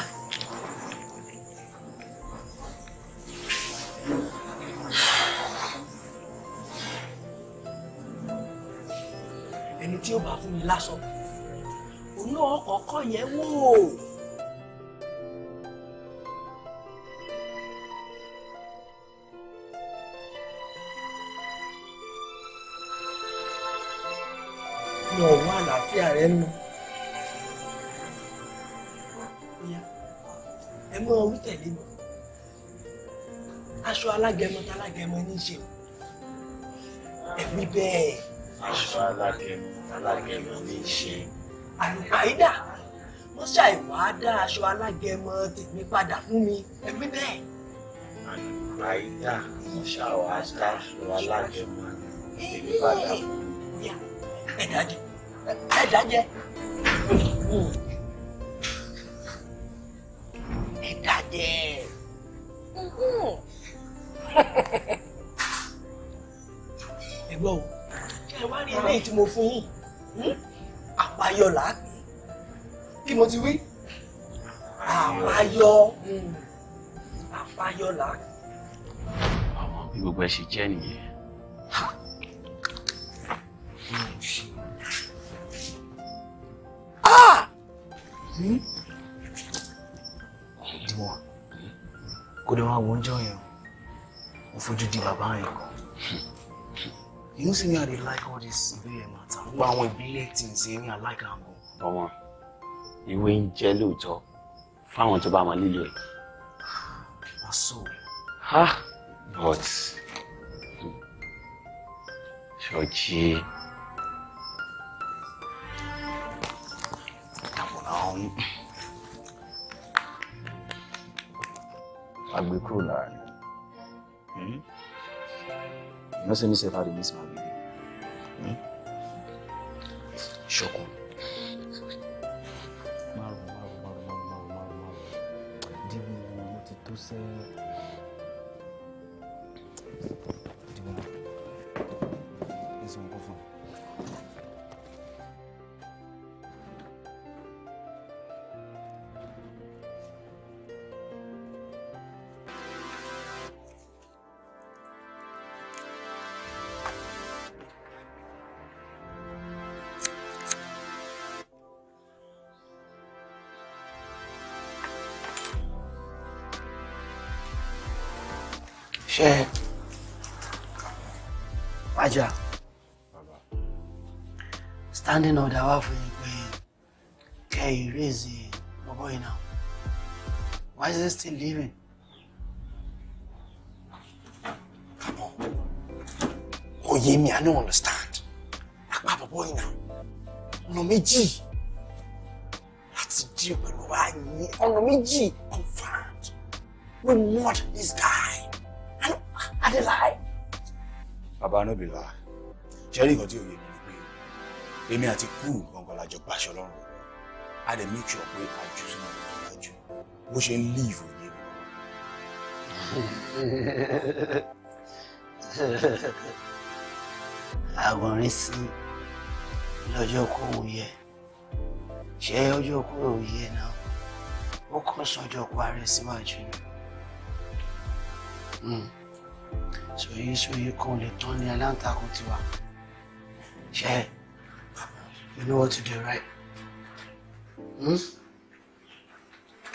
ẹni tí ó bá fún mi láṣọ òun náà kọ́kọ́ yẹn wò ó. ní ọ̀wọ́ àlàáfíà rẹ nù. ẹ mọ orí tẹ̀lé mi aṣọ alágẹmọ tálágẹmọ ní í ṣe ẹ̀mí bẹ́ẹ̀ aṣọ alágẹmọ alágẹmọ ní í ṣe. àlùpàídà wọ́n ṣàìwá dá aṣọ alágẹmọ tèmi padà fún mi ẹgbẹ bẹ́ẹ̀. àlùpàídà wọ́n ṣàwá dá aṣọ alágẹmọ tèmi padà fún mi. ẹ dájẹ ẹ tí mo fún yín hmm? àpáyọ là á pè é kí mo ti wí àpáyọ hmm. àpáyọ là á pè é. ọmọ bí gbogbo ẹ ṣe jẹ nìyẹn. Ah! Hmm? Kò dé wá wo oúnjẹ yẹn, mo fojú di bàbá yẹn kan. You don't see me, I don't like all this ìbílẹ̀ matter. Gbogbo àwọn ìbílẹ̀ things yẹn ni I like am. Ọmọ, ìwé ń jẹ́ lóòótọ́ fáwọn tó bá máa lílo ẹ̀. Na so. Ha! But, ṣọ̀jì. Dàpọ̀ náà ń. Agbé kúrò láàrin. Hmm? You know, say me say I miss my Maru, maru, maru, maru, maru, maru. Dibu, mo ṣe wájà standing on the fún yín pé kẹ́ raise bọ́bọ́ boy now. why is he still living? Come on. Kò yé I don't understand. Àpá bọ́bọ́ yìí náà. Ọ̀nà méjì láti dí pẹ̀lú wa ní ọ̀nà méjì confirmed. We murder this guy. I dey lie. Bàbá no be lie. Ṣé rí nǹkan tí òye mi ni pé èmi àti kúrú gangan lájọ gbàṣọ lọ́rùn lọ́wọ́. A dey make sure pé a jù sínú ọ̀rọ̀ ìdájú. Bó ṣe ń leave òye mi. Àgbọ̀nrín sí lọ́jọ́ kó òye. Ṣé ọjọ́ kó òye náà? Ó kàn sọ́jọ́ parí síwájú ni. Hmm sòye sòye kò lè tán ní aláǹtakùn tiwa ṣe you know what to do right?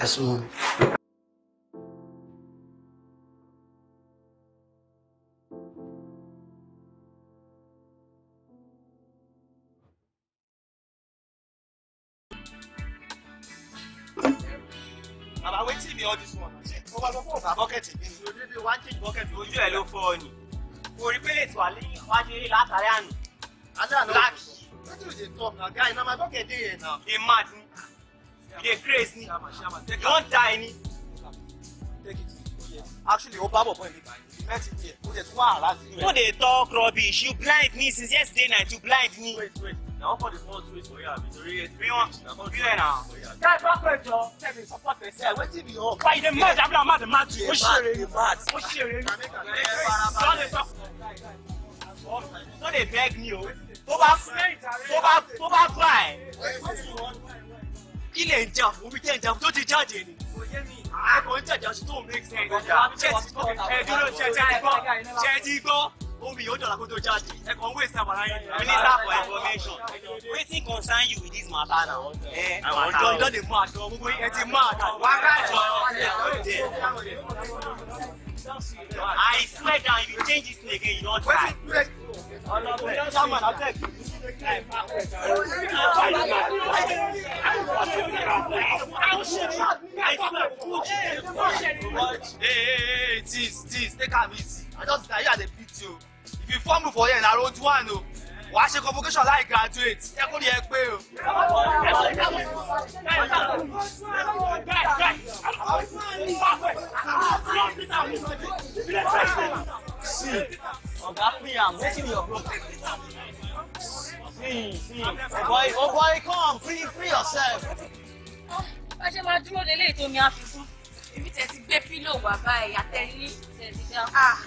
ẹ̀sùn hmm? Fajiri látàrí àná. Ajá àná. Black. Wetin you dey talk na guy na my pocket dey here now. Dey mad ni. You dey craze die Actually, o bá bọ̀ bọ̀ nípa No dey talk rubbish. You blind me since yesterday night. You blind me. Wait Na one for the first wait for you abi. Torí ẹ bí wọn bí ẹ na. Guy bá pẹ̀ jọ. Tell me support yourself. Wetin be your. Why you dey mad? Abúlé àwọn máa dey mad oh, you. Ó ṣèrè. Ó ṣèrè. Ó ṣèrè. Don't dey talk no dey beg me o oh? tó bá tó bá tó bá bá ẹ kí lè ń jà fún mi kí lè ń jà fún tó ti jáde ni àkọ́ ah, ń jàjà sí tó ń make sense ẹ dúró ṣe ti gbọ́ ṣe ti gbọ́ omi yóò dọ̀la kó tó jáde ẹ kàn waste time ara yín minister for information wetin concern you with this matter na ẹ àjọ ìjọ lè mú àjọ gbogbo ẹ ti mú àjọ wákàjọ ẹ ló dé. I swear that you change this thing again you don try. Hey, hey, tease, tease, take am easy. I just na here I beat you. If you form for here, na road one o. Wàá ṣe convocation láì graduate. Ṣé kò ní ẹ pé o? sí ọ̀gá Priam wetin your problem see see oh boy oh boy come free free yourself. bá a ṣe máa dúró lélẹ̀ ètò mi àfikún èmi tẹ̀ ti gbé pílò wá báyìí àtẹ̀lí tẹ̀ ti dá kó ah.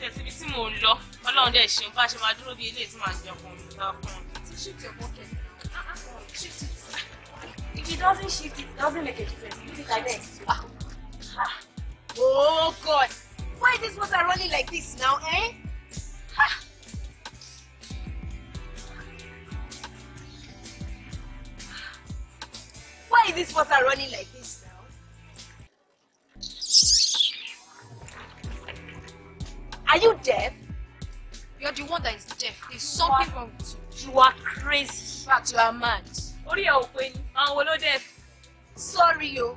tẹ̀ síbi tí mò ń lọ ọlọ́run dẹ̀ ṣeun bá a ṣe máa dúró bí eléyìí tí màá jẹun kún mi lọ́kùn. ti shift your pocket shift it if he doesn't shift it doesn't make a difference you fit like that. Ah. Ah. oh god. Why this water running like this now, eh? Why is this water running like this now? Are you deaf? You're the one that is deaf. There's something wrong with you. You are crazy. In fact, you are mad. What are you doing? I'm not deaf. Sorry o.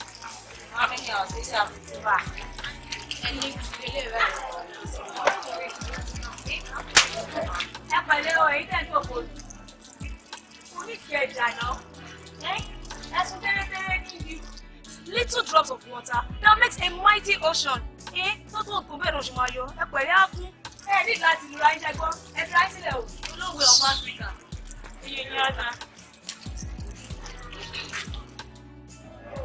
little drops of water that makes a mighty ocean. ẹ tó tó kó bẹ́ẹ̀ lọ́sùn máa yọ ẹ pẹ̀lẹ́ á kú ẹ ní láti lura ẹ jẹ́ gbọ́ ẹ dúró sílẹ̀ o olóògbé of Africa. iye ní ọ̀tá.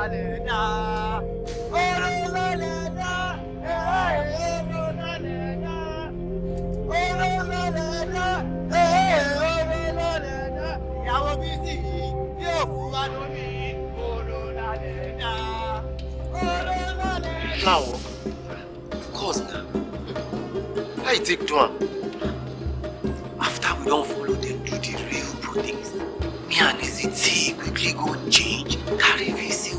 Now, eh, eh, dá. Oró lálẹ́ of course na. How you take do After we don't follow dem do the real pro things, me and Lizzy quickly go change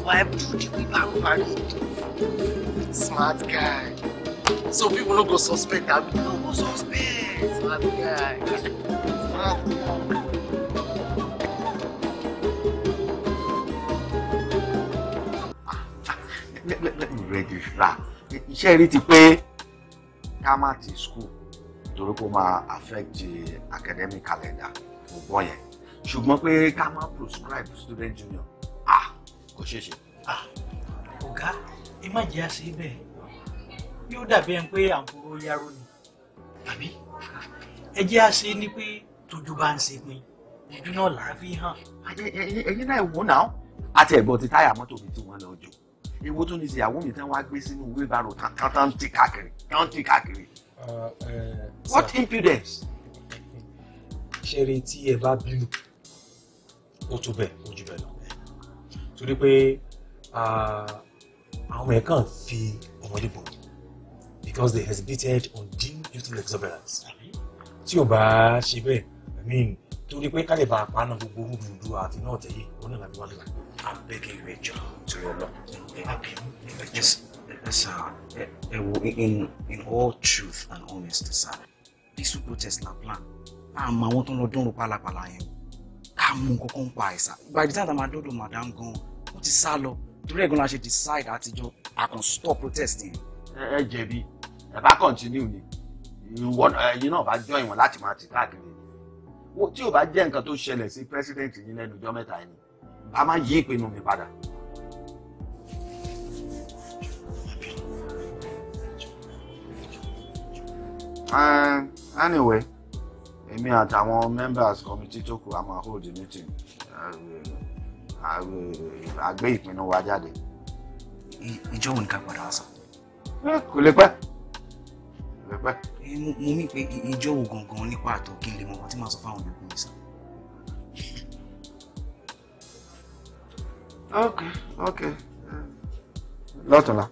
wife through the way married. Smart guy. So people don't go suspect that we no go suspect. Smart guy. Smart guy. You ah, iṣẹ́ rí ti pé ká má ti school torí kó my affect the academic calendar gbogbo Should ṣùgbọ́n pé ká má proscribe student junior? kò ṣeé ṣe. ọ̀gá ẹ má jẹ́ àṣẹ bẹ́ẹ̀ yóò dàbí ẹni pé àbúrò yàrá ni àbí ẹ jẹ́ àṣẹ ni pé tójú bá ń ṣe pin ojú náà làá fi hàn. ẹyin náà wò náà àti ẹ̀gbọ́n ti táyà mọ́tò mi tí wọ́n lọ jò ewo tó ní ìyàwó mi tán wá gbé sínú wheelbarrow tán tán ti káàkiri tán ti káàkiri. Uh, uh, what impudence. ṣe retí ẹ bá bínú ó tó bẹ́ẹ̀ ó jù bẹ́ẹ̀ torí pé àwọn ẹ̀ka ń fi ọmọdé bò because they exhibited undue youthful exuberance tí ò bá ṣe bẹ́ẹ̀ i mean torí pé ká lè bá àpáná gbogbo rúdurùdu àti náà tẹ̀yìn òun náà láti wá nígbà. abẹ́gẹ́ torí ọlọ ẹ má bínú ẹ wo in in all truth and honesty sir the supreme tesla plan àmọ́ àwọn tó ń lọ dúnrún pálapàla yẹn ká mú nǹkan kan pa ẹ̀ by the time that my daughter, dọ́dọ̀ madam gan ti sá lọ torí ẹ̀gbọ́n la ṣe decide àtijọ́ a kàn stop protesting. ẹ jẹ̀bi ẹ bá continue ni ìwọ ẹ̀yin náà bá join wọn láti máa ti káàkiri wo tí ò bá jẹ́ nǹkan tó ṣẹlẹ̀ sí president yín lẹ́nu ọjọ́ mẹ́ta yìí a máa yí ìpinnu mi padà. Eh, anyway èmi àtàwọn members committee tó kù a máa hold a meeting. Uh, àgbé ìpinnu wa jáde. ìjọ wo ni ká padà wá sọ. Hmm, kò lè pẹ́ kò lè pẹ́. mo mí pé ìjọ wo gangan nípa àtọ̀ kí n lè mọ ọkọ tí màá sọ fáwọn yòókù mi sọ. ok ok lọ́tùnla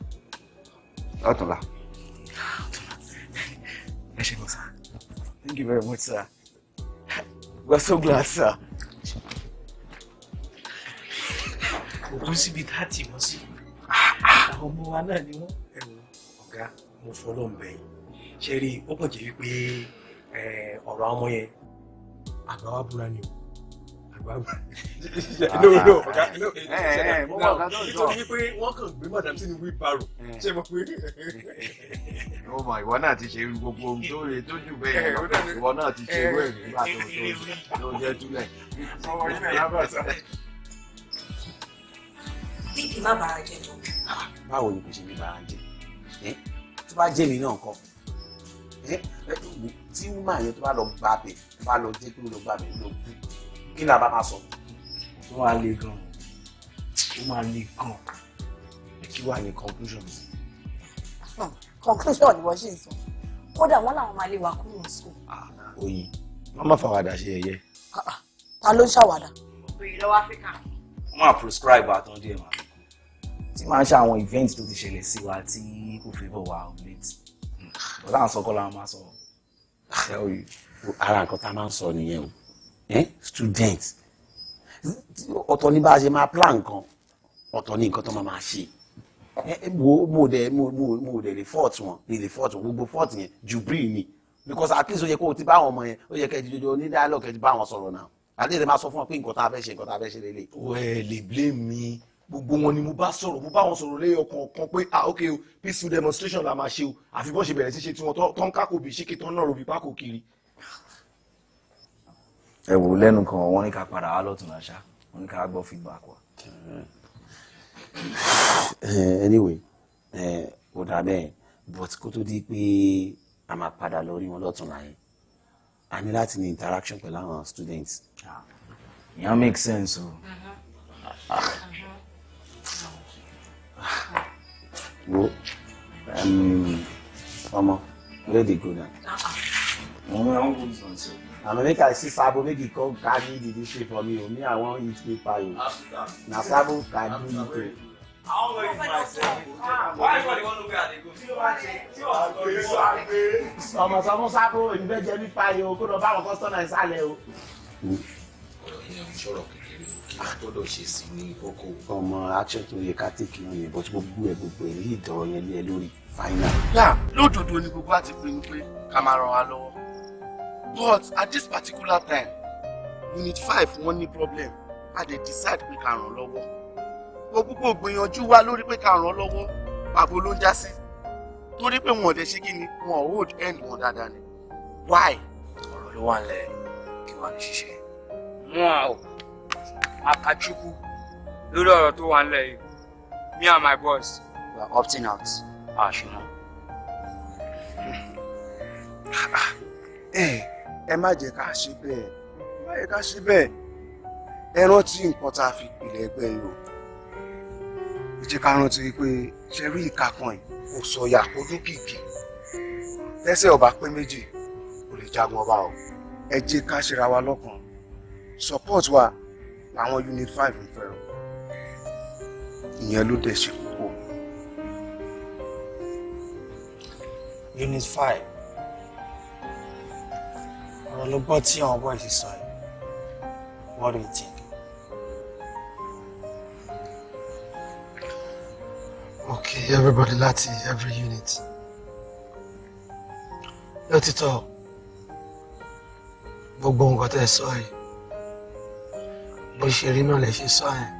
lọ́tùnla. ẹ ṣe mọ̀ sá. Thank you very much, sir. We're so glad, sir. òkú síbi tá a tì sí àwọn ọmọ wa náà ni wọ́n. ọ̀gá mo fọlọ́ ń bẹ̀yìn ṣe rí ó kàn jẹ́ wípé ọ̀rọ̀ ọmọ yẹn àgbà wa búra ni o àgbà wa. no no ọ̀gá no nítorí wípé wọ́n kàn gbé madam sínú wheelbarrow ṣé mo pé. ó mà ìwọ náà ti ṣe irú gbogbo ohun tó lè tójú bẹ́ẹ̀ ìwọ náà ti ṣe irú nígbà tó tó tó túlẹ̀. ọmọ yìí náà lábàtà kí kì má bàrà jẹ tó. báwo ni kò ṣe ní bàrà jẹ tó bá jẹ́ mi náà kọ́ tí wúmà yẹn tó bá lọ gba bẹ̀ tó bá lọ jẹ́ pé ó lọ gba bẹ̀ ló kú kí ni a bá máa sọ. ó máa le gan ó máa le gan kí wàá ní conclusion. Hmm, conclusion ni wọ́n ṣì ń sọ kódà wọ́n làwọn máa lè wà kúrò ní school. oyin wọn máa fàwàdà ṣe ẹyẹ. Ah, ah. ta ló ń ṣàwàdà. òye lọ́wọ́ áfíríkà. wọ́n á prescribe àtúndí ẹ̀ máa tí máa ń ṣe àwọn event tó ti ṣẹlẹ̀ sí wa tí kò favour wa of late but àwọn sọkọ la máa sọ. ara nǹkan tá a máa ń sọ nìyẹn o student ọ̀tọ̀ ní bá a ṣe máa plan nǹkan ọ̀tọ̀ ní nǹkan tó máa máa ṣe wo mo dẹ̀ mo dẹ̀ lè fọ́ọ̀t wọn lè fọ́ọ̀t wọn gbogbo fọ́ọ̀t yẹn jubril ni because at least ó yẹ kó o ti bá àwọn ọmọ yẹn ó yẹ kẹ́ ẹ ti jọjọ ní dialogue kẹ́ ẹ ti bá àwọn sọ̀rọ̀ náà àti èdè máa sọ fún ọ pé nǹkan tá a fẹ́ ṣe nǹkan tá a fẹ́ ṣe lélẹ̀. wẹ́ẹ̀ lè blame mi gbogbo wọn ni mo bá sọ̀rọ̀ mo bá wọn sọ̀rọ̀ lẹ́yìn ọkàn ọ̀kan pé ah ok o peaceful demonstration la máa ṣe o àfi bọ́n ṣe bẹ̀rẹ̀ sí ṣe tiwọn tó ń kákò bí ṣíkì tó ń nọ̀rọ̀ bí pákó kiri. ẹ wò lẹ́nu kan wọ́n ní ká padà wá lọ́tún àṣà wọ́n ní ká gbọ́ feedback wa. Eh, anyway eh, kò dà bẹ́ẹ̀ but kó tó di pé a máa padà lọ rí wọn lọ́tún láyé a ní láti ní interaction pẹ̀lú àwọn students. Ah, ìyẹn make sense o. Uh-huh. Ah, uh-huh wo ọmọ where dey go now. ọmọ ẹ wọn kò ní sọ sí o. and make i see sabo make he come carry the dish for me o me i wan eat meat pie o na sabo carry it o. àwọn ọmọ yìí máa ṣe wáyé wọn ni wọn ló gbé àdégún tí wọn ṣe tí wọn kò ní sọ àgbẹ. ọmọ sọmọ sábò ìgbẹ́jẹ meat pie o kó lọ bá àwọn kọ́sítọ́nà ìsàlẹ̀ o. ọ̀rọ̀ gbọ́dọ̀ ṣe sí ní oko. ọmọ action tó yẹ ká tèké náà yẹn tí gbogbo ẹ gbogbo ẹ yìí dọ̀rọ̀ yẹn lé lórí final. náà lódodo ni gbogbo àti pinnu pé ká máa ràn wá lọ́wọ́ but at this particular time unit five wọ́n ní problem a dey decide pé ká ràn lọ́wọ́ wọ́n gbogbo gbìyànjú wa lórí pé ká ràn lọ́wọ́ pàbó ló ń já sí torí pé wọn ò dẹ̀ ṣe kí ni wọn ò hold end wọn dáadáa ni why. ọ̀rọ̀ ló wà ń lẹ̀ kí wàá ní ṣiṣẹ́. wọn ò apachukwu lórí ọ̀rọ̀ tó wà nílẹ̀ yìí me and my boys. we are opting out àṣùmọ̀. Ah, eh, ẹ má jẹ́ ká ṣe bẹ́ẹ̀ ẹ má jẹ́ ká ṣe bẹ́ẹ̀ ẹ rántí nǹkan tá a fi ìpìlẹ̀ ẹgbẹ́ yìí o ẹ jẹ́ ká rántí pé ṣe rí ìkàkùn yìí kò sọ̀yà kó dúkìkì lẹ́sẹ̀ ọba pé méjì kò lè jagun ọba o ẹ jẹ́ ká ṣera wa lọ́kàn support wa àwọn unit five ń fẹ́ o ìyẹn ló dẹ̀ ṣe kókó. unit five ọ̀rọ̀ ló gbọ́ tí àwọn boys ti sọ yìí what do you think. okay everybody láti every unit lótìtọ́ gbogbo nǹkan tẹ́ sọ yìí bó ṣe rí náà lè ṣe sọ yẹn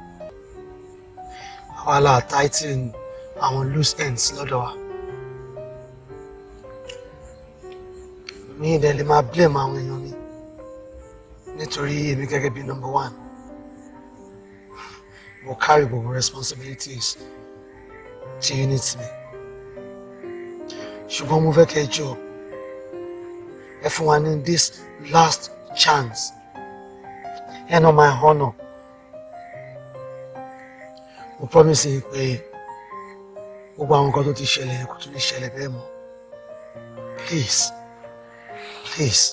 àwa la tighten àwọn loose ends lọ́dọ̀ wa mi ìdẹ̀ lè máa blame àwọn èèyàn mi nítorí èmi gẹ́gẹ́ bí number one mo carry gbogbo responsibilities ti unit mi ṣùgbọ́n mo fẹ́ kẹ́ jọ ẹ fún wa ní this last chance ẹnu máa hàn nù mo promise yìí pé gbogbo àwọn nǹkan tó ti ṣẹlẹ̀ kò tún lè ṣẹlẹ̀ bẹ́ẹ̀ mọ́ please please.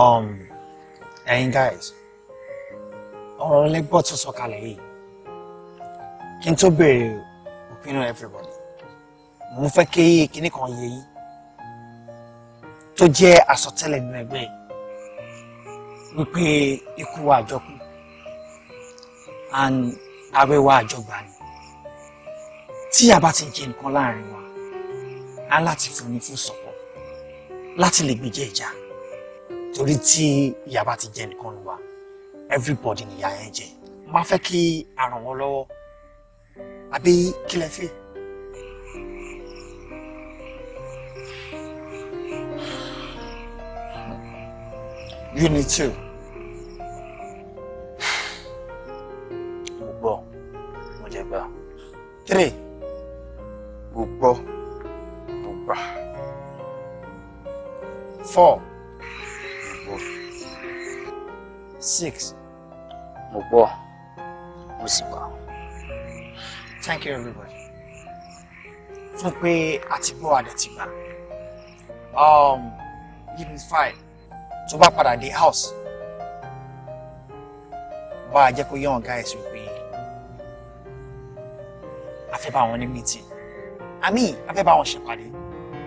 um ẹyin guys ọ̀rọ̀ lẹ́gbọ́n tún sọ kalẹ̀ yìí kí n tó béèrè opinion everybody mo fẹ́ kéye kíní kan yẹ yín tó jẹ́ àsọtẹ́lẹ̀ nínú ẹgbẹ́ yìí wípé ikú wa àjọkú and àwẹ̀ wa àjọgbà ni tí a bá ti jẹ nǹkan láàrin wa á láti fún ní fún sọ̀pọ̀ láti lè gbèjẹ ìjà torí tí ìyá bá ti jẹ nìkan wa everybody nìyá yẹn jẹ má fẹ́ kí a ràn wọ́n lọ́wọ́ àbí kí lẹ fẹ́. Unit 2. Gbọ́, mo jẹ gbà. 3. Gbọ́, mo gbà. 4. Gbọ́. 6. Mo sì gbà. Thank you everybody. Fún pé àti gbọ́ àdẹ̀ ti gbà. Um, unit 5 tó bá padà dé house bá a jẹ́ kó yé ọ̀gá ẹ̀sùn pé a fẹ́ bá wọn ní meeting àmì a fẹ́ bá wọn ṣèpàdé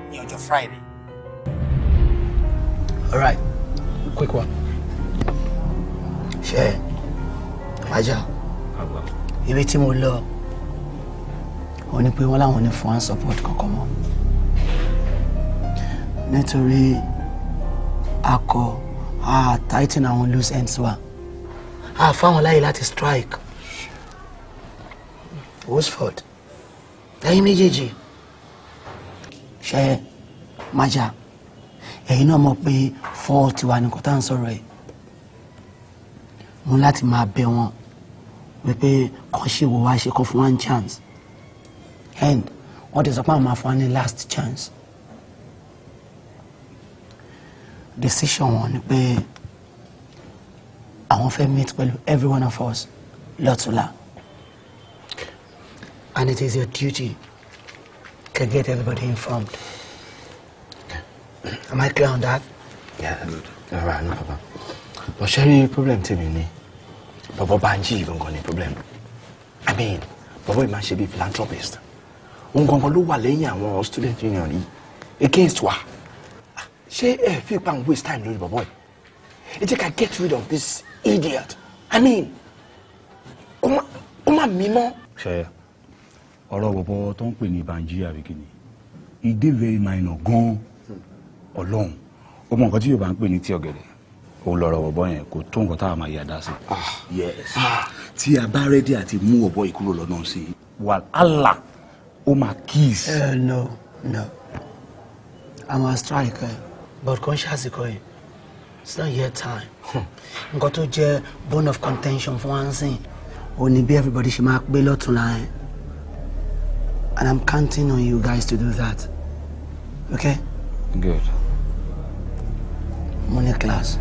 ní ọjọ́ Friday. all right quick one. ṣe ajá ibi tí mo lọ òun ni pé wọ́n láwọn ò ní fún one support kankan mọ́ nítorí akọ a tighten àwọn loose ends wa a fáwọn láyè láti strike Oxford ẹ̀yin méjèèjì ṣe májà ẹ̀yin náà mọ̀ pé fọ́ọ̀tì wa nìkan tá à ń sọ̀rọ̀ ẹ̀ mú láti máa bẹ̀ wọ́n wípé kàn ṣe wò wá ṣe kàn fún one chance and wọ́n ti sọ pé àwọn máa fún wa ní last chance. decision wọn ni pé àwọn fẹ́ meet pẹ̀lú every one of us lọ́túnla and it is your duty to get everybody informed. Am I clear on that? Yeah, all right, no problem. But ṣé problem tèmi ni bọ̀bọ̀ Banji got ni problem. I mean, bọ̀bọ̀ yìí máa ń ṣe bíi philanthropist. Òun gangan ló wà lẹ́yìn our student union against what? ṣé ẹ fi pa n waste time lórí bọ̀bọ̀ yìí ẹ jẹ́ ká get rid of this idiot i mean kó má mi mọ́. ṣe ọ̀rọ̀ bọ̀bọ̀ tó ń pè ní banji àbíkíni e dey very minor gan-an ọlọ́run ó mọ nǹkan tí yorùbá ń pè ní tí ọ̀gẹ̀dẹ̀ ó lọ́rọ̀ bọ̀bọ̀ yẹn kò tó nǹkan táwọn máa yàdá sí. Ah, yes ah. tí a bá rẹ́dí àti mú ọ̀bọ̀ yìí kúrò lọ́nà sí i wàhálà ó máa kiss. Uh, no no i ma strike. Uh. but conscious kọ́ going. it's not yet time got hmm. tó jẹ́ bone of contention for wa ń Only be everybody ṣe mark below tonight, and i'm counting on you guys to do that okay. good. money class.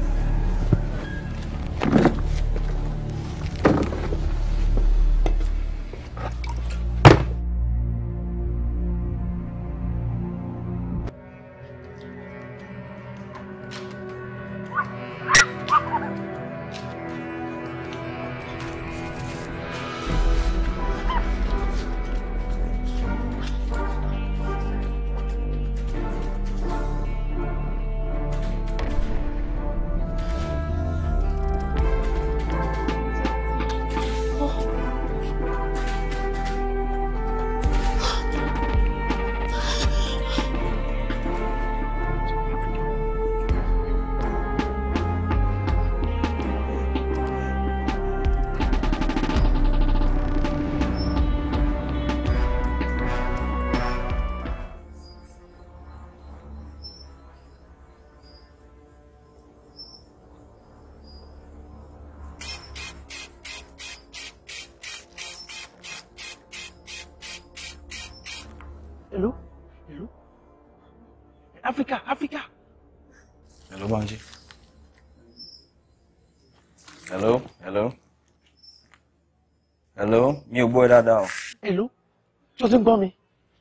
hello mi ò gbọ́ ẹ hello just o me.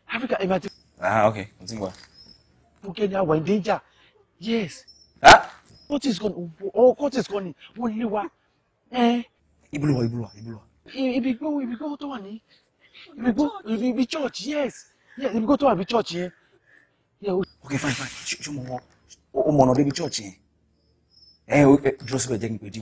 africa ẹ̀ bá ah okay, mo ti ń gbọ́. bukẹ́ We're in danger yes. Ah. kan is curtis Oh, ni is lé wa. Eh? ibi Eh. wà ibi ló wà ibi ló wà. ibi gbọ́ ibi church yes Yeah, gbọ́ tó wà ibi church Yeah. Yeah. Okay, fine fine Show me. wọ oh, ọ̀nà débi church Eh. ẹ ẹ eh, dúró síbẹ̀ jẹ́ kí n pè dí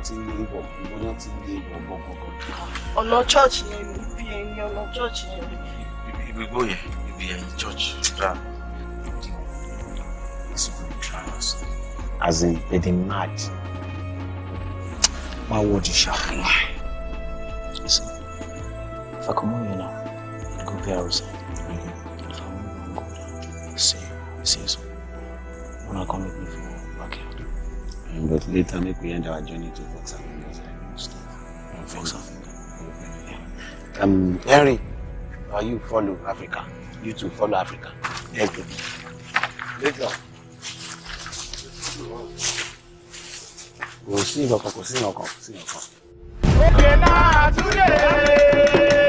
wọ́n ti ń lé bọ̀ ìbọn náà ti ń lé bọ̀ gbọ̀ngbọ̀n. ọ̀nà chọ́ọ̀chì yẹn ibi ẹ̀yìn ọ̀nà chọ́ọ̀chì yẹn. ibi gbó ibi ẹ̀yìn chọ́ọ̀chì rà as in they dey mad my word is sharp listen if i comot here now go pay house mm-hmm. if i wan go down say say so una come with me but later make we end our journey to Fox Avenue. Um, Henry, are you follow Africa. You two follow Africa. Thank you. Later. Kò sí ìgbọ̀kan, kò sí ìgbọ̀kan, kò sí ìgbọ̀kan. Òkè náà túlẹ̀.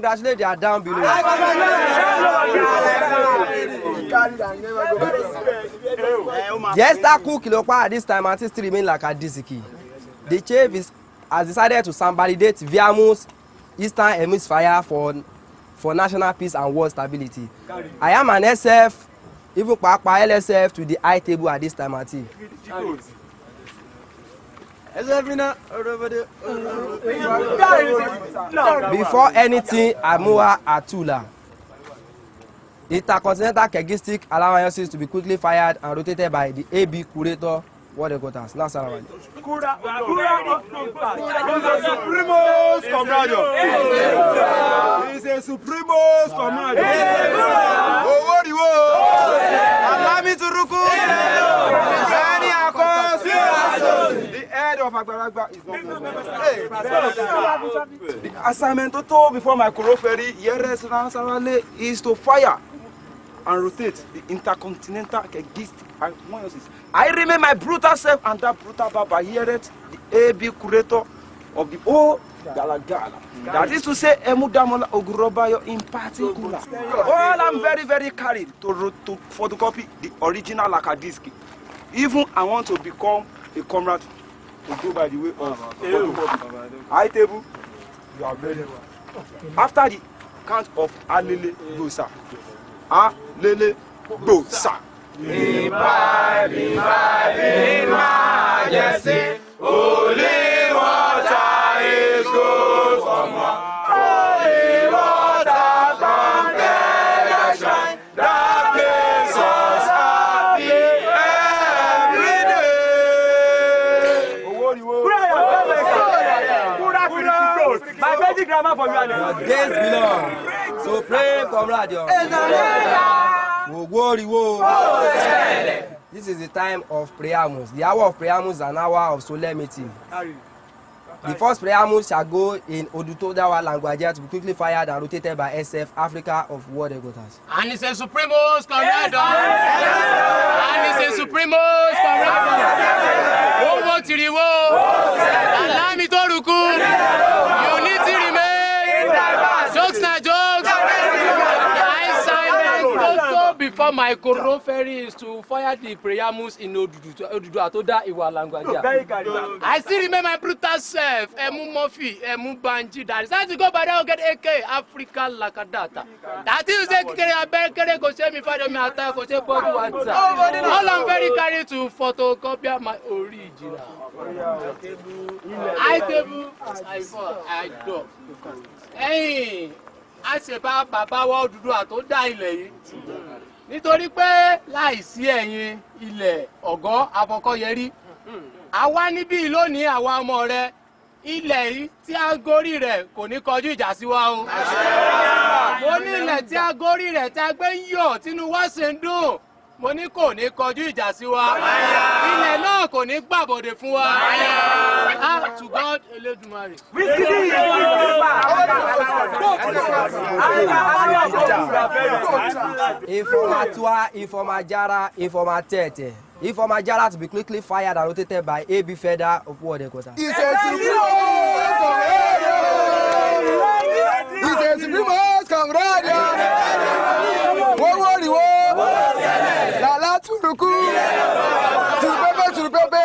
congratulate their down below. I congratulate Cook Ilopa at this time and still remain like a disiki. The chief is, has decided to validate Viamu's Eastern Hemisphere for for national peace and world stability. I am an SF, even Papa LSF to the high table at this time and tea. Before anything, Amua Atula. Intercontinental Kegistic allowances to be quickly fired and rotated by the AB curator World Headquarters. Now, Salam He's a supremos commando. Owó riwo. Alami head of Agbaragba is not going to The assignment to told before my Koro ferry, Yeres is to fire and rotate the intercontinental against Moyosis. I remain my brutal self and that brutal Baba Yeret, the AB curator of the whole Galagala. That is to say, Emudamola Ogurobayo in particular. All I'm very, very carried to, to photocopy the original Lakadiski. Even I want to become a comrade to go by the way of Aitebu, you are ready. After the count of Alele Gbosa, Alele Gbosa. Bíbá bíbá bí máa jẹ days belong. So pray, comrade. This is the time of Priamus. The hour of Priamus is an hour of solemnity. The first Priamus shall go in Odutodawa language to be quickly fired and rotated by SF Africa of World Headquarters. And it's a Supremos, comrade. And it's a Supremos, comrade. Owó tìrìwó. Alámi tó rùkú. Yóò ní All my Koro is to fire the prayer moose in Odùduwà tó Atoda ìwà làǹgbàjà. I still remember my brutal self, Emu Murphy, Emu Banji, that is how to go by that get AK Africa Lakadata. That is say kékeré abẹ́rẹ́kẹ́rẹ́ kò ṣe mi fàdé mi àtà kò ṣe bọ́ọ̀lù All I'm very carry to photocopy my original. I table, I fall, I drop. Ẹyin, a ṣe bá bàbá wa Odùduwà tó dá ilẹ̀ yìí nítorí pé láìsí ẹ̀yin ilẹ̀ ọ̀gọ́ àfọkọ́yẹrí àwa níbí lónìí àwa ọmọ rẹ ilẹ̀ yìí tí a gorí rẹ̀ kò ní kọjú ìjà sí wa o. mo ní ilẹ̀ tí a gorí rẹ̀ tá a gbé yọ̀ tínú wa ń dùn mo ní kò ní kọjú ìjà sí wa ilẹ̀ náà kò ní gbàbọ̀dẹ̀ fún wa ah to God Elédùmarè. to be quickly fired and rotated by AB Feda of World Headquarters. Ìṣèṣì mímọ́ kàn rádìó. Wọ́n wọ́n rí wọ́n turuku turupebe turupebe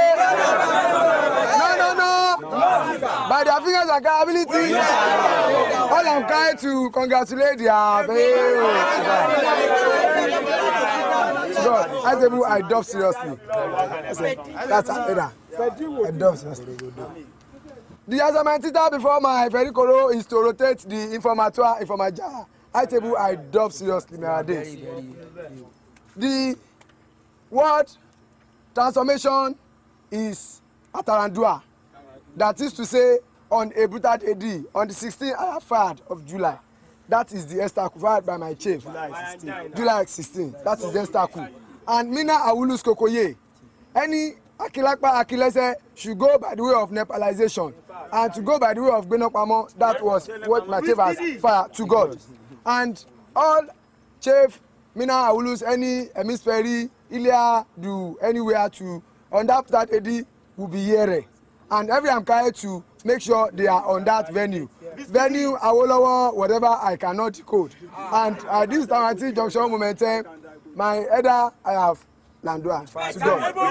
no no no by their fingers and their ability. all am kind to congratulate their parents god i tell you i dub seriously that's abeda i dub seriously. the assignment teacher before my very ferikoro is to rotate the informatoire informaja high table i dub seriously nowadays the What transformation is atarandua that is to say on a brutal day on the 16th i fired of july that is the estaku fired by my chief july 16 july 16 that is the estaku and mina awulus kokoye any akilapa akilese should go by the way of nepalization and to go by the way of gbenopamo that was what my chief has fire to god and all chief mina awulus any emisferi Ilya do anywhere to on that that AD will be here and every I'm Amkaye to make sure they are on that venue venue Awolowo whatever I cannot code and at this time I think junction moment eh, my elder I have landoa sudọ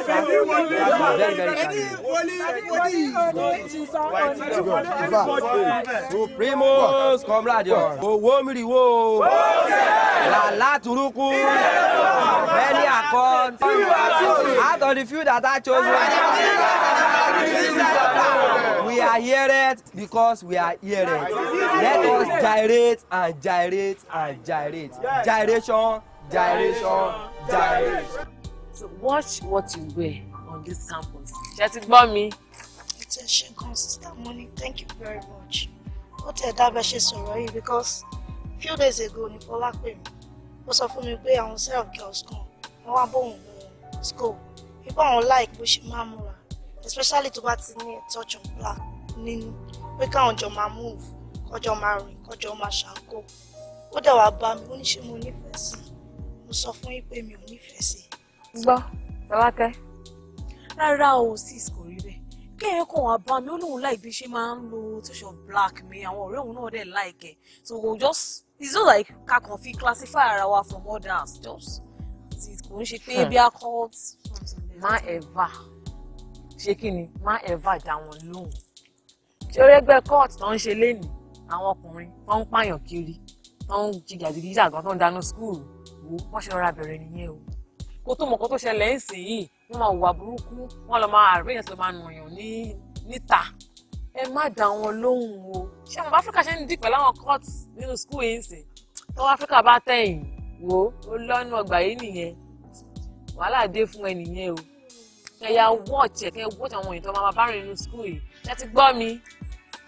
ifa supremos comrade owó mìírìwó làlá turuku many accord out of the few that I chose we are here because we are here let us gyrate and gyrate and gyrate gyration gyration gyration. So watch what you wear on this campus. Ṣé ti gbọ́ mi? Ètò ẹ̀ṣẹ̀ gan sister Moni, thank you very much. What a dábẹ́ ṣe sọ̀rọ̀ yìí because few days ago ni came. pè mí. Ó sọ fún mi self girls school. wọ́n wá bóun school. People àwọn like bó ṣe especially to what's ti ní touch on black nínú pé káwọn jọ máa move kọjọ máa rìn kọjọ máa ṣàǹkó ó dẹ̀ wá bá mi ó ní ṣe mo nífẹ̀ẹ́ sí mo sọ fún yín pé mi ò nífẹ̀ẹ́ gbọ́ tọ́lákẹ́. rárá o sis kò rí bẹ́ẹ̀ kí ẹ̀yẹ́ kàn wá bá mi ó lóun láì bí ṣe máa ń lo tíṣọ̀ black mi àwọn ọ̀rẹ́ òun náà dẹ̀ láìkẹ́ so we'll just it's not like ká kàn fi classify ara wa from others just kò ń ṣe pé hmm. bí a kọ́. má ẹ̀fà ṣé kí ni má ẹ̀fà dá wọn lóhùn ṣé ó rẹ́gbẹ́ court tó ń ṣe lénìí àwọn ọkùnrin tó ń pààyàn kiri tó ń jìgàjìgì jàgàn tó ń dáná skul wò wọ́n ṣe rọra bẹ̀rẹ̀ nìyẹn o kó tó mọ̀ kó tó ṣẹlẹ̀ ń sìn yìí wọ́n máa wà burúkú wọ́n lọ máa àárẹ̀ yẹn tó máa nùyàn ní níta ẹ má dá wọn lóhùn o ṣé àwọn áfíríkà ṣe ń dì pẹ̀lú àwọn court nínú school yìí sìn tọ́wọ́ áfíríkà bá tẹ̀yìn wò ó lọ́nu ọgbà yìí nìyẹn wàhálà dé fún ẹ nìyẹn o kẹ ya watch ẹ kẹ watch àwọn èèyàn tó máa bá rìn nínú school yìí ẹ ti gbọ́ mi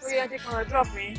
ó yẹ kí kan drop yín.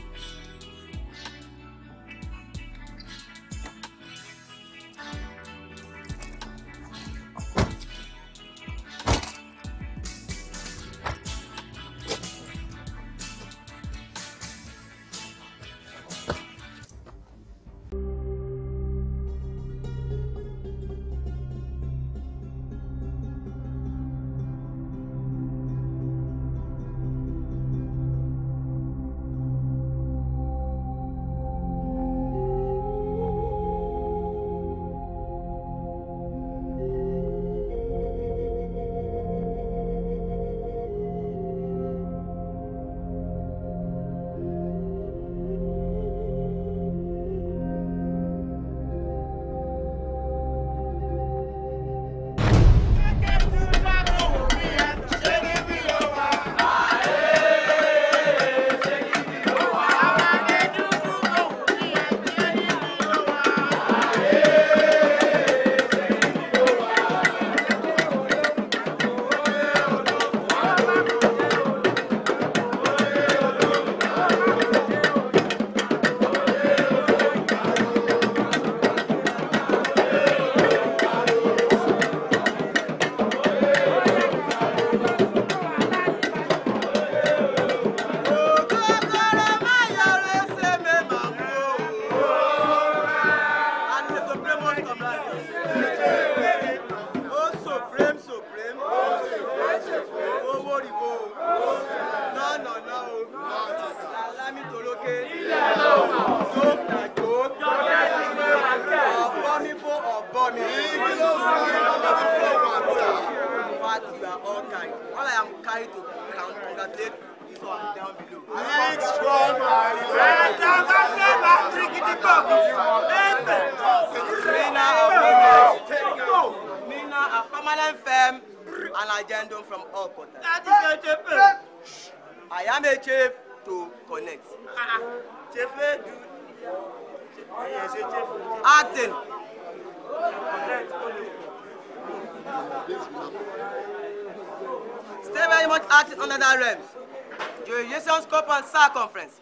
SAR conference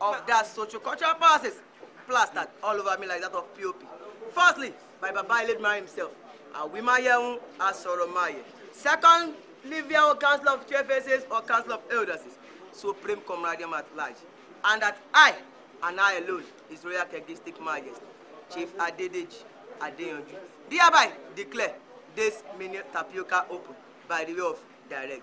of that sociocultural policies plastered all over me like that of POP. Firstly, by Baba Iledmar himself, Awimayeun Asoromaye. Second, Livian Council of Jeffersons or Council of Elders, Supreme Comradium at large. And that I, and I alone, His Royal Characteristic Majesty, Chief Adedeji Adeyanju, hereby declare this mini tapioca open by the way of direct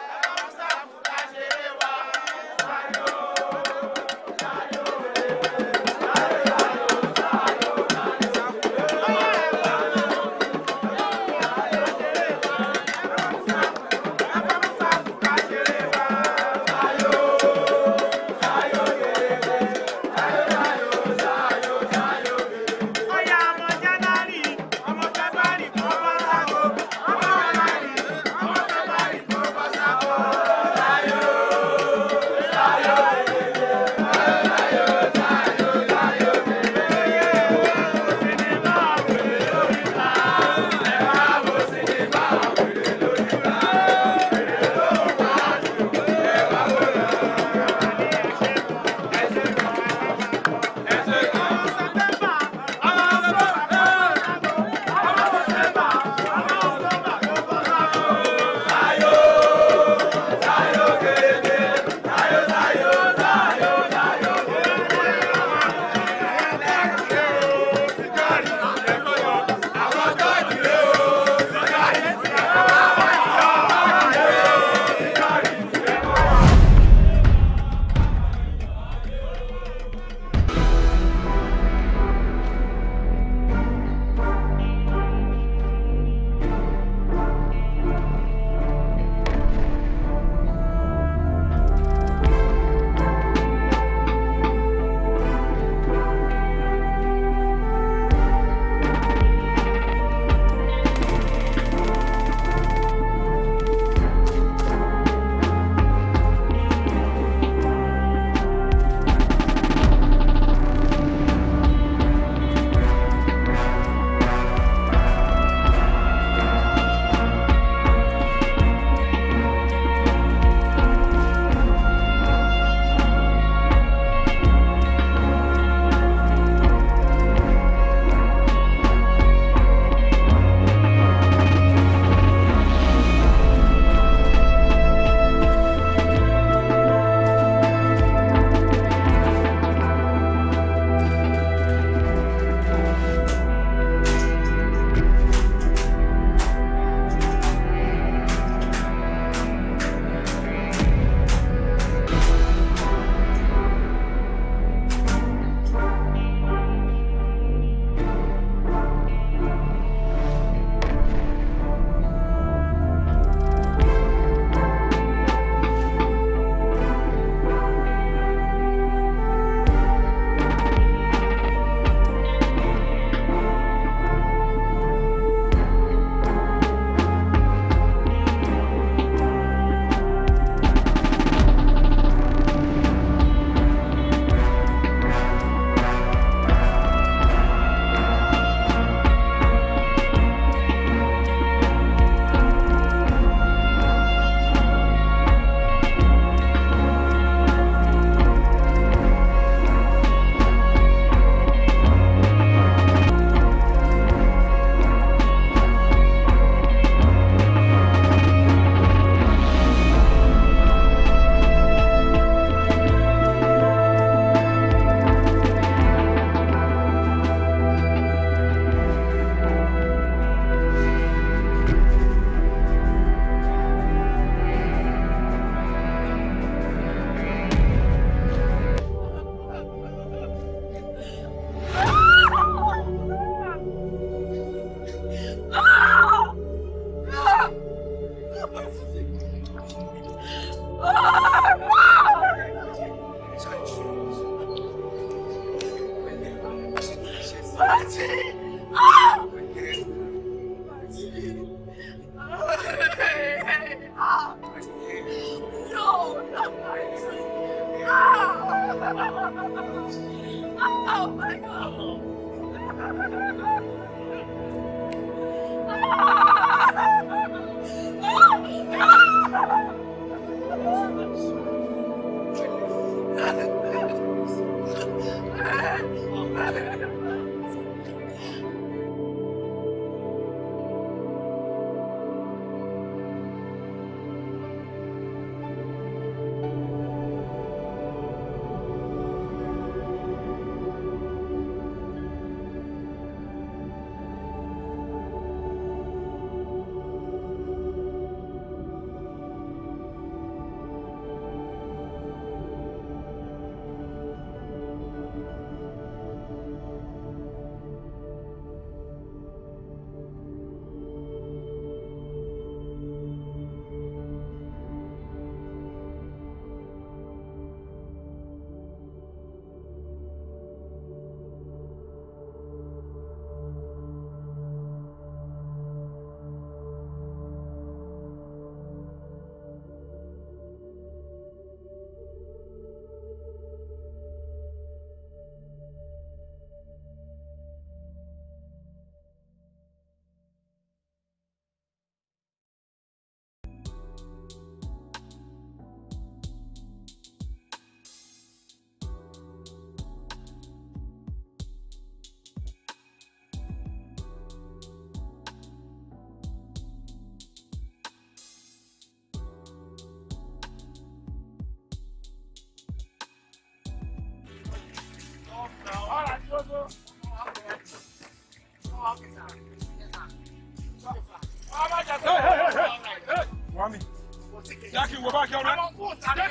wo bá kí ọ̀rẹ́ jẹ́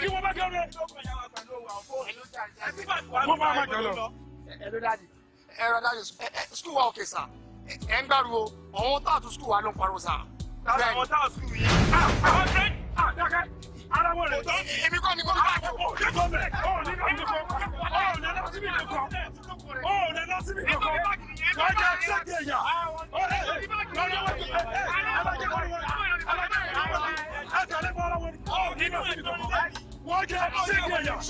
kí wo bá kí ọ̀rẹ́. mo máa ma jọ lọ. ẹ̀rọ dájú ẹ̀rọ dájú skul wa òkè sà ẹ̀ ń gbàrú o ọ̀hún táàtù skul wa ló ń parọ́ sà. táwọn táàtù skul yìí. Ah, ah, wọ́n jẹ́ ṣẹ́gbẹ̀yà. ẹ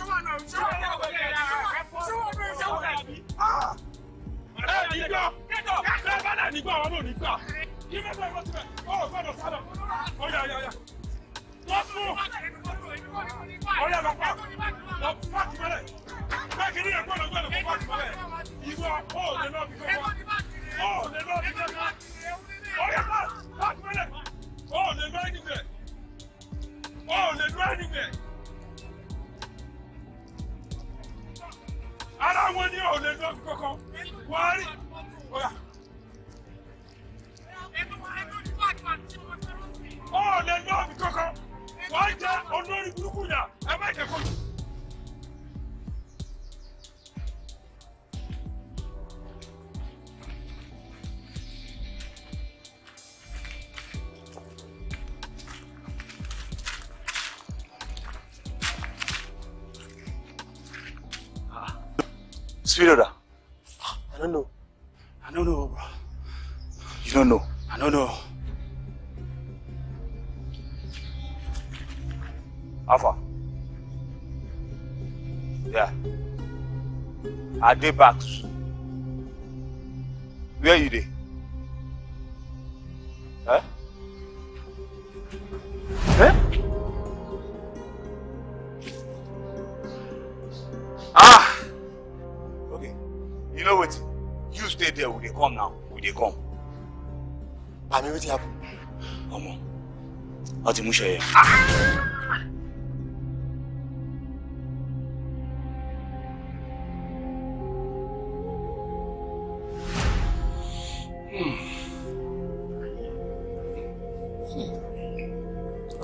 ní gbọ́ ẹ bá náà ní gbọ́ àwọn náà ní gbà. yíyá bẹ́ẹ̀ bá ti bẹ̀ ọ̀rọ̀ gbọ́dọ̀ sálọ̀ ọ̀yà ọ̀yà ọ̀yà. wọ́n fún ọ̀yà bàbá lọ pàkì mọ́lẹ̀ bẹ́ẹ̀ kì í ní ẹ̀kọ́ lọ́gbẹ́lẹ̀ kó pàkì mọ́lẹ̀ ìwọ ọ̀ọ́dẹ náà fi fẹ́ wá ọ̀ọ́dẹ náà period? Ah? I don't know. I don't know, bro. You don't know? I don't know. Alpha. Yeah. I did back? Where you dey? láti múṣẹ yẹn.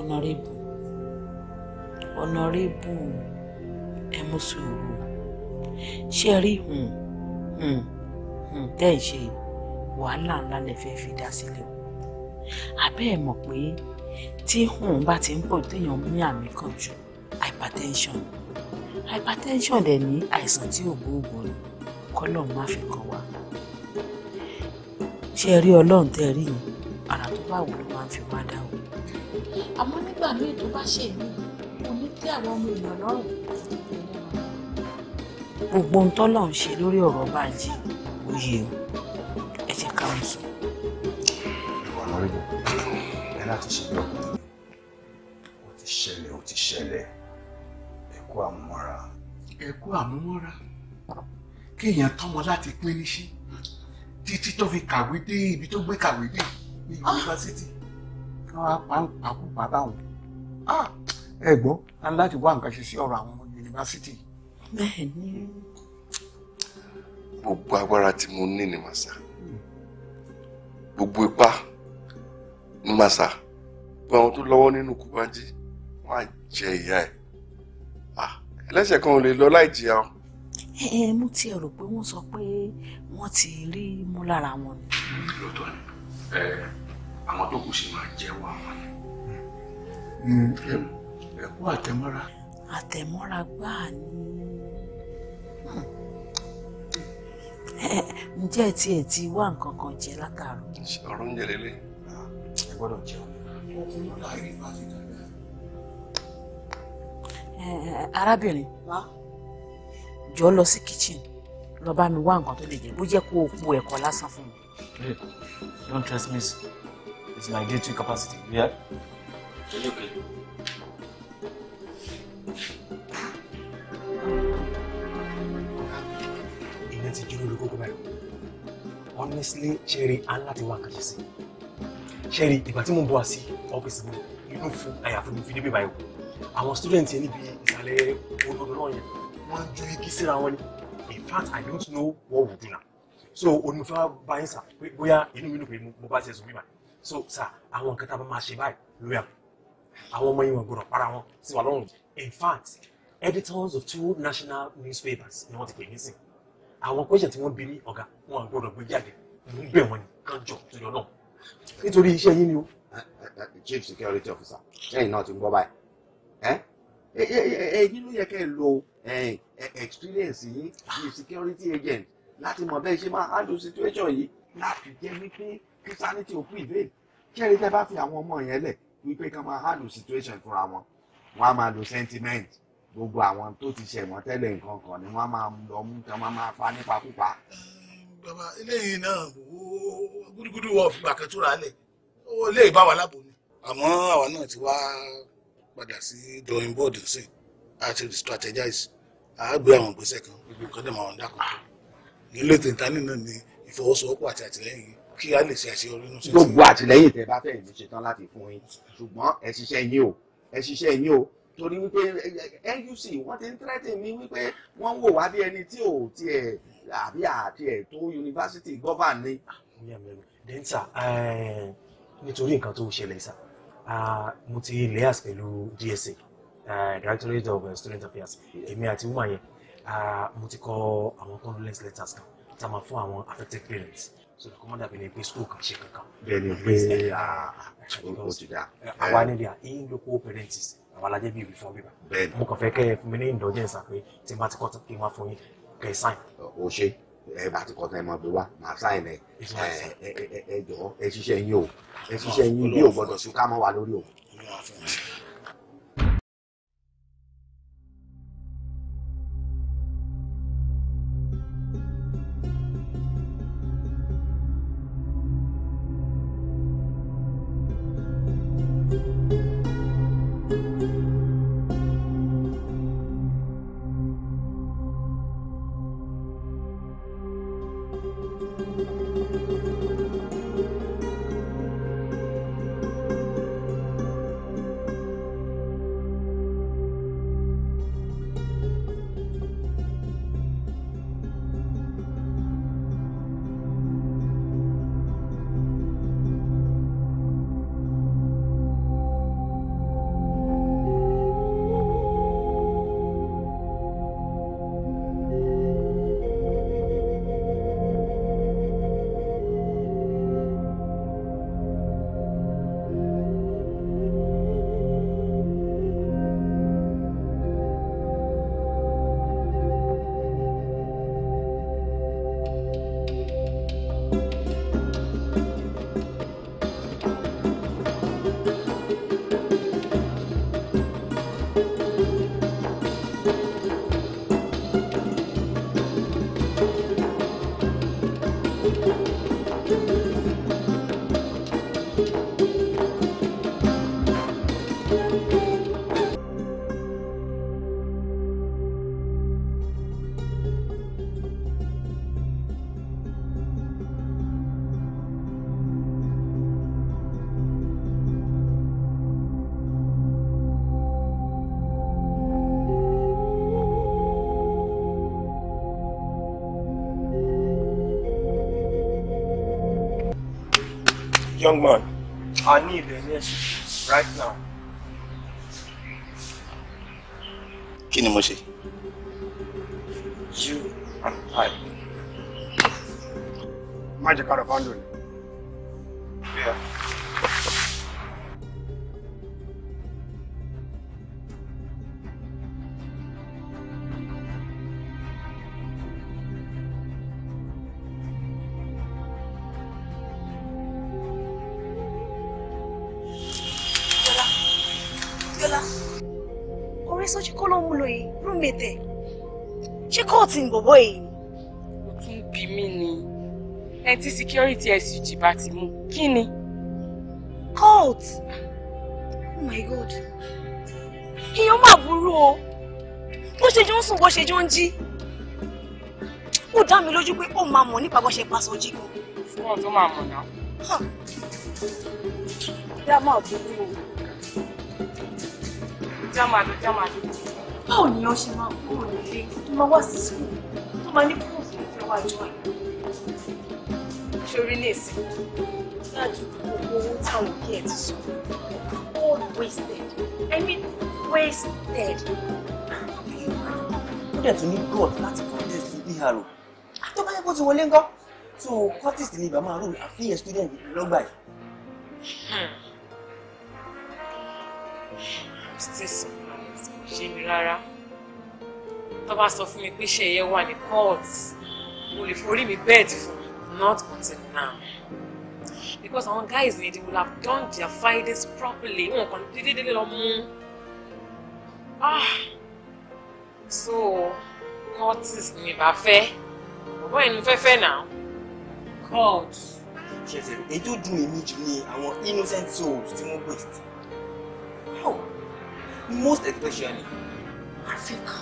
ọ̀nàrẹ́bù ọ̀nàrẹ́bù ẹ mú sùúrù ṣé ẹ rí hmm, hmm, hmm, tẹ́ ẹ ṣe wàhálà ńlá lè fẹ́ fi dá sílẹ̀ o ẹ̀ mọ̀ pé tí òun bá ti ń pọ̀ téèyàn ní àmì kan jù hypertension hypertension dẹ̀ ní àìsàn tí ò gbóògùn ni kọ́lọ̀ má fi kàn wá ṣe rí ọlọ́run tẹ́ rí yìí àrà tó bá wù ló máa ń fi wá dá o. àmọ́ nígbà míì tó bá ṣe mí mo ní tẹ́ àwọn ọmọ èèyàn lọ́rùn. gbogbo ohun tọ́lọ̀ ń ṣe lórí ọ̀rọ̀ báyìí òye o ẹ jẹ́ ká ń sùn. ìwà lórí mi ẹ láti ṣe lọ. kéèyàn tọ́mọ láti pín níṣí títí tó fi kàwé dé ibi tó gbé kàwé dé ní ah! yunifásitì kí wọ́n á pa ń pàkó bàbá wọn ah! ẹ gbọ́ láti wá nǹkan ṣe sí ọ̀rọ̀ àwọn yunifásitì. bẹ́ẹ̀ni. gbogbo agbára tí mo ní ni màsà gbogbo ipá ni màsà gbogbo àwọn tó lọ́wọ́ nínú kúbájí wọ́n á jẹ ìyá ẹ̀ ah! ẹlẹ́sẹ̀ kan ò lè lọ láì jìyà o ẹ ẹ mú tiẹ̀ rò pé wọ́n sọ pé wọ́n ti rí mú lára wọn. lóòótọ́ ni ẹ àwọn tó kù sí máa jẹ́wọ́ àwọn mm. ni. ẹ kú àtẹmọ́ra. àtẹmọ́ra gbáà ni ǹjẹ́ tí ẹ ti wá nǹkan kan jẹ látàárọ̀. ọ̀rọ̀ ń jẹ lélẹ̀. ẹ gbọ́dọ̀ jẹun. arábìnrin jọ lọ sí kitchen lọ bá mi wá nǹkan tó lè jẹ bó jẹ́ kó o po ẹ̀kọ lásán fún mi. Hey, don't trust me. It's my day to capacity. Yeah? okay? Ìyẹn ti jú lórí kókó Honestly, Sherry, a láti wá nǹkan ṣe sí. Sherry, ìgbà tí mo ń bọ̀ sí ọ́fíìsì mi, inú fún àyàfún mi fi débè báyìí. Àwọn student yẹn níbi ìsàlẹ̀ olódò náà yẹn wọ́n ju igi síra wọn ni in fact i don't know what we do now so onífẹ́ bá yín sà pé bóyá inú mi dùn pé mo bá ti ẹ̀sùn wíwà so sà àwọn nǹkan tá a bá máa ṣe báyìí lóyà àwọn ọmọ yìí wọn gbọdọ̀ para wọn sí wa lọ́rùn in fact editors of two national newspapers ni wọ́n ti pè mí sí àwọn question tí wọ́n bí ní ọ̀gá wọn gbọdọ̀ gbé jáde mo ń bẹ̀ wọ́n ní kánjọ tó yọ náà nítorí iṣẹ́ yín ni o. Eh, eh, eh, chief security officer ṣẹ́yìn náà ti ń gbọ́ báyìí ẹ̀yin ló yẹ kẹ́ ẹ lo experience yìí ní security agent láti mọ̀ bẹ́ẹ̀ ṣe máa handle situation yìí láti jẹ́ wípé christianity ò prevail kẹ́rin tẹ́ bá fi àwọn ọmọ yẹn lẹ̀ wípé kí wọ́n máa handle situation fúnra wọn wọ́n á máa lo sentiment gbogbo àwọn tó ti ṣẹ̀ wọ́n tẹ́lẹ̀ nǹkan kan ni wọ́n máa lọ mú kí wọ́n máa fa nípakúpa. bàbá eléyìí náà gúdúgúdú wọ fìgbà kan túra lẹ̀ lè bá wa lábò ni àmọ́ àwa náà ti wá padà sí drawing board sí àti strategize àágbé àwọn ìgbésẹ̀ kan gbogbo nǹkan dẹ̀ máa ń dàpọ̀ nílé tèntánì náà ni ìfọwọ́sowọ́pọ̀ àti àtìlẹ́yìn kí a lè ṣe àṣeyọrí inú ṣe. gbogbo àtìlẹ́yìn tẹ́ bá fẹ́ẹ̀ ní ṣetán láti fún yín ṣùgbọ́n ẹ ṣiṣẹ́ yín o ẹ ṣiṣẹ́ yín o torí wípé nuc wọ́n ti ń threaten mi wípé wọ́n ń wò wá bí ẹni tí ò tiẹ̀ àbí àti ẹ̀ tó yunifásitì gọ́fà ni. dẹ́ńtà ah, eh, nítorí nǹkan tó ṣẹlẹ̀ sáà Ah, mo ti layers pẹ̀lú DSA ah, Directorate of eh, Student Affairs èmi àti woman yẹn ah, mo ti kọ àwọn condolence letters kan tá a máa fún àwọn affected parents so the commander bẹ̀rẹ̀ pé school kan ṣe kankan. bẹ́ẹ̀ni pé eh, o ti da. àwa nílẹ̀ à ń lo co parents àwa lajẹ́ bíi ìfọ̀n bíbá. bẹ́ẹ̀ni mo kàn fẹ́ kẹ́ ẹ fún mi ní indulgence àpé tí n bá ti kọ́ kí n wá fún yín kẹ́ ẹ o ṣe ẹ bá ti kọtàn ẹ máa bí wá màá sáyìn ẹ ẹ ẹ jọ ẹ ṣiṣẹ́ yín o ẹ ṣiṣẹ́ yín bí o gbọ́dọ̀ ṣùkà mọ wa lórí o. young man. I need an answer right now. Kí ni mo You and I. Má jẹ́ ká rẹ̀ yẹn tí security SUG bá ti mú kí ni. cult oh my god èèyàn mà burú o bó ṣe jọ ń sùn bó ṣe jọ ń jí ó dá mi lójú pé ó máa mọ̀ nípa bó ṣe pa Sọjí gan. fún ọ tó máa mọ̀ náà. ìyá máa burú o. jáma lọ jáma lọ. báwo ni ọ ṣe máa kúrò nílé tó máa wá sí sùkúl tó máa ní kúrò fún ìfẹ́ wájú àyè ṣorí lè sí ṣáàjú gbogbo owó táwọn òbí ẹ ti sọ all wasted i mean wasted. ó dẹ̀ tún ní god láti protest ní haro ah, tó bá yẹ kó ti wọlé ńkọ́ so curtis ni bàmá rò àfihàn student lọ́gbà yìí. Hmm. station ṣe mi rárá tó bá sọ fún mi pé ṣe ẹyẹ wà ní court mo lè forí mi bẹ́ẹ̀dì fún un. Not until now. Because our guys they will have done their findings properly. Wọn kàn dídí délé lọ mú. Ah! So, notice ni bá fẹ́. Bàbá ẹni fẹ́fẹ́ now. God. Ṣẹ̀ṣẹ̀ èyí do dùn èmi jù ni àwọn innocent souls to wọ́n waste. How? Most especially Africa.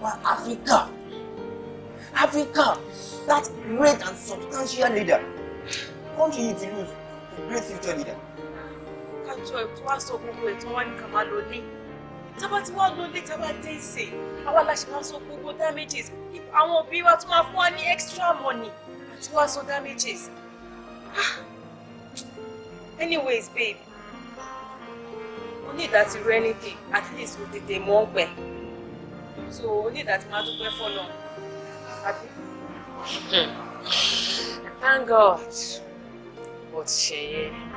Wọ́n Africa. Africa, that great and substantial leader. Country yìí ti lose the great future leader. Kájọ ẹ̀ tó wá sọ gbogbo ẹ̀ tó wá ní kàmá lọ ní. Tábà tí wọ́n lọ lé tábà dé ìsè, àwa la ṣe máa sọ gbogbo damages. Àwọn òbí wa tún máa extra money àti wá sọ damages. Ah. Anyways, babe, we need that ti rú anything at least we did tètè more well. So we need that ti máa dúpẹ́ fọ́nà àbí. Hmm. Thank God mo she? ṣe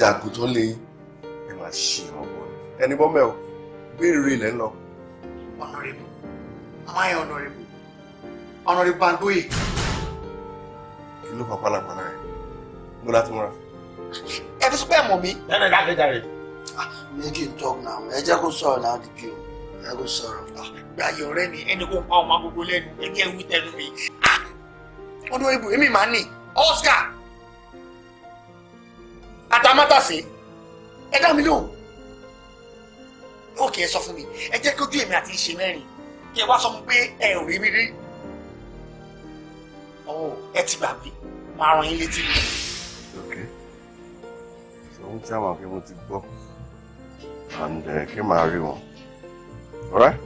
àti àgùntàn lè ẹ máa ṣe ọgbọ́n ẹni bọ́mẹ̀ o béèrè ilẹ̀ lọ. honourable am I honourable honourable Bandoye. kí ló fà pálapàla ẹ mo láti múra. ẹ fi sípẹ́ mọ̀ mí. ẹ lọ́ọ́ dákẹ́ dáre. make him ah, talk now ẹ jẹ́ kó sọ̀rọ̀ náà dìbí o ẹ kó sọ̀rọ̀. Ah, gbàyè ọ̀rẹ́ mi ẹni kò ń pa ọmọ agogo lẹ́nu ẹ jẹ́ wí tẹnu mi. Ah, honourable èmi máa ń ní Oscar amátàsé ẹ dá mi lóhùn òkè ẹ sọ fún mi ẹ jẹ́ kí ojú èmi àti ìṣe mẹ́rin kí ẹ wá sọ fún pé ẹ ò rí mi rí ọwọ́ ẹ ti gbàgbé máa rán yín létí. ohun tí àwọn akẹ́kọ̀ọ́ ti gbọ́ and eh, kí màá rí wọn. All right?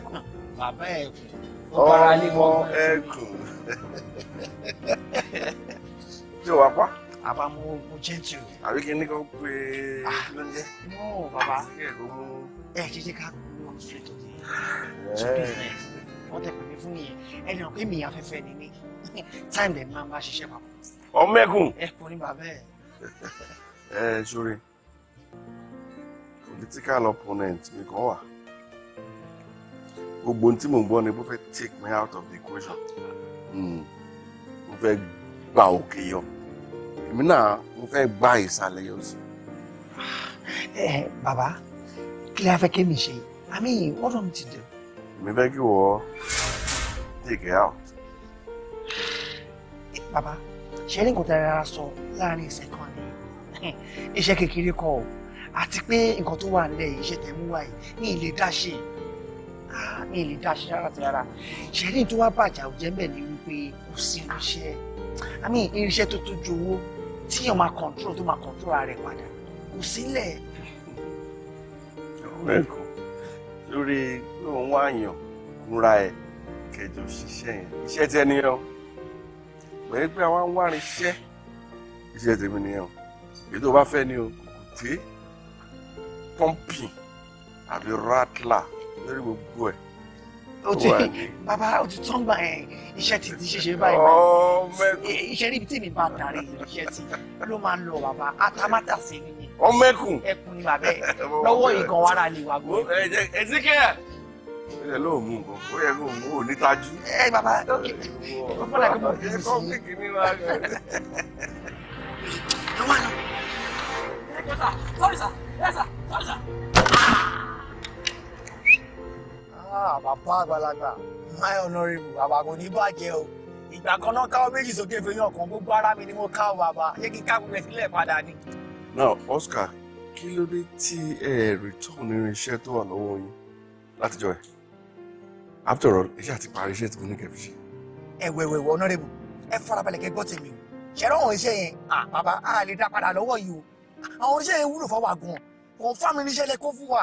ẹkùn bàbá ẹkùn ọmọ ẹkùn tí o wá pa. àbámu ogun jẹ́ntì o. àbí kí ni kò pé ah, ló ń jẹ́. no bàbá ẹ jíjẹ ká conflict of the business wọ́n tẹ̀ pè mí fún yẹn ẹni ọ̀pẹ́ mi afẹ́fẹ́ ni mí time dem máa ń bá ṣiṣẹ́ papọ̀. ọmọ ẹkùn. ẹkùn ni bàbá ẹ. ẹ ṣúre eh, political opponent mi kan wà gbogbo ohun tí mò ń gbọ́ ni mo fẹ́ take me out of the equation hmm. mo fẹ́ gba òkè yọ èmi náà mo fẹ́ gba ìsàlẹ̀ yọ sí. ẹ eh, bàbá kí lè fẹ́ kí mi ṣe i mean what am i to do. èmi fẹ́ kí wọ́n take out. Eh, bàbá ṣe ní nǹkan tí ara sọ láàrin ìṣẹ́ kan ni iṣẹ́ kékeré kọ́ ọ àti pé nǹkan tó wà nílẹ̀ yìí iṣẹ́ tẹ̀ mú wáyé ní ilé ṣe mi lè dá ṣe rárá ti rárá ṣẹ́ni tó wá bàjá ò jẹ́ ń bẹ̀ ní wípé kò sí irinṣẹ́ i mean irinṣẹ́ tó tójú owó tí èèyàn máa control tó máa control ara rẹ̀ padà kò sílẹ̀. ọ̀rẹ́ kan lórí lóun wá yàn kúnra ẹ̀ kẹjọ ṣiṣẹ́ yẹn iṣẹ́ tí ẹni yẹn o pẹ̀lú pé àwa ń wá irinṣẹ́ iṣẹ́ tèmi nìyẹn èyí tó bá fẹ́ ni o kò tẹ́ pọ́ǹpì àbí rattler lórí gbogbo ẹ̀. o ti bàbá o ti tán gbà ẹ iṣẹ́ ti di báyìí báyìí iṣẹ́ níbi tí mi bá darí iṣẹ́ sí ló máa ń lọ bàbá atamátàsí ni. ọmọ ẹkùn ẹkùn ni bàbá ẹ lọ́wọ́ ìgàn wàrà lè wà gbọ́. Ezekiel ẹ ló mú nǹkan ó yẹ kó mú ò nítajú. ẹ bàbá ókè fọlá kó kó mú kìíní wá rẹ. ẹ wá lọ. ẹ kò sà sọ́ọ̀rì sà ẹ sà sọ́ọ̀rì sà. Ah, bàbá àgbàlagbà my honourable bàbá kò ní bàjẹ́ o ìgbà kan náà káwọ́ méjì sókè fèyàn kan gbogbo ara mi ni mo ká bàbá yé kí ká gbogbo ẹ sílẹ̀ padà ni. now Oscar kí ló dé tí ẹ return nínú iṣẹ́ tó wà lọ́wọ́ yín látijọ́ ẹ̀ after all iṣẹ́ àti parí iṣẹ́ tí mo ní kẹ́ fi ṣe. ẹ̀wẹ̀wẹ̀ honourable ẹ farabalẹ̀ kẹ́ gbọ́ tèmi o ṣẹ̀rọ àwọn iṣẹ́ yẹn ah, bàbá a lè dá padà lọ́wọ́ yìí o àwọn iṣẹ́ yẹn wúlò fáwọn àgùn confam irinṣẹ́ lẹ kó fún wa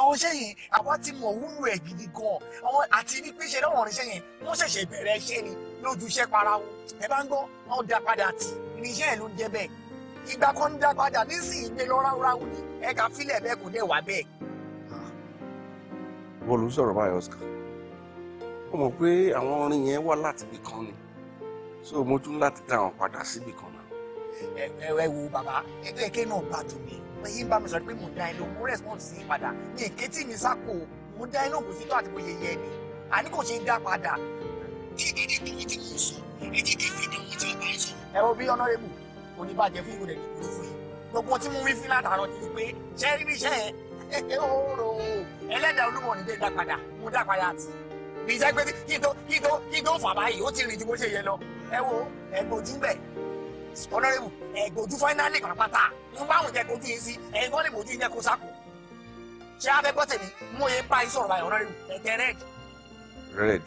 àwọn iṣẹ́ yẹn àwa ti mọ̀ wúlò ẹ̀ gidi gan àwọn àti wípé ṣe náà wọ̀n ní iṣẹ́ yẹn wọ́n ṣẹ̀ṣẹ̀ bẹ̀rẹ̀ iṣẹ́ ni lójú iṣẹ́ parawo ẹ bá ń gbọ́ wọn dá padà tì irinṣẹ́ ẹ̀ ló ń jẹ́ bẹ́ẹ̀ ìgbà kan ń dá padà nísìnyí gbé lọ ráúráú ni ẹ kà fílẹ̀ bẹ́ẹ̀ kò dé wà bẹ́ẹ̀. Ah, bọ́ọ̀lù sọ̀rọ̀ báyọ̀ Oscar ó mọ̀ pé àwọn orin yẹn wá láti ibì kan ni so mo tún láti dá àwọn padà síbì kan náà. ẹ ẹ wo bàbá ẹgbẹ́ kẹ́ náà gbádùn mi yìí ń bá mi sọ̀rọ̀ pé mo dá ẹ lóhùn mo response sí padà ní èkétí mi sáko mo dá ẹ lóhùn sí tó àti bóyá yẹ ni àní kò ṣe é dá padà. kí ìbàdí tó wọ́n ti mú sọ ẹ jẹ́ kí fídíò wọn ti ọba ẹ sọ. ẹ wo bí ọ̀nàrẹ́bù kò ní bàjẹ́ fún ìwòlẹ̀ nìkú fún yìí gbogbo tí mo wí sí látàárọ̀ ti di pé ṣé rí bí ṣe ẹ oòrò ẹlẹ́dàá olúmọ̀ ní dé dá padà mo dá padà tì kì í pé kí tó kí tó tó fà báyìí ó ti rìn ju bó ṣe yẹ lọ ẹ wo ẹ̀gbọ́n tí ń bẹ̀ ọ̀nàrẹ́bù ẹ̀gbọ́jú fáínálì pàápàá ní báwọn jẹ́ kojú yín sí ẹ̀yin kan lè bójú yín jẹ́ kó sáko ṣé abẹ́ gbọ́ tèmi mú yẹn bá yín sọ̀rọ̀ báyìí ọ̀nàrẹ́bù ẹ̀tẹ̀ red. red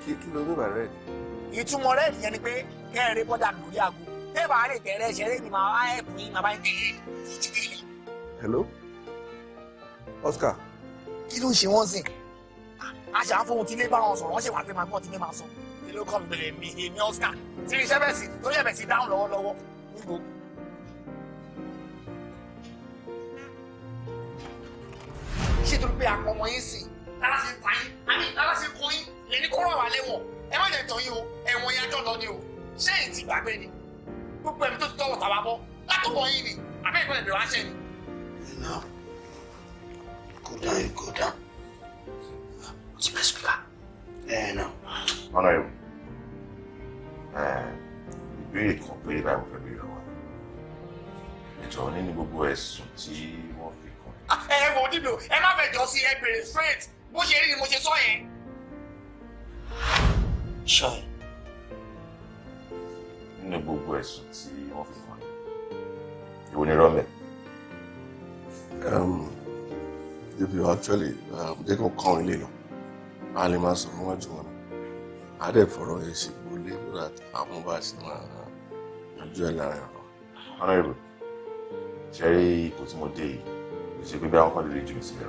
kí kí ló débà red. ìtumọ̀ red yẹn ni pé kẹ́ẹ̀rẹ́ bọ́dà lórí aago débà rẹ̀ tẹ̀rẹ̀ ṣẹ̀rẹ̀ ni màá ẹ̀kú yín màá yín tẹ̀yẹ hello Oscar. kí ló ń ṣe wọ́n sìn àṣà àfohùn tí ilé bá wọn sọ̀rọ̀ wọ́n ṣèwà pé màá gbọ́ tí ilé máa sọ̀rọ̀ ló kàn bèrè mi èmi Oscar tí iṣẹ́ bẹ̀ sí tó yẹ̀ bẹ̀ sí dáhùn lọ́wọ́lọ́wọ́ níbo. ṣé torí pé àpọ̀ ọmọ yín sìn lára ṣe ta yín àmì lára ṣe kọ yín lè ní kó rọ̀ wá lẹ́wọ̀n ẹ má jẹ́ tán yín o ẹ̀wọ̀n yẹn ajọ́ lọ ni o ṣé èyí ti gbàgbé ni gbogbo ẹ̀mí tó ti tọ́wọ̀ tàwa bọ́ látọwọ́ yín ni àbẹ́ ìpínlẹ̀ bẹ̀rẹ̀ wá ṣẹ́ ni. Now, go down, go down. What's my speaker? Eh, ìbéèrè kan péré báwo fẹ́ béèrè wọn ìjọ nínú gbogbo ẹ̀sùn tí wọ́n fi kàn. Ah, ẹ wò ó dìbò ẹ má fẹjọ sí ẹ béèrè straight bó ṣe rí ni mo ṣe sọ yẹn. ṣọyìn. nínú gbogbo ẹ̀sùn tí wọ́n fi kàn ìwọ ni rọ́mẹ̀. ibi actually jẹ́ kó kàn ilé lọ a lè máa sọ̀rọ̀ wájú wọn a dẹ̀ fọ̀rọ̀ yẹn sí i believe that amúbàṣe máa yanjú ẹ̀ lára ẹ̀rọ. honourable ṣe rí ipò tí mo dé yìí kò ṣe pé bí àwọn kan lè jù mí sílẹ̀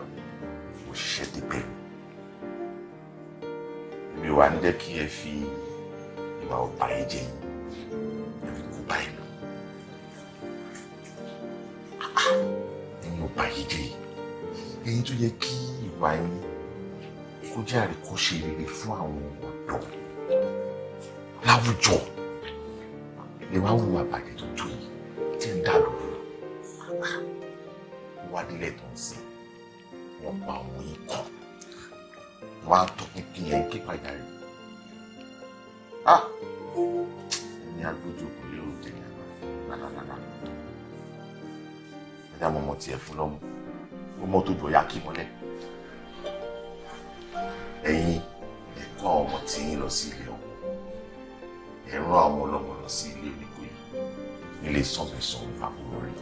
mo ṣiṣẹ́ dípẹ́ mi wà ní jẹ́ kí ẹ fi ìwà ọ̀pá yẹn jẹ yín ẹ fi kú báyìí lọ ẹ̀yin ọ̀pá yẹn jẹ yìí èyí tó yẹ kí ìwà yín kó jẹ́ àríkọ́ṣe rere fún àwọn ọ̀dọ́ láwùjọ lè wá wùwà bàjẹ́ tó yìí tí ń dà lóru wà nílẹ̀ tó ń sìn wọ́n pa àwọn ikọ̀ wọ́n á tọpinpin ẹ̀ kípàdà rẹ̀ ah ní agbójú kò lérò tẹ̀lé nànànànà ẹ̀dá mọ́mọ́ tiẹ̀ fún lọ́mú ó tó jọ ya kí mọ́lẹ̀ ẹ̀yin ẹ̀kọ́ ọmọ tí yín lọ sí ilé ọ ẹ rán àwọn ọlọ́mọ lọ sí ilé oníkó yìí nílé sọ́mẹsọ àbúrò rẹ̀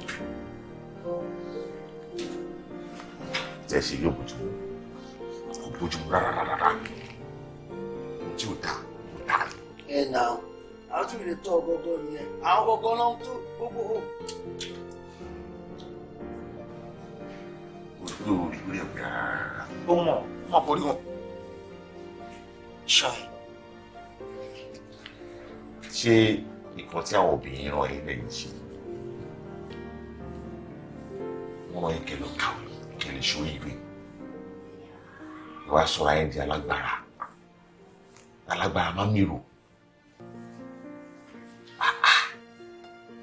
tẹ́ ṣe yóò bójú mu kò bójú mu rárá rárá tí ò dá ò dá ni. ẹ nà ó àtúntò lè tọ ọgọgọ nìyẹn àwọn ọgọgọ náà ń tó gbogbo hó. olórí lórí ẹgbẹ́ rárá ó mọ̀ ó mọ̀ borí wọn. ṣáà ṣé nǹkan tí àwọn obìnrin ràn yín lẹ́yìn ṣe wọ́n ràn yín lọ kàwé kẹ́ lè ṣó ìwé ìwà sọ̀rọ̀ ayé di alágbára alágbára máa ń mìíràn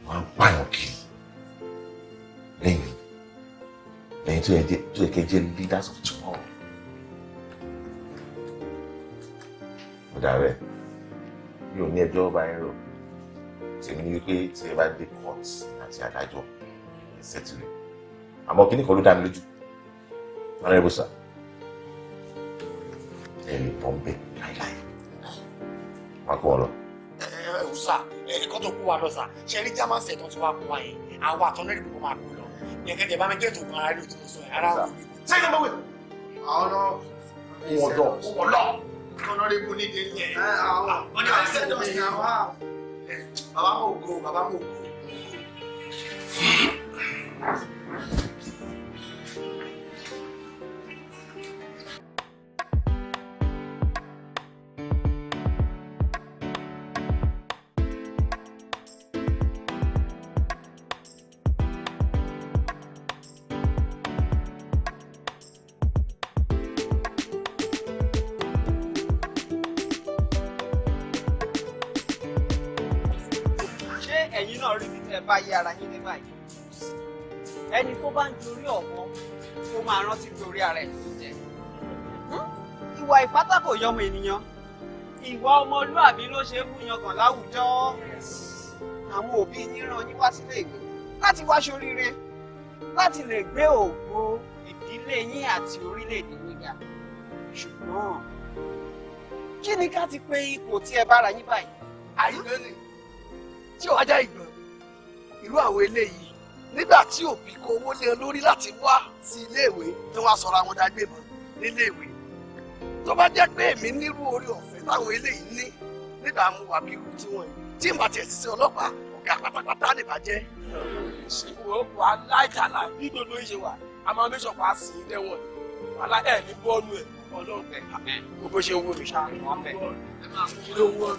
wọ́n ń pààyàn kiri lẹ́yìn lẹ́yìn tó yẹ kẹ́ jẹ́ leaders of tomorrow. Ó dà yóò ní ẹjọ́ bá ẹ rọ̀ tèmi ni wípé tí ẹ bá dé court àti adájọ́ ẹ sẹ́tìlì àmọ́ kíní kan ló dá mi lójú ọ̀rẹ́ ìbùsà ẹ lè bọ́ bẹ́ẹ̀ láíláí wọn kọ́ ọ lọ. ẹ ẹ ọ̀sà ẹ̀ẹ́dẹ́kọ́ tó kú wa lọ sà ṣe rí german set tó ti wá kú wa yẹn àwa àtọ́nẹ́rì gbogbo máa kú lọ yẹn kẹ́kẹ́ bá mi jẹ́ ìtòkùn ara rí òtún sọ ẹ̀ ara wò mí. sẹ́yìn lọ́wọ́ àwọn ọ̀dọ́ ọ̀lọ́ honorable ní délé ẹ̀ wọ́n ní wọ́n ah, send us now ah, eh, bàbá mo go bàbá mo go. pátá kò yọmọ ènìyàn ìwà ọmọlúàbí ló ṣe é kú yangàn láwùjọ àwọn òbí yín yín wá sílé ìwé láti wá ṣoríire láti lè gbé ògo ìdílé yín àti orílẹ̀-èdè yín ga ṣùgbọ́n kí ni ká ti pé ipò tí ẹ bára yín báyìí. àyíká tí ó wájà ìgbọ̀n irú àwọn eléyìí nígbà tí òbí kó owó lé lórí láti wá sí iléèwé tí wọ́n á sọra wọn dágbé níléèwé tó bá jẹ́ pé èmi nírú orí ọ̀fẹ́ táwọn eléyìí ní nígbà mo wà bí irú tiwọn yìí tí n bá tiẹ̀ ti ṣe ọlọ́pàá ọ̀gá pátápátá lè bàjẹ́. ìṣèwò wà láìjàlá bí gbogbo ìṣe wà a máa ń bíṣọ̀pù á sì í dẹ́wọ̀n wàhálà ẹ̀ ní bọ́ọ̀lù ẹ̀ ọlọ́run gbogbo ṣe ń mi ṣáà ní wọ́n bẹ̀ kí ló ń wọ́n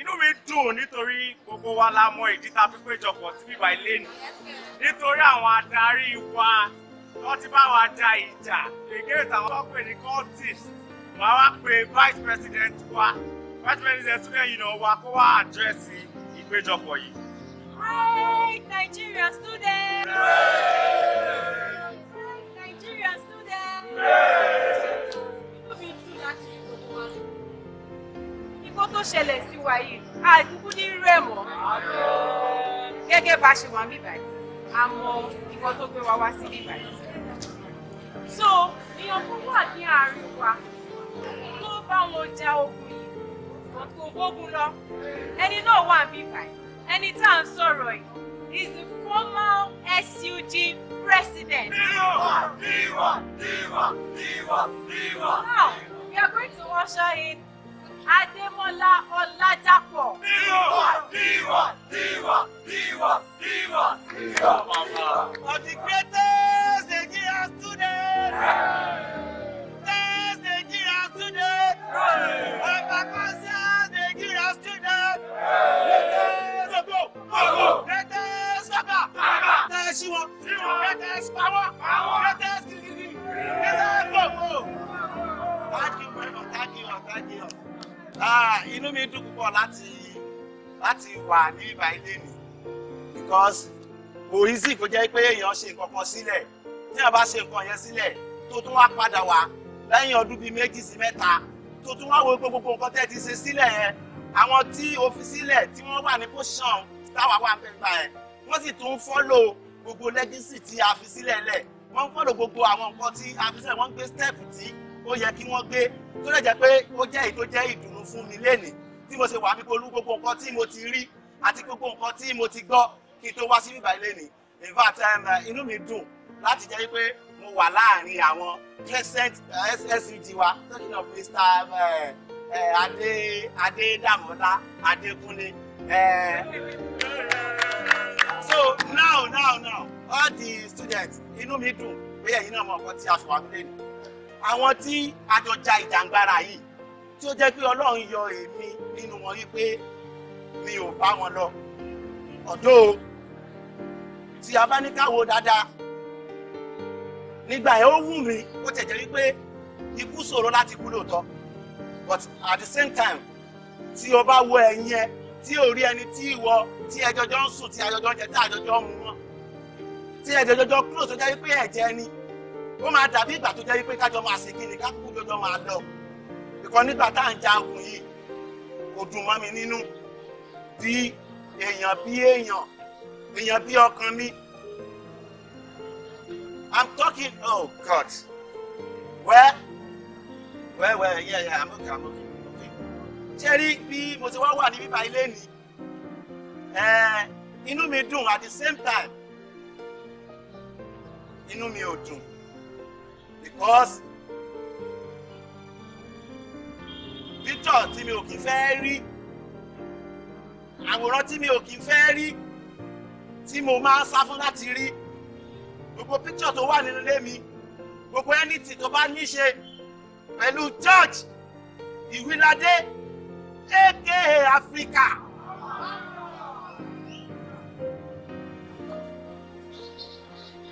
inú mi dùn nítorí gbogbo wa la mọ ìdí tá a fi péjọpọ̀ síbí ìwà ilé nì nítorí àwọn adarí wa wọ́n ti bá wa da ìjà against àwọn tó pè ní cultists wọ́n á wá pe vice president wa vice president tún ẹ̀yìn náà wa kó wá àdírẹ́sì ìpéjọpọ̀ yìí. Hey, Nigeria students! Hey! Nigeria students! kó tó ṣẹlẹ̀ sí wa yìí àìkúkú ní rẹ̀ mọ́ gẹ́gẹ́ bá ṣe wà mí báyìí àmọ́ nǹkan tó gbé wa wá sí báyìí. so èèyàn kan wà ní àárín wa tó bá wọn ja ogun yìí wọn kò gbógun lọ ẹni náà wà mí báyìí ẹni tá à ń sọ̀rọ̀ yìí is the former SUG president. Diwa! Diwa! Diwa! Diwa! Now, we are going to usher in Adémọ́lá Ọlájápọ̀. Díwọ̀ díwọ̀ díwọ̀ díwọ̀ díwọ̀ díwọ̀ bàbá. For the greatest Nigerian student. Greatest Nigerian student. Bàbá conscious Nigerian student. Greatest Ogo Ogo. Greatest Bàbá. Bàbá. Greatest Iwọ. Iwọ. Greatest Pawọ́. Pawọ́. Greatest Gigiri. Greatest Gbogbo. Thank you very much. Thank you. Thank you. Ah, inú mi dùn púpọ̀ láti láti wà ní ìbà ilé mi because kò rí sí kó jẹ́ pé èèyàn ṣe nǹkan kan sílẹ̀ tí èèyàn bá ṣe nǹkan yẹn sílẹ̀ tó tún wá padà wá lẹ́yìn ọdún bíi méjì sí mẹ́ta tó tún wá wo gbogbo nǹkan tẹ́ ti ṣe sílẹ̀ yẹn àwọn tí o fi sílẹ̀ tí wọ́n wà ní position táwa wà pẹ́pà ẹ̀ wọ́n sì tún fọ́lò gbogbo legacy tí a fi sílẹ̀ lẹ̀ wọ́n fọ́lò gbogbo àwọn nǹkan tí a fi sílẹ̀ wọ́n gbé gbé tó ọlọ́run fún mi lẹ́nìí tí mo ṣe wà mí polú gbogbo nǹkan tí mo ti rí àti gbogbo nǹkan tí mo ti gbọ́ kí n tó wá sí bíbá ilé ni in fact um, uh, inú mi dùn láti jẹ́ pé mo wà láàrin àwọn crescent uh, SUG wa talking of Mr um, uh, adé adédàmọ́lá adékúnlé. so now now now all the students inú mi dùn pé ẹ̀yin náà mọ̀ nǹkan tí a fi wà mí lẹ́nu àwọn tí a jọ ja ìjàngbara yìí tí ó jẹ́ pé ọlọ́run yọ èmi nínú wọn wípé mi ò bá wọn lọ ọ̀dọ́ tí a bá ní káwo dáadáa nígbà yẹn ó wù mí ó tẹ̀ jẹ́ wípé ikú ṣòro láti kú lóòótọ́ but at the same time tí o bá wo ẹ̀yìn ẹ tí ò rí ẹni tí ìwọ tí ẹjọjọ ń sùn tí ẹjọjọ ń jẹ tí ẹjọjọ ń mu wọn tí ẹjọjọ kúrò tó jẹ́ wípé ẹ̀jẹ̀ ni ó máa dàbí ìgbà tó jẹ́ wípé kájọ máa ṣe kí ni ká kúkú jọjọ máa lọ kan nígbà tá à ń jagun yìí kò dùn mọ́ mi nínú bí èèyàn bí èèyàn èèyàn bí ọkàn mi I'm talking oh God where, where, where? yeah yeah I'm okay I'm okay okay ṣé rí bí mo ti wá wà ní bíbá ilé ni inú mi dùn at the same time inú mi ò dùn because. picture tí mi ò kì í fẹ́ rí àwòrán tí mi ò kì í fẹ́ rí tí mo máa ń sá fún láti rí gbogbo picture tó wà nínú ilé mi gbogbo anything tó bá ní ṣe pẹ̀lú church ìwíládé aka Africa.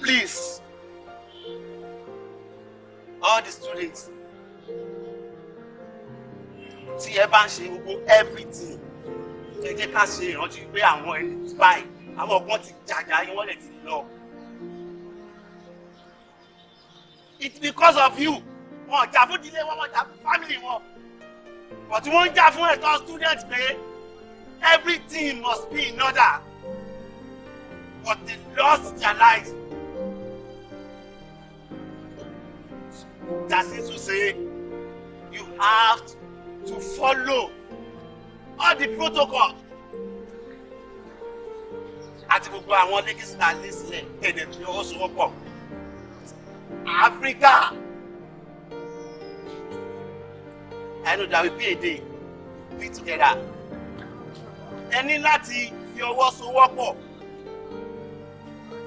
Please, all the students tí ẹ bá ń ṣe gbogbo everything ẹ jẹ́ ká ṣe ìrántí pé àwọn ẹni báyìí àwọn ọgbọ́n ti jàjà yín wọ́n lè ti lọ. it's because of you wọn jà fún ìdílé wọn wọn jà fún family wọn but wọ́n jà fún ẹ̀tọ́ student pé everything must be in order but they lost their lives. That's it to say you have to to follow all the protocol àti gbogbo àwọn lẹ́gísítà lẹ́sílẹ̀ tẹ̀lé tí ó sọ pọ̀ Africa. I know that we be a day we together ẹni láti fi ọwọ́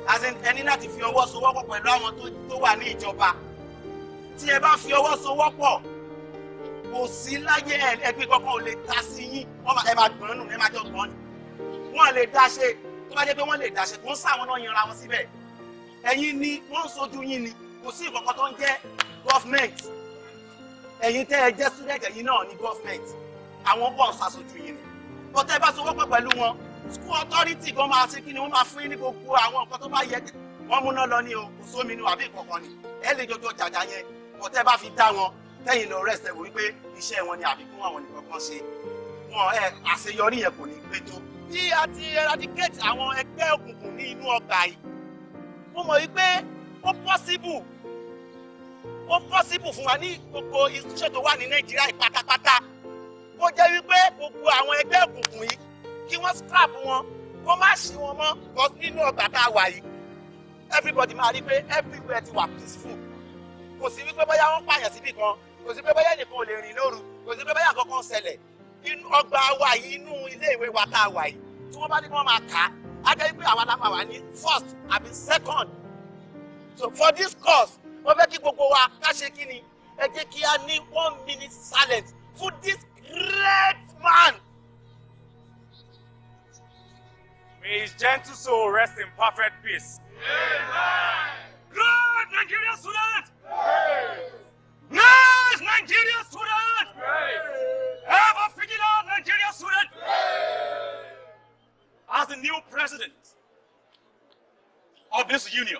as in ẹni láti fi ọwọ́ sowọ́ pọ̀ pẹ̀lú àwọn tó wà ní ìjọba tí ẹ bá fi ọwọ́ sowọ́ pọ̀ kò sí láyé ẹgbẹ́ kankan ò lè dá sí yín ẹ máa gbọ́n nù ẹ máa jọ gbọ́n ni wọ́n lè dá ṣe tó bá jẹ́ pé wọ́n lè dá ṣe kò ń sáwọn náà yanra wọn síbẹ̀ ẹ̀yin ni wọ́n ń sojú yín ni kò sí ìkọ̀kan tó ń jẹ́ government ẹ̀yin tẹ́ ẹ jẹ́ student ẹ̀yin náà ní government àwọn bọ̀ ń ṣàṣojú yín ni bọ́tẹ́ bá sowọ́ pẹ̀ pẹ̀lú wọn school authority gan máa ṣe kí ni wọ́n máa fún yín ní gbogbo àwọn nǹkan tó bá yẹ wọ́n múná lọ ní o kò sómi ní àbí ìkọ̀kan ni ẹ lè jọjọ jàjà yẹn bọ́tẹ́ bá fi dá wọn tẹ́yìn lọ rest wò wípé iṣẹ́ wọn ni àbíkún àwọn nìkan kan ṣe wọn ẹ àṣeyọrí yẹn kò ní pé tó. bí a ti eradicate àwọn ẹgbẹ́ òkùnkùn ní inú ọgbà yìí mo mọ̀ wípé ó possible ó possible fún wa ní gbogbo institution tó wà ní nàìjíríà yìí pátápátá kó jẹ́ wípé gbogbo àwọn ẹgbẹ́ òkùnkùn yìí kí wọ́n scrap wọn kó má ṣí wọn mọ́ kọ́ nínú ọgbà tá a wà yìí everybody máa rí pé everywhere ti wà peaceful kò sí wípé bóyá wọ́n pààyàn síbì kan kò sí pé báyà nìkan ò lè rìn lóru kò sí pé báyà kankan ṣẹlẹ̀ inú ọgbà wa yìí inú ilé ìwé wa tá a wà yìí tí wọ́n bá ní kí wọ́n máa kà á á jẹ́ pé àwa la máa wà ní first àbí second so for this course wọ́n fẹ́ kí gbogbo wa ká ṣe kí ni ẹ jẹ́ kí a ní one minute silence for this great man. May his gentle soul rest in perfect peace. Amen. Great Nigerian student! Hey. Naz Nigeria Surat! Ever Fidila Nigeria Surat! As the new president of this union,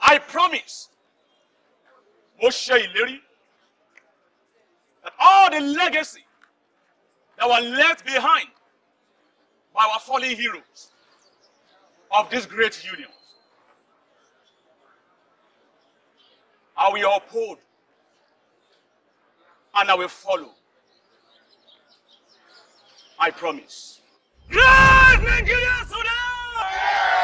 I promise, Moshe Iliri, that all the legacy that were left behind by our fallen heroes of this great union I will uphold and I will follow. I promise. Great Nigeria Sudan! Yeah!